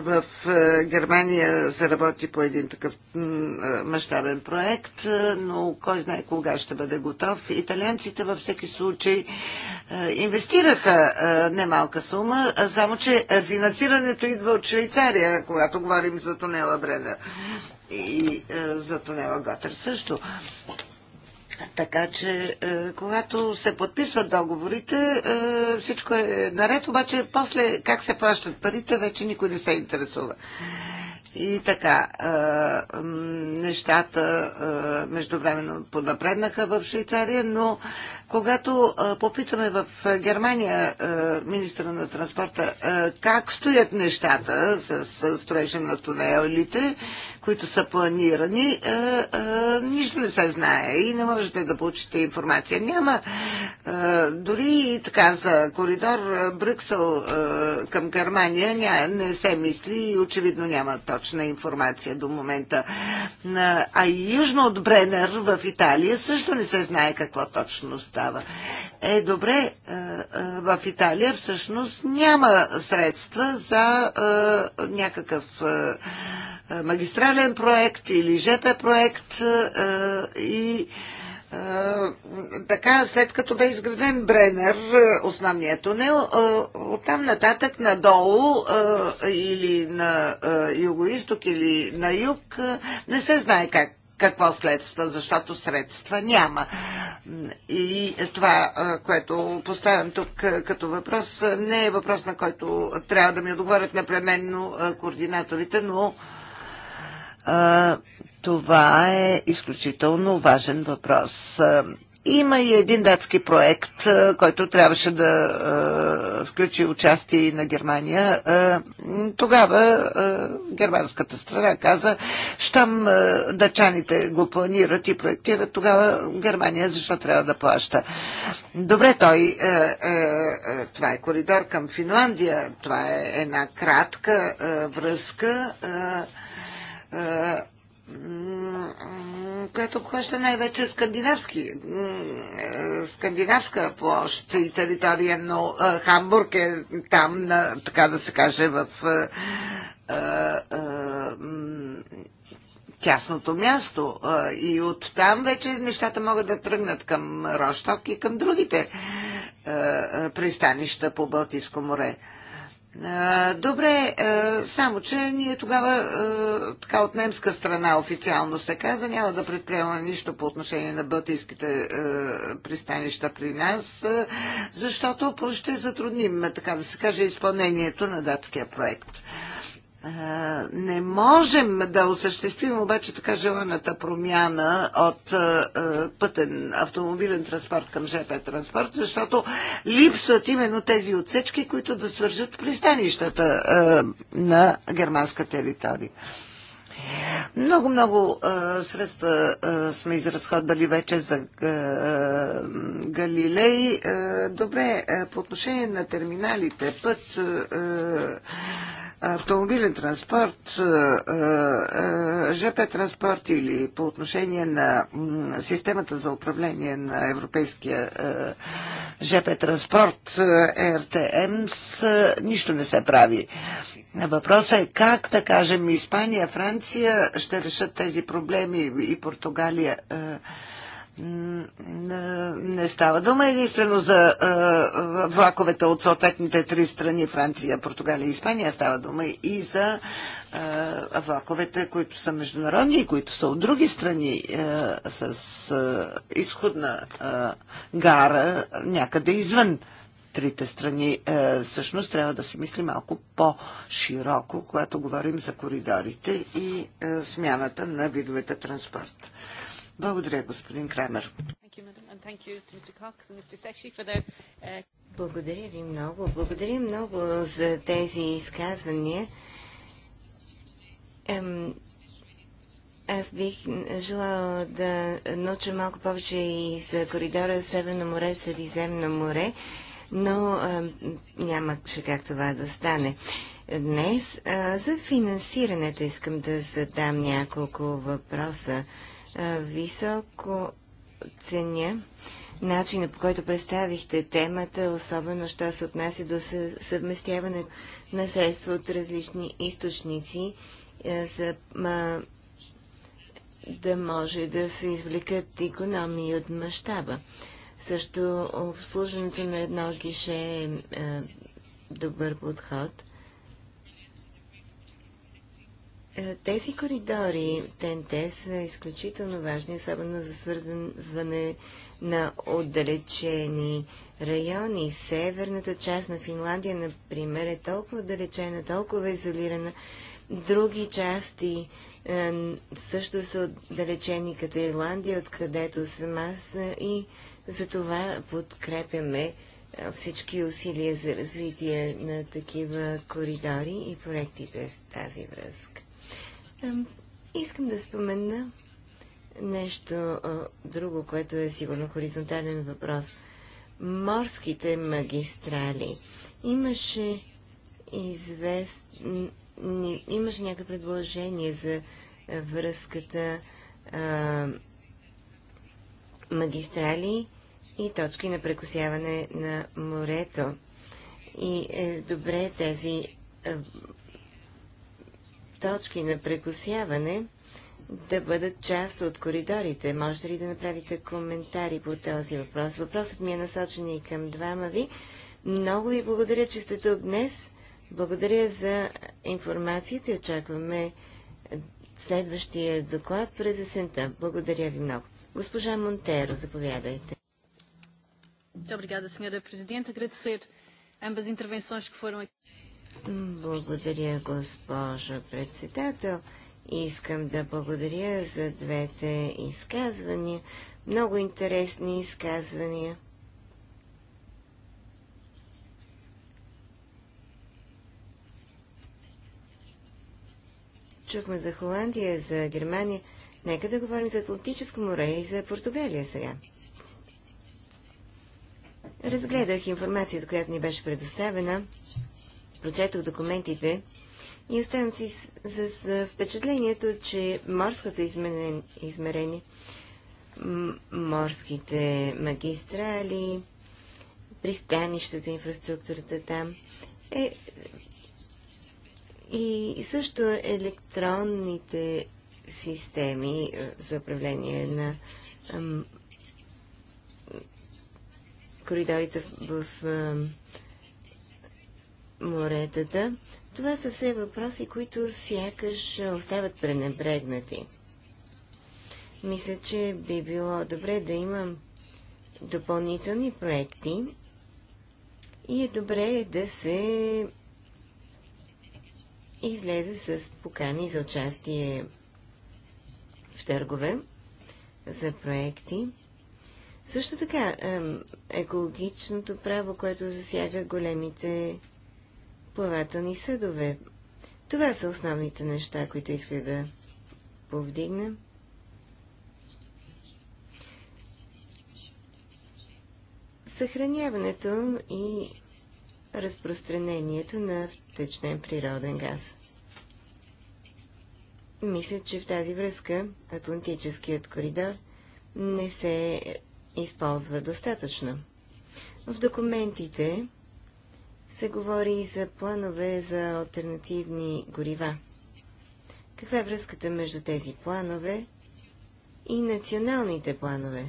в е, Германия заработи по един такъв е, мащабен проект, е, но кой знае кога ще бъде готов. Италианците във всеки случай инвестираха немалка сума, само че финансирането идва от Швейцария, когато говорим за тунела Бреда и за тунела Готър също. Така че, е, когато се подписват договорите, е, всичко е наред, обаче после как се плащат парите, вече никой не се интересува. И така, е, нещата междувременно поднапреднаха в Швейцария, но когато попитаме в Германия министра на транспорта как стоят нещата с строежа на тунелите, които са планирани, а, е, а, е, нищо не се знае и не можете да получите информация. Няма а, е, дори и така за коридор Брюксел към Германия ня, не се мисли и очевидно няма точна информация до момента. А и южно от Бренер в Италия също не се знае какво точно става. Е, добре, а, а, в Италия всъщност няма средства за а, някакъв А, е, магистрален проект или ЖП проект е, и е, така, след като бе изграден Бренер, основният тунел, оттам нататък надолу или на юго-исток или на юг не се знае как какво следства, защото средства няма. И това, което поставям тук като въпрос, не е въпрос, на който трябва да ми отговорят непременно координаторите, но това е изключително важен въпрос. Има и един датски проект, който трябваше да включи участие на Германия. тогава германската страна каза, щом дачаните го планират и проектират, тогава Германия защо трябва да плаща? Добре, той, е, е, е, това е коридор към Финландия, това е една кратка връзка. Е, която обхваща най-вече скандинавски, е, скандинавска площ и територия, но е, Хамбург е там, на, така да се каже, в тясното място. И от там вече нещата могат да тръгнат към Рошток и към другите пристанища по Балтийско море. Добре, само че ние тогава, така от немска страна официално се каза, няма да предприемаме нищо по отношение на балтийските пристанища при нас, защото ще затрудним, така да се каже, изпълнението на датския проект не можем да осъществим обаче така желаната промяна от пътен автомобилен транспорт към ЖП транспорт, защото липсват именно тези отсечки, които да свържат пристанищата на германска територия. Много-много средства а, сме изразходвали вече за а, Галилей. А, добре, по отношение на терминалите, път автомобилен транспорт, ЖП транспорт или по отношение на системата за управление на европейския ЖП транспорт, РТМС, нищо не се прави. Въпросът е как, да кажем, Испания, Франция ще решат тези проблеми и Португалия. Не става дума единствено за влаковете от съответните три страни Франция, Португалия и Испания. Става дума и за влаковете, които са международни и които са от други страни с изходна гара някъде извън трите страни. Всъщност трябва да се мисли малко по-широко, когато говорим за коридорите и смяната на видовете транспорт. Благодаря, господин Крамер. Uh, Благодаря ви много. Благодаря много за тези изказвания. аз бих желала да науча малко повече и за коридора Северно море, Средиземно море, но няма нямаше как това да стане днес. за финансирането искам да задам няколко въпроса. Високо ценя начина по който представихте темата, особено що се отнася до съвместяване на средства от различни източници, за да може да се извлекат економии от мащаба. Също обслужването на едно гише е, е добър подход. Е, тези коридори ТНТ са изключително важни, особено за свързване на отдалечени райони. Северната част на Финландия, например, е толкова отдалечена, толкова изолирана. Други части е, също са отдалечени, като Ирландия, откъдето съм аз е, и за това подкрепяме е, всички усилия за развитие на такива коридори и проектите в тази връзка. Искам да спомена нещо друго, което е сигурно хоризонтален въпрос. Морските магистрали. Имаше известни... Имаше някакво предложение за връзката а, магистрали и точки на прекусяване на морето. И е добре е тези точки на прекусяване да бъдат част от коридорите. Можете ли да направите коментари по този въпрос? Въпросът ми е насочен и към двама ви. Много ви благодаря, че сте тук днес. Благодаря за информацията и очакваме следващия доклад през есента. Благодаря ви много. Госпожа Монтеро, заповядайте. Добре, господин президент. Agradecer ambas intervenções que foram aqui. Благодаря, госпожо председател. Искам да благодаря за двете изказвания. Много интересни изказвания. Чухме за Холандия, за Германия. Нека да говорим за Атлантическо море и за Португалия сега. Разгледах информацията, която ни беше предоставена прочетох документите и оставам си с, с, с впечатлението, че морското измерение, измерение морските магистрали, пристанищата, инфраструктурата там е и също електронните системи е, за управление на ам, коридорите в, в ам, моретата. Това са все въпроси, които сякаш остават пренебрегнати. Мисля, че би било добре да имам допълнителни проекти и е добре да се излезе с покани за участие в търгове за проекти. Също така, екологичното право, което засяга големите плавателни съдове. Това са основните неща, които иска да повдигна. Съхраняването и разпространението на втечнен природен газ. Мисля, че в тази връзка Атлантическият коридор не се използва достатъчно. В документите се говори и за планове за альтернативни горива. Каква е връзката между тези планове и националните планове?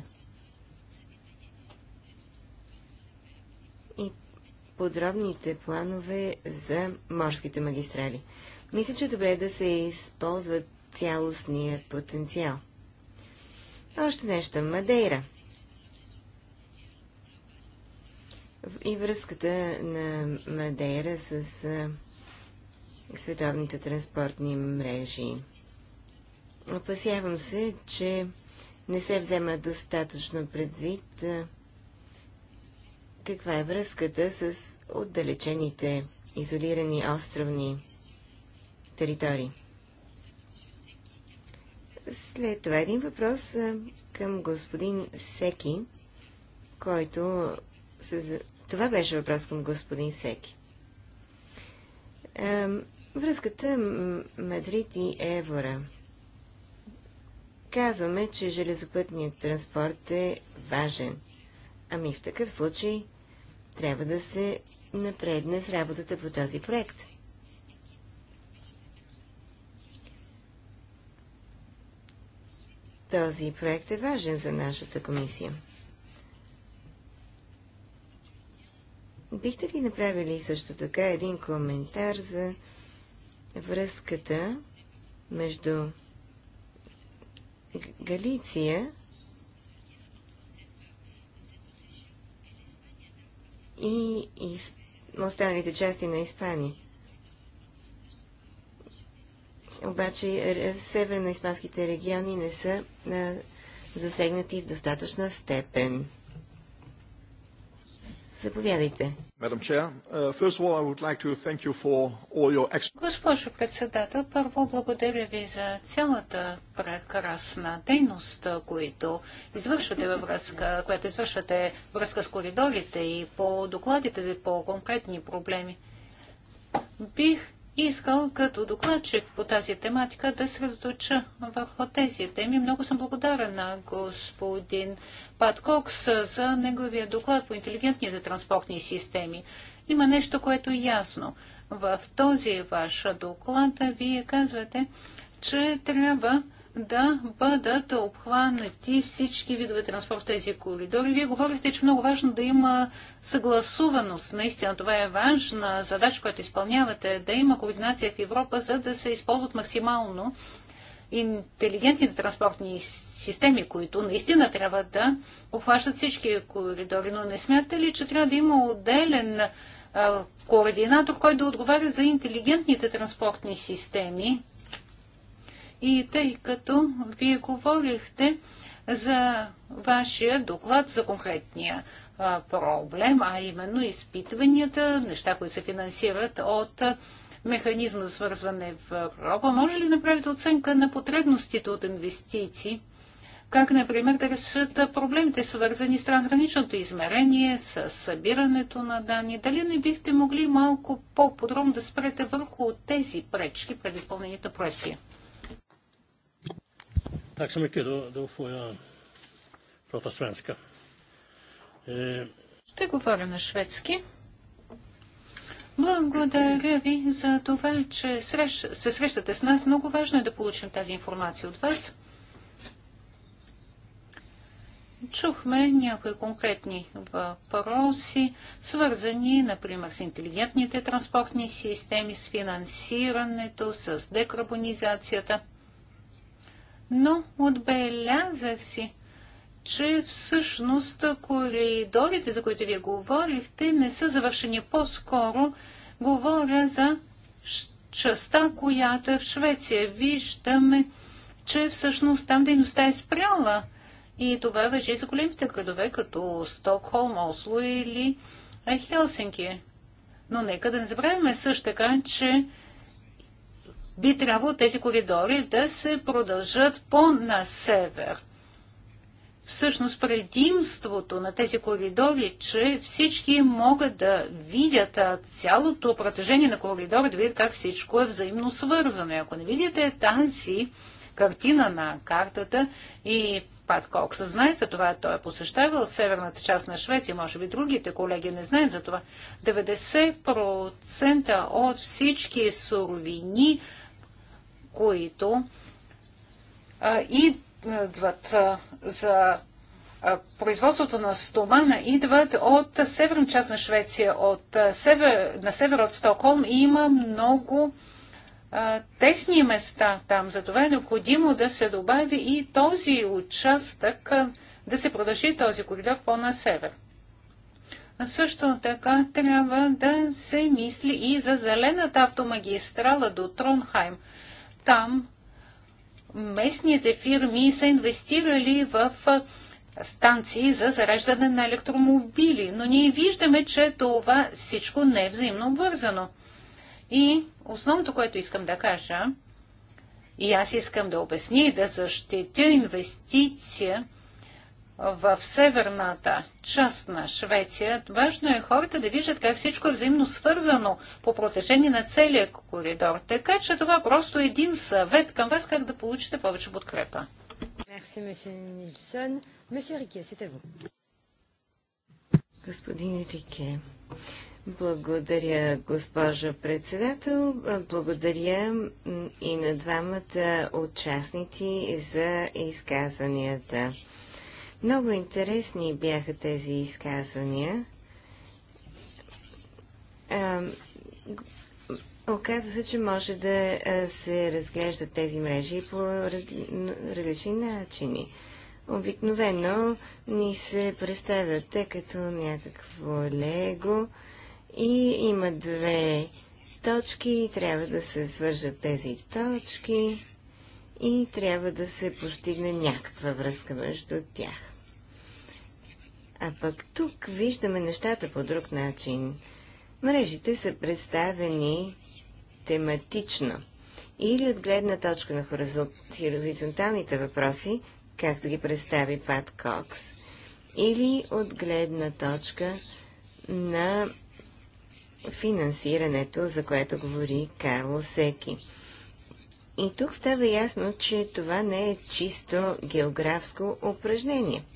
И подробните планове за морските магистрали. Мисля, че е добре е да се използват цялостният потенциал. Още нещо. Мадейра. и връзката на Мадейра с световните транспортни мрежи. Опасявам се, че не се взема достатъчно предвид каква е връзката с отдалечените, изолирани островни територии. След това един въпрос към господин Секи, който се това беше въпрос към господин Секи. Връзката Мадрид и Евора. Казваме, че железопътният транспорт е важен. Ами в такъв случай трябва да се напредне с работата по този проект. Този проект е важен за нашата комисия. Бихте ли направили също така един коментар за връзката между Галиция и, останалите части на Испания? Обаче северно-испанските региони не са засегнати в достатъчна степен. Заповядайте. Uh, Госпожо председател, първо благодаря ви за цялата прекрасна дейност, която извършвате във връзка, която извършвате връзка с коридорите и по докладите за по конкретни проблеми. Бих искал като докладчик по тази тематика да средоточа върху тези теми. Много съм благодарен на господин Пат Кокс за неговия доклад по интелигентните транспортни системи. Има нещо, което е ясно. В този ваш доклад вие казвате, че трябва да бъдат обхванати всички видове транспорт в тези коридори. Вие говорихте, че е много важно да има съгласуваност. Наистина това е важна задача, която изпълнявате, да има координация в Европа, за да се използват максимално интелигентните транспортни системи, които наистина трябва да обхващат всички коридори. Но не смятате ли, че трябва да има отделен координатор, който да отговаря за интелигентните транспортни системи? И тъй като вие говорихте за вашия доклад за конкретния проблем, а именно изпитванията, неща, които се финансират от механизма за свързване в Европа. Може ли да направите оценка на потребностите от инвестиции? Как, например, да решат проблемите, свързани с трансграничното измерение, с събирането на данни? Дали не бихте могли малко по-подробно да спрете върху тези пречки пред изпълнението на проекти? Tack så mycket. Då, då får jag prata svenska. Eh, Ще говоря на шведски. Благодаря ви за това, че се срещате с нас. Много важно е да получим тази информация от вас. Чухме някои конкретни въпроси, свързани, например, с интелигентните транспортни системи, с финансирането, с декарбонизацията – но отбелязах си, че всъщност коридорите, за които вие говорихте, не са завършени. По-скоро говоря за частта, която е в Швеция. Виждаме, че всъщност там дейността е спряла. И това въжи за големите градове, като Стокхолм, Осло или Хелсинки. Но нека да не забравяме също така, че би трябвало тези коридори да се продължат по-на север. Всъщност предимството на тези коридори, че всички могат да видят цялото протежение на коридора, да видят как всичко е взаимно свързано. И ако не видите тази картина на картата и Пат Кокс знае за това, той е посещавал северната част на Швеция, може би другите колеги не знаят за това. 90% от всички суровини, които идват за производството на стомана идват от северна част на Швеция, от север, на север от Стокхолм и има много а, тесни места там. Затова е необходимо да се добави и този участък, а, да се продължи този коридор по-на север. Също така трябва да се мисли и за зелената автомагистрала до Тронхайм – там местните фирми са инвестирали в станции за зареждане на електромобили, но ние виждаме, че това всичко не е взаимно обвързано. И основното, което искам да кажа, и аз искам да обясня и да защитя инвестиция, в северната част на Швеция, важно е хората да виждат как всичко е взаимно свързано по протежение на целия коридор. Така че това просто е един съвет към вас как да получите повече подкрепа. Господин Рике, благодаря, госпожа председател. Благодаря и на двамата участници за изказванията. Много интересни бяха тези изказвания. А, оказва се, че може да се разглеждат тези мрежи по различни начини. Обикновено ни се представят те като някакво лего и има две точки, трябва да се свържат тези точки и трябва да се постигне някаква връзка между тях. А пък тук виждаме нещата по друг начин. Мрежите са представени тематично или от гледна точка на хоризонталните въпроси, както ги представи Пат Кокс, или от гледна точка на финансирането, за което говори Карло Секи. И тук става ясно, че това не е чисто географско упражнение –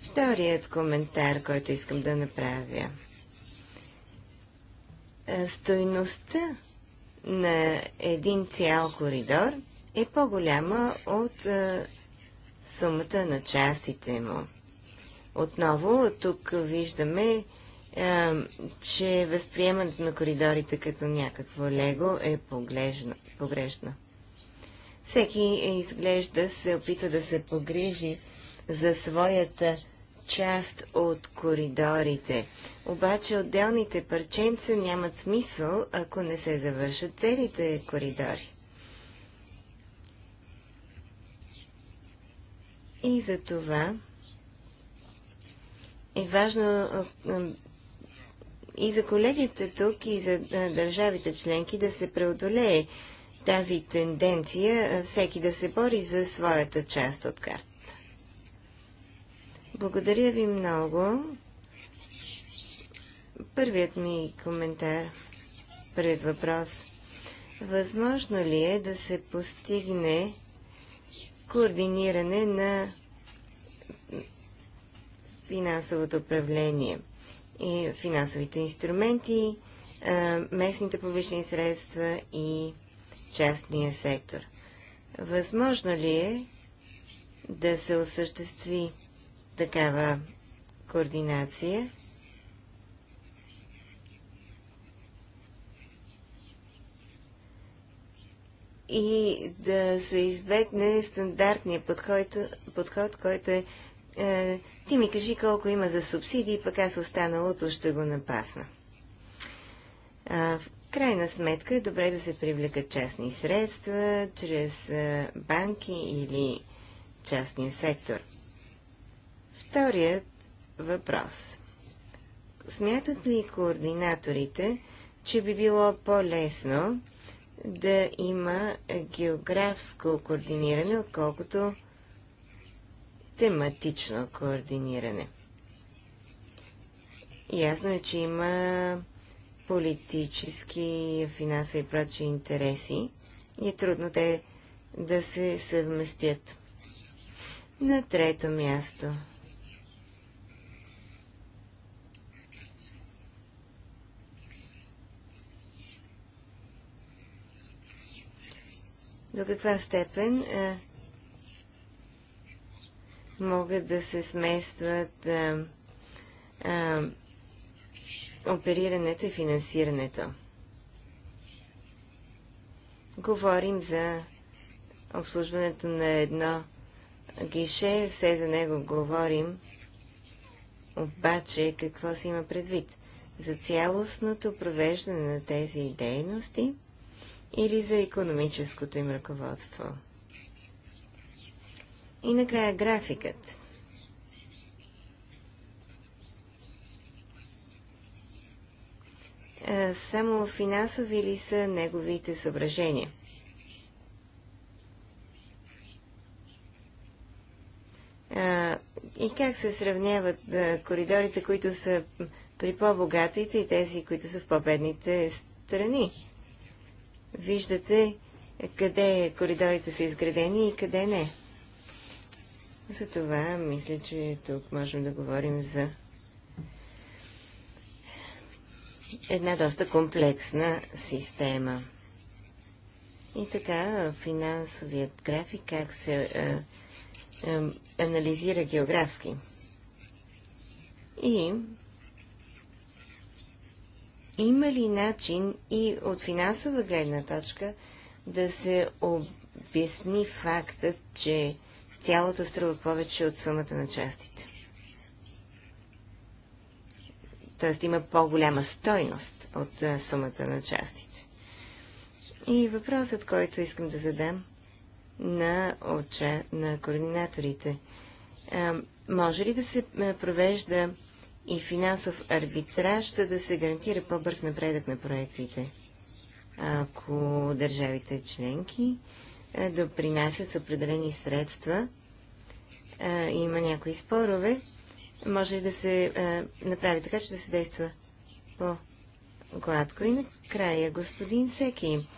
Вторият коментар, който искам да направя. Е, стойността на един цял коридор е по-голяма от е, сумата на частите му. Отново, тук виждаме, е, че възприемането на коридорите като някакво лего е погрешно. Всеки изглежда се опитва да се погрижи за своята част от коридорите. Обаче отделните парченца нямат смисъл, ако не се завършат целите коридори. И за това е важно и за колегите тук, и за държавите членки да се преодолее тази тенденция всеки да се бори за своята част от карта. Благодаря ви много. Първият ми коментар пред въпрос. Възможно ли е да се постигне координиране на финансовото управление и финансовите инструменти, местните публични средства и частния сектор? Възможно ли е да се осъществи такава координация. И да се избегне стандартния подход, подход който е, е ти ми кажи колко има за субсидии, пък аз останалото ще го напасна. в крайна сметка е добре да се привлекат частни средства чрез е, банки или частния сектор. Вторият въпрос. Смятат ли координаторите, че би било по-лесно да има географско координиране, отколкото тематично координиране? Ясно е, че има политически, финансови и прочи интереси и е трудно те да се съвместят. На трето място – до каква степен а, могат да се сместват а, а, оперирането и финансирането. Говорим за обслужването на едно гише, все за него говорим, обаче какво се има предвид? За цялостното провеждане на тези дейности – или за економическото им ръководство. И накрая графикът. Само финансови ли са неговите съображения? И как се сравняват коридорите, които са при по-богатите и тези, които са в по-бедните страни? виждате къде коридорите са изградени и къде не. Затова мисля, че тук можем да говорим за една доста комплексна система. И така, финансовият график как се а, а, анализира географски. И има ли начин и от финансова гледна точка да се обясни фактът, че цялото струва повече от сумата на частите? Тоест има по-голяма стойност от сумата на частите. И въпросът, който искам да задам на, отча... на координаторите. може ли да се провежда и финансов арбитраж, за да се гарантира по-бърз напредък на проектите. Ако държавите членки е, допринасят с определени средства, е, има някои спорове, може да се е, направи така, че да се действа по-гладко. И накрая, господин Секи,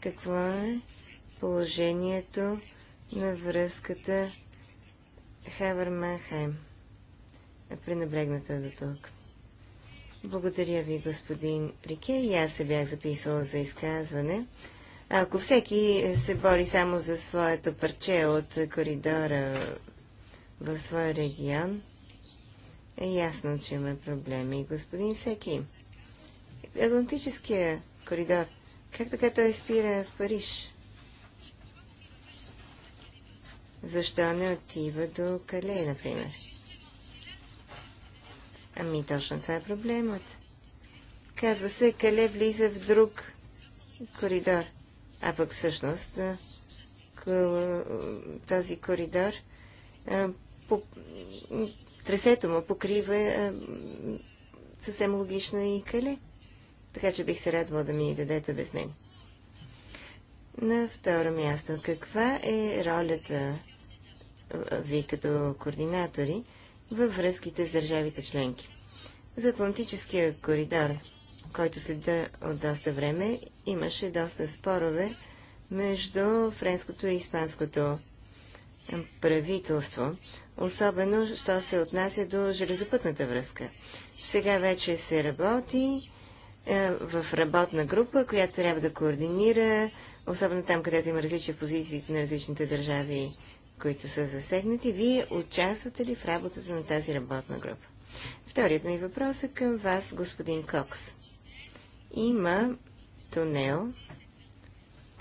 какво е положението на връзката Хавер-Махайм? е пренебрегната до тук. Благодаря ви, господин Рике. И аз се бях записала за изказване. Ако всеки се бори само за своето парче от коридора в своя регион, е ясно, че има проблеми. Господин Секи, Атлантическия коридор, как така той спира в Париж? Защо не отива до Кале, например? Ами точно това е проблемът. Казва се, Кале влиза в друг коридор. А пък всъщност този коридор по, тресето му покрива съвсем логично и Кале. Така че бих се радвала да ми дадете обяснение. На второ място, каква е ролята ви като координатори във връзките с държавите членки. За Атлантическия коридор, който след от доста време имаше доста спорове между френското и испанското правителство, особено, що се отнася до железопътната връзка. Сега вече се работи е, в работна група, която трябва да координира, особено там, където има различия в позициите на различните държави които са засегнати. Вие участвате ли в работата на тази работна група? Вторият ми въпрос е към вас, господин Кокс. Има тунел,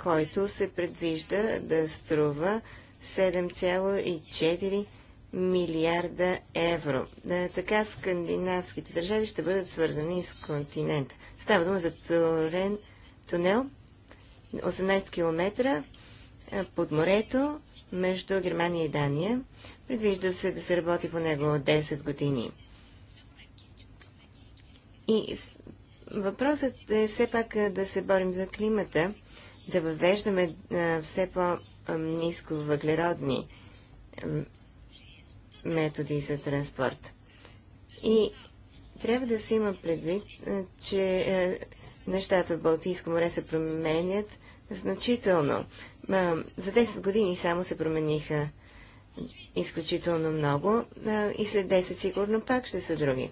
който се предвижда да струва 7,4 милиарда евро. Е, така скандинавските държави ще бъдат свързани с континента. Става дума за турен, тунел 18 км е, под морето между Германия и Дания. Предвижда се да се работи по него от 10 години. И въпросът е все пак е, да се борим за климата, да въвеждаме е, все по-низко въглеродни методи за транспорт. И трябва да се има предвид, че нещата в Балтийско море се променят значително за 10 години само се промениха изключително много и след 10 сигурно пак ще са други.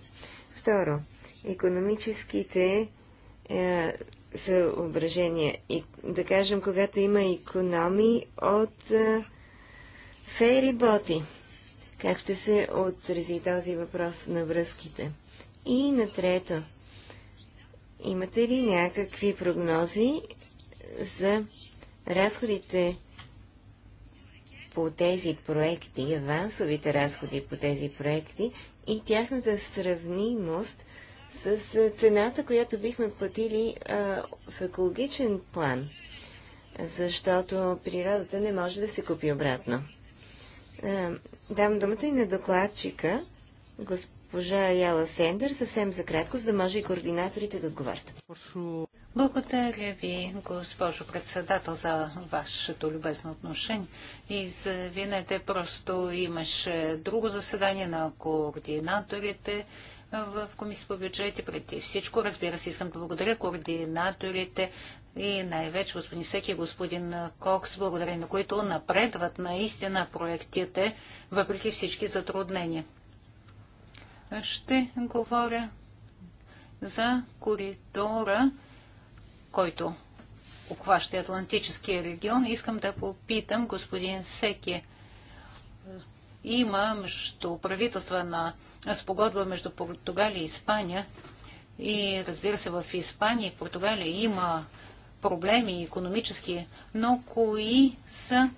Второ, економическите е, съображения. И, да кажем, когато има економии от е, фейри боти, как ще се отрази този въпрос на връзките? И на трето, имате ли някакви прогнози за разходите по тези проекти, авансовите разходи по тези проекти и тяхната сравнимост с цената, която бихме платили а, в екологичен план, защото природата не може да се купи обратно. А, дам думата и на докладчика, госпожа Яла Сендер, съвсем за кратко, за да може и координаторите да отговарят. Благодаря ви, госпожо председател, за вашето любезно отношение. И просто имаше друго заседание на координаторите в Комисия по бюджети. Преди всичко, разбира се, искам да благодаря координаторите и най-вече господин Секи господин Кокс, благодарение на които напредват наистина проектите, въпреки всички затруднения ще говоря за коридора, който обхваща Атлантическия регион. Искам да попитам господин Секи. Има между правителства на спогодба между Португалия и Испания. И разбира се, в Испания и Португалия има проблеми економически, но кои са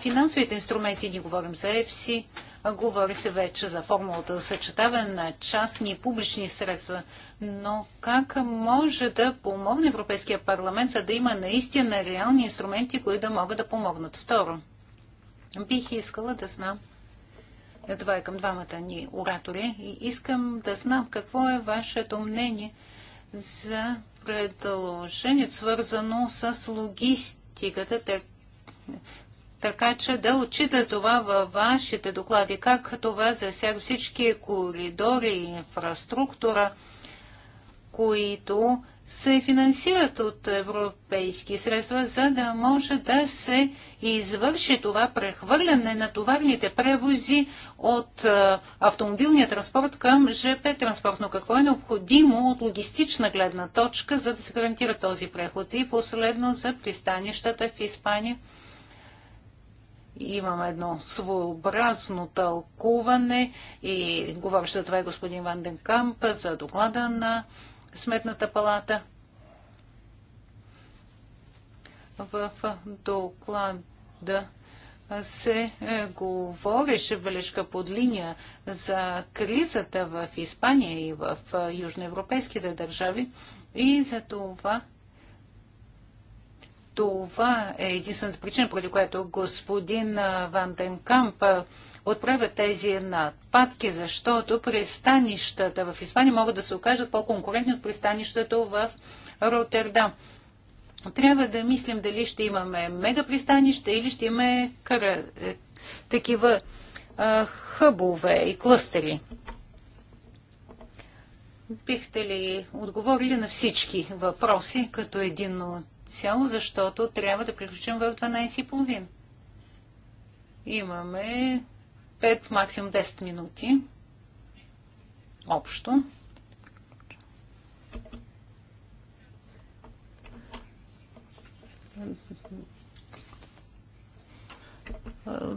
финансовите инструменти? ни говорим за ЕФСИ, Говори се вече за формулата за съчетаване на частни и публични средства. Но как може да помогне Европейския парламент, за да има наистина реални инструменти, които да могат да помогнат? Второ, бих искала да знам това е към двамата ни оратори. И искам да знам какво е вашето мнение за предложението, свързано с логистиката, така че да отчита това във вашите доклади, как това засяга всички коридори и инфраструктура, които се финансират от европейски средства, за да може да се извърши това прехвърляне на товарните превози от автомобилния транспорт към ЖП транспорт. Но какво е необходимо от логистична гледна точка, за да се гарантира този преход? И последно за пристанищата в Испания имаме едно своеобразно тълкуване и говореше за това е господин Ванденкамп за доклада на Сметната палата. В доклада се е, говореше бележка под линия за кризата в Испания и в е, южноевропейските държави и за това това е единствената причина, поради която господин Ван Денкамп отправя тези нападки, защото пристанищата в Испания могат да се окажат по-конкурентни от пристанищата в Роттердам. Трябва да мислим дали ще имаме мегапристанища или ще имаме е, такива хъбове и клъстери. Бихте ли отговорили на всички въпроси като един от цяло, защото трябва да приключим в 12.30. Имаме 5, максимум 10 минути общо.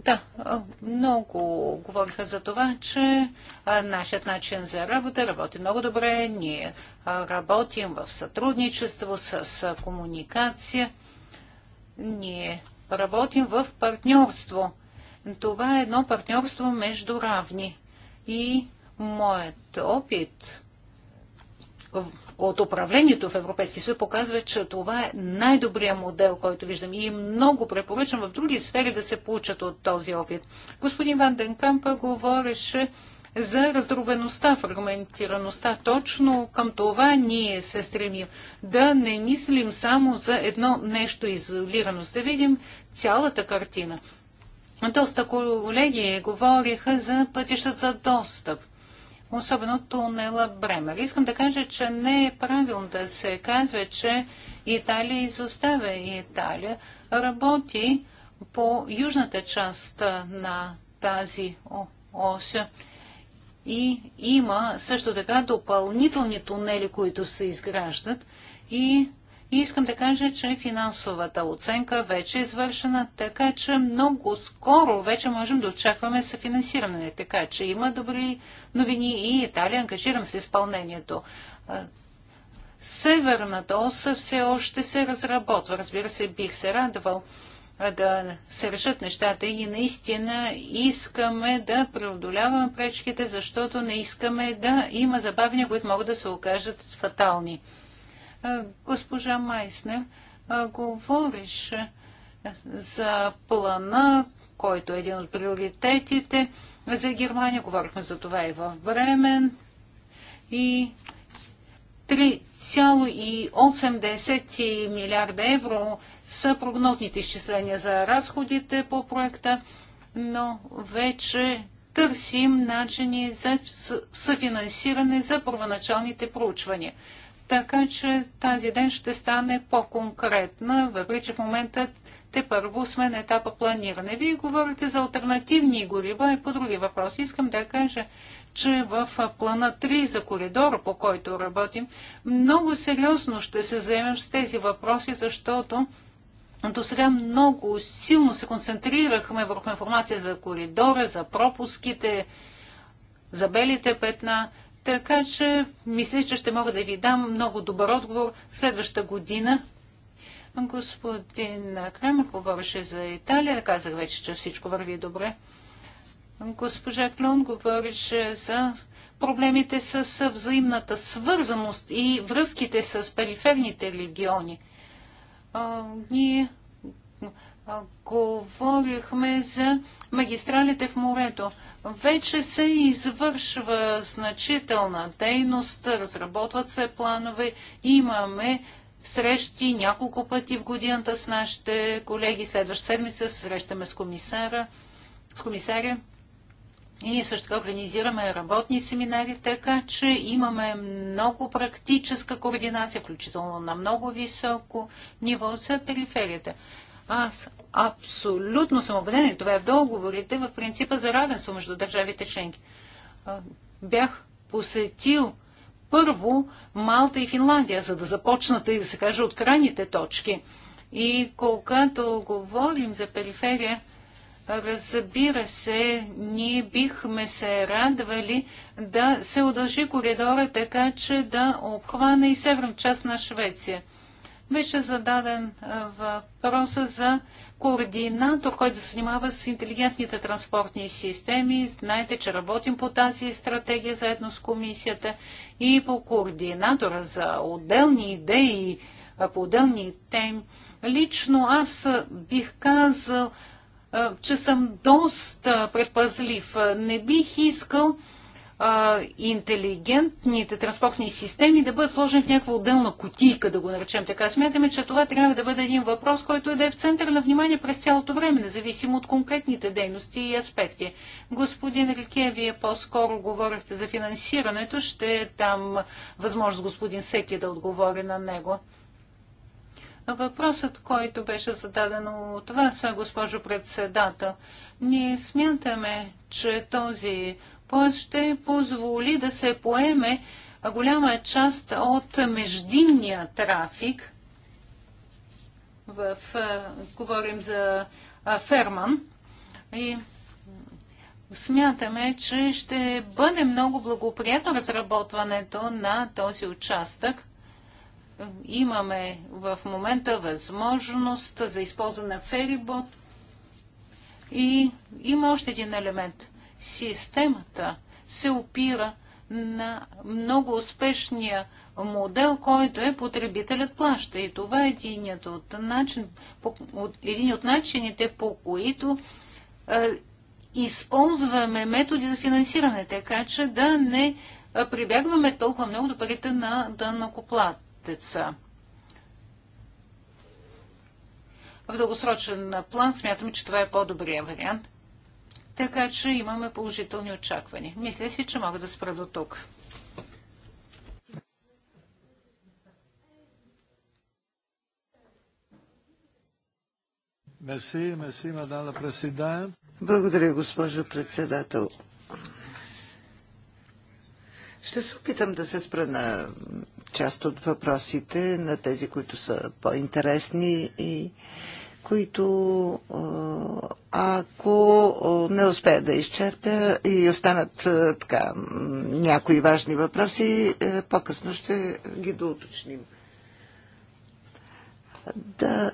Да, много говориха за това, че нашият начин за работа работи много добре. Ние работим в сътрудничество с комуникация. Ние работим в партньорство. Това е едно партньорство между равни. И моят опит от управлението в Европейския съюз показва, че това е най-добрият модел, който виждам. И много препоръчвам в други сфери да се получат от този опит. Господин Ван Денкампа говореше за раздробеността, фрагментираността. Точно към това ние се стремим. Да не мислим само за едно нещо изолирано, да видим цялата картина. Доста колеги говориха за пътища за достъп особено тунела Бремер. Искам да кажа, че не е правилно да се казва, че Италия изоставя. Италия работи по южната част на тази ос и има също така допълнителни тунели, които се изграждат и и искам да кажа, че финансовата оценка вече е извършена, така че много скоро вече можем да очакваме съфинансиране. Така че има добри новини и Италия ангажирам с изпълнението. Северната оса все още се разработва. Разбира се, бих се радвал да се решат нещата и наистина искаме да преодоляваме пречките, защото не искаме да има забавения, които могат да се окажат фатални. Госпожа Майснер говориш за плана, който е един от приоритетите за Германия. Говорихме за това и в Бремен. И 3,8 милиарда евро са прогнозните изчисления за разходите по проекта, но вече търсим начини за съфинансиране за първоначалните проучвания така че тази ден ще стане по-конкретна, въпреки че в момента те първо сме на етапа планиране. Вие говорите за альтернативни горива и по други въпроси. Искам да кажа, че в плана 3 за коридора, по който работим, много сериозно ще се заемем с тези въпроси, защото до сега много силно се концентрирахме върху информация за коридора, за пропуските, за белите петна. Така че мисля, че ще мога да ви дам много добър отговор следващата година. Господин Крема говореше за Италия. Казах вече, че всичко върви добре. Госпожа Клон говореше за проблемите с взаимната свързаност и връзките с периферните региони. А, ние а, говорихме за магистралите в морето вече се извършва значителна дейност, разработват се планове, имаме срещи няколко пъти в годината с нашите колеги. Следващ седмица срещаме с комисара, с комисаря. И ние също така организираме работни семинари, така че имаме много практическа координация, включително на много високо ниво за периферията. Аз абсолютно съм убеден, това е в договорите, в принципа за равенство между държавите членки. Бях посетил първо Малта и Финландия, за да започнат и да се каже от крайните точки. И когато говорим за периферия, разбира се, ние бихме се радвали да се удължи коридора така, че да обхване и северна част на Швеция. Беше зададен въпроса за координатор, който се занимава с интелигентните транспортни системи. Знаете, че работим по тази стратегия заедно с комисията и по координатора за отделни идеи, по отделни теми. Лично аз бих казал, че съм доста предпазлив. Не бих искал интелигентните транспортни системи да бъдат сложени в някаква отделна кутийка, да го наречем така. Смятаме, че това трябва да бъде един въпрос, който е да е в център на внимание през цялото време, независимо от конкретните дейности и аспекти. Господин Рике, вие по-скоро говорихте за финансирането. Ще там възможност господин Секи да отговори на него. Въпросът, който беше зададен от вас, госпожо председател, ние смятаме, че този Тоест ще позволи да се поеме голяма част от междинния трафик. В, говорим за Ферман. И смятаме, че ще бъде много благоприятно разработването на този участък. Имаме в момента възможност за използване на ферибот и има още един елемент системата се опира на много успешния модел, който е потребителят плаща. И това е единият от, начин, един от начините, по които е, използваме методи за финансиране, така че да не е, прибягваме толкова много до парите на данакоплатеца. В дългосрочен план смятам, че това е по-добрия вариант. Така че имаме положителни очаквания. Мисля си, че мога да спра до тук. Мерси, мерси, Благодаря, госпожо председател. Ще се опитам да се спра на част от въпросите, на тези, които са по-интересни и които ако не успея да изчерпя и останат така някои важни въпроси, е, по-късно ще ги доуточним. Да,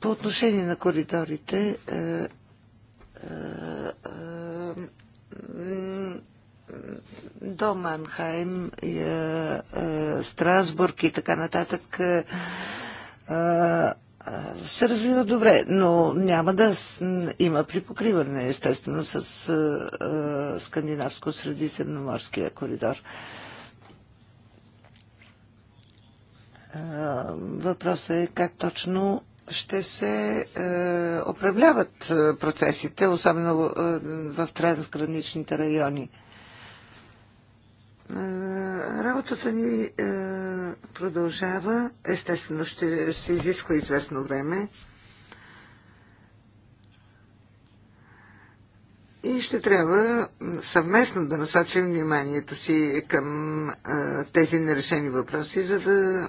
по отношение на коридорите, е, е, до Манхайм, Страсбург и така нататък, се развива добре, но няма да има припокриване, естествено, с скандинавско-средиземноморския коридор. Въпросът е как точно ще се управляват процесите, особено в трансграничните райони. Е, работата ни е, продължава. Естествено, ще се изисква известно време. И ще трябва съвместно да насочим вниманието си към е, тези нерешени въпроси, за да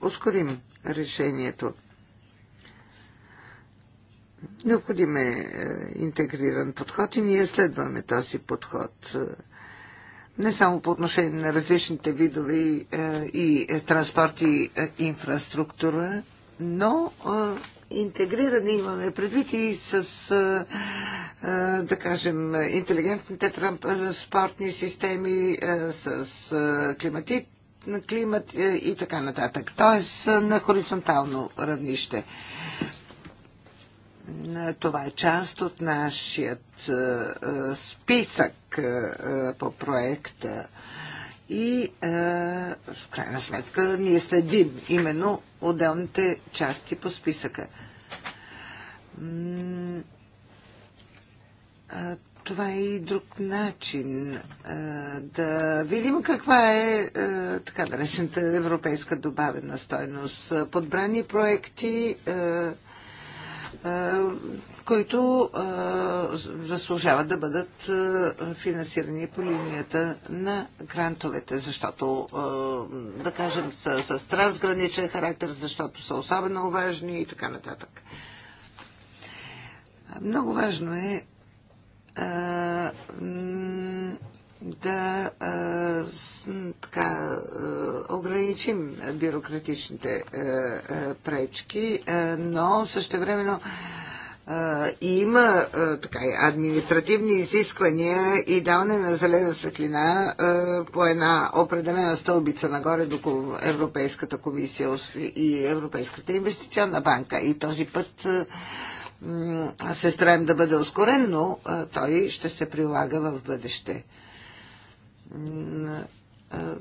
ускорим решението. Необходим е интегриран подход и ние следваме този подход не само по отношение на различните видове е, и е, транспорт и е, инфраструктура, но интегриране имаме предвид и с, да кажем, интелигентните транспортни системи, с климатит, климат и така нататък. Тоест на хоризонтално равнище. Това е част от нашият е, е, списък е, по проекта. И в крайна сметка ние следим именно отделните части по списъка. Това е и друг начин да видим каква е така наречената европейска добавена стойност. Подбрани проекти които заслужават да бъдат финансирани по линията на грантовете, защото, да кажем, са с трансграничен характер, защото са особено важни и така нататък. Много важно е да а, така, ограничим бюрократичните а, а, пречки, а, но същевременно времено има така, административни изисквания и даване на зелена светлина по една определена стълбица нагоре до Европейската комисия и Европейската инвестиционна банка. И този път се стараем да бъде ускорен, но той ще се прилага в бъдеще.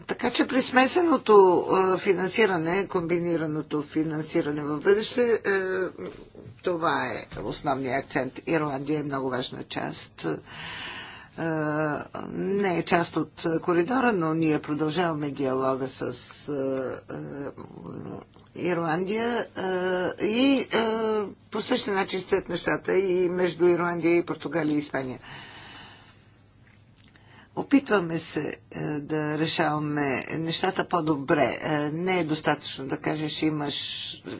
Така че при смесеното финансиране, комбинираното финансиране в бъдеще, е, това е основният акцент. Ирландия е много важна част. Е, не е част от коридора, но ние продължаваме диалога с е, Ирландия и по същия начин стоят нещата и между Ирландия и Португалия и Испания. Опитваме се е, да решаваме нещата по-добре. Е, не е достатъчно да кажеш, имаш,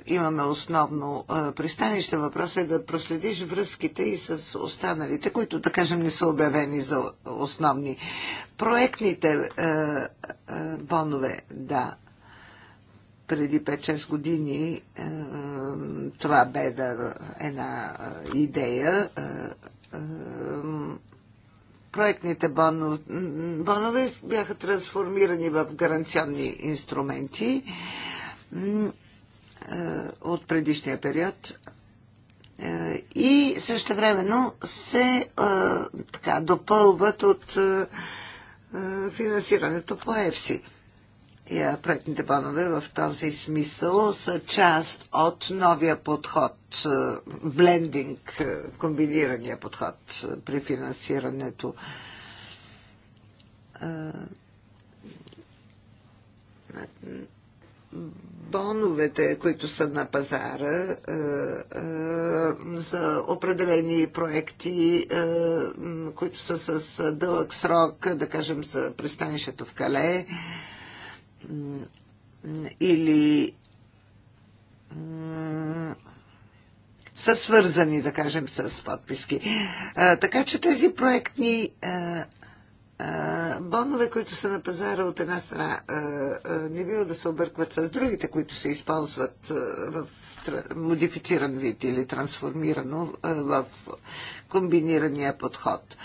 имаме основно е, пристанище. Въпросът е да проследиш връзките и с останалите, които, да кажем, не са обявени за основни. Проектните бонове, да, преди 5-6 години това бе да, една идея проектните бонове бяха трансформирани в гаранционни инструменти е, от предишния период е, и също времено се е, така, допълват от финансирането по ЕФСИ. Е, проектните планове в този смисъл са част от новия подход, е, блендинг, е, комбинирания подход при финансирането. Боновете, които са на пазара за определени проекти, които са с дълъг срок, да кажем за пристанището в Кале, или са свързани, да кажем, с подписки. А, така че тези проектни а, а, бонове, които са на пазара от една страна, а, а, не бива да се объркват с другите, които се използват а, в модифициран вид или трансформирано а, в комбинирания подход. А,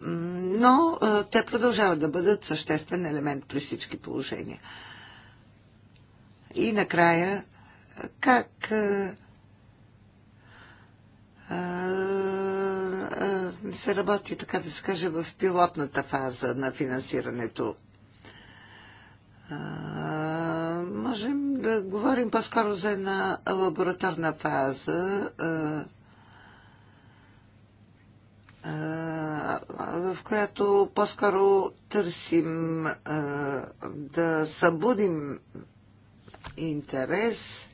но те продължават да бъдат съществен елемент при всички положения. И накрая, как се работи, така да се каже, в пилотната фаза на финансирането. Можем да говорим по-скоро за една лабораторна фаза в която по-скоро търсим да събудим интерес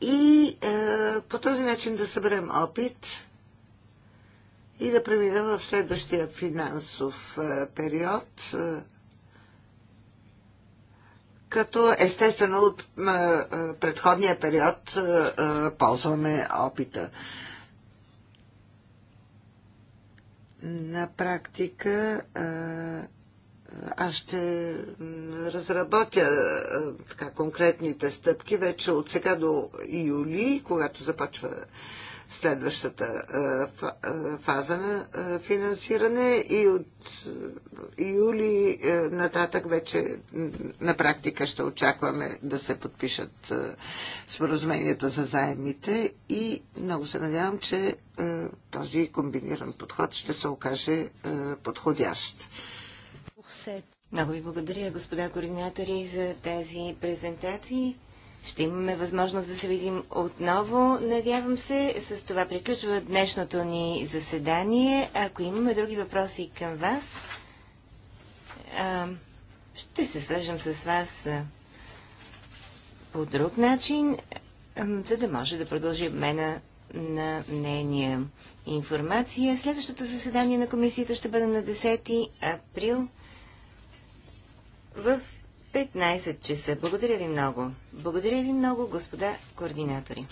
и по този начин да съберем опит и да преминем в следващия финансов период като естествено от предходния период ползваме опита. На практика аз ще разработя така, конкретните стъпки вече от сега до юли, когато започва следващата е, е, фаза на е, финансиране и от юли нататък вече на практика ще очакваме да се подпишат споразуменията за заемите и много се надявам, че този комбиниран подход ще се окаже подходящ. Много ви благодаря, господа координатори, за тези презентации. Ще имаме възможност да се видим отново, надявам се. С това приключва днешното ни заседание. Ако имаме други въпроси към вас, ще се свържем с вас по друг начин, за да може да продължи обмена на мнения информация. Следващото заседание на комисията ще бъде на 10 април в 15 часа. Благодаря ви много. Благодаря ви много, господа координатори.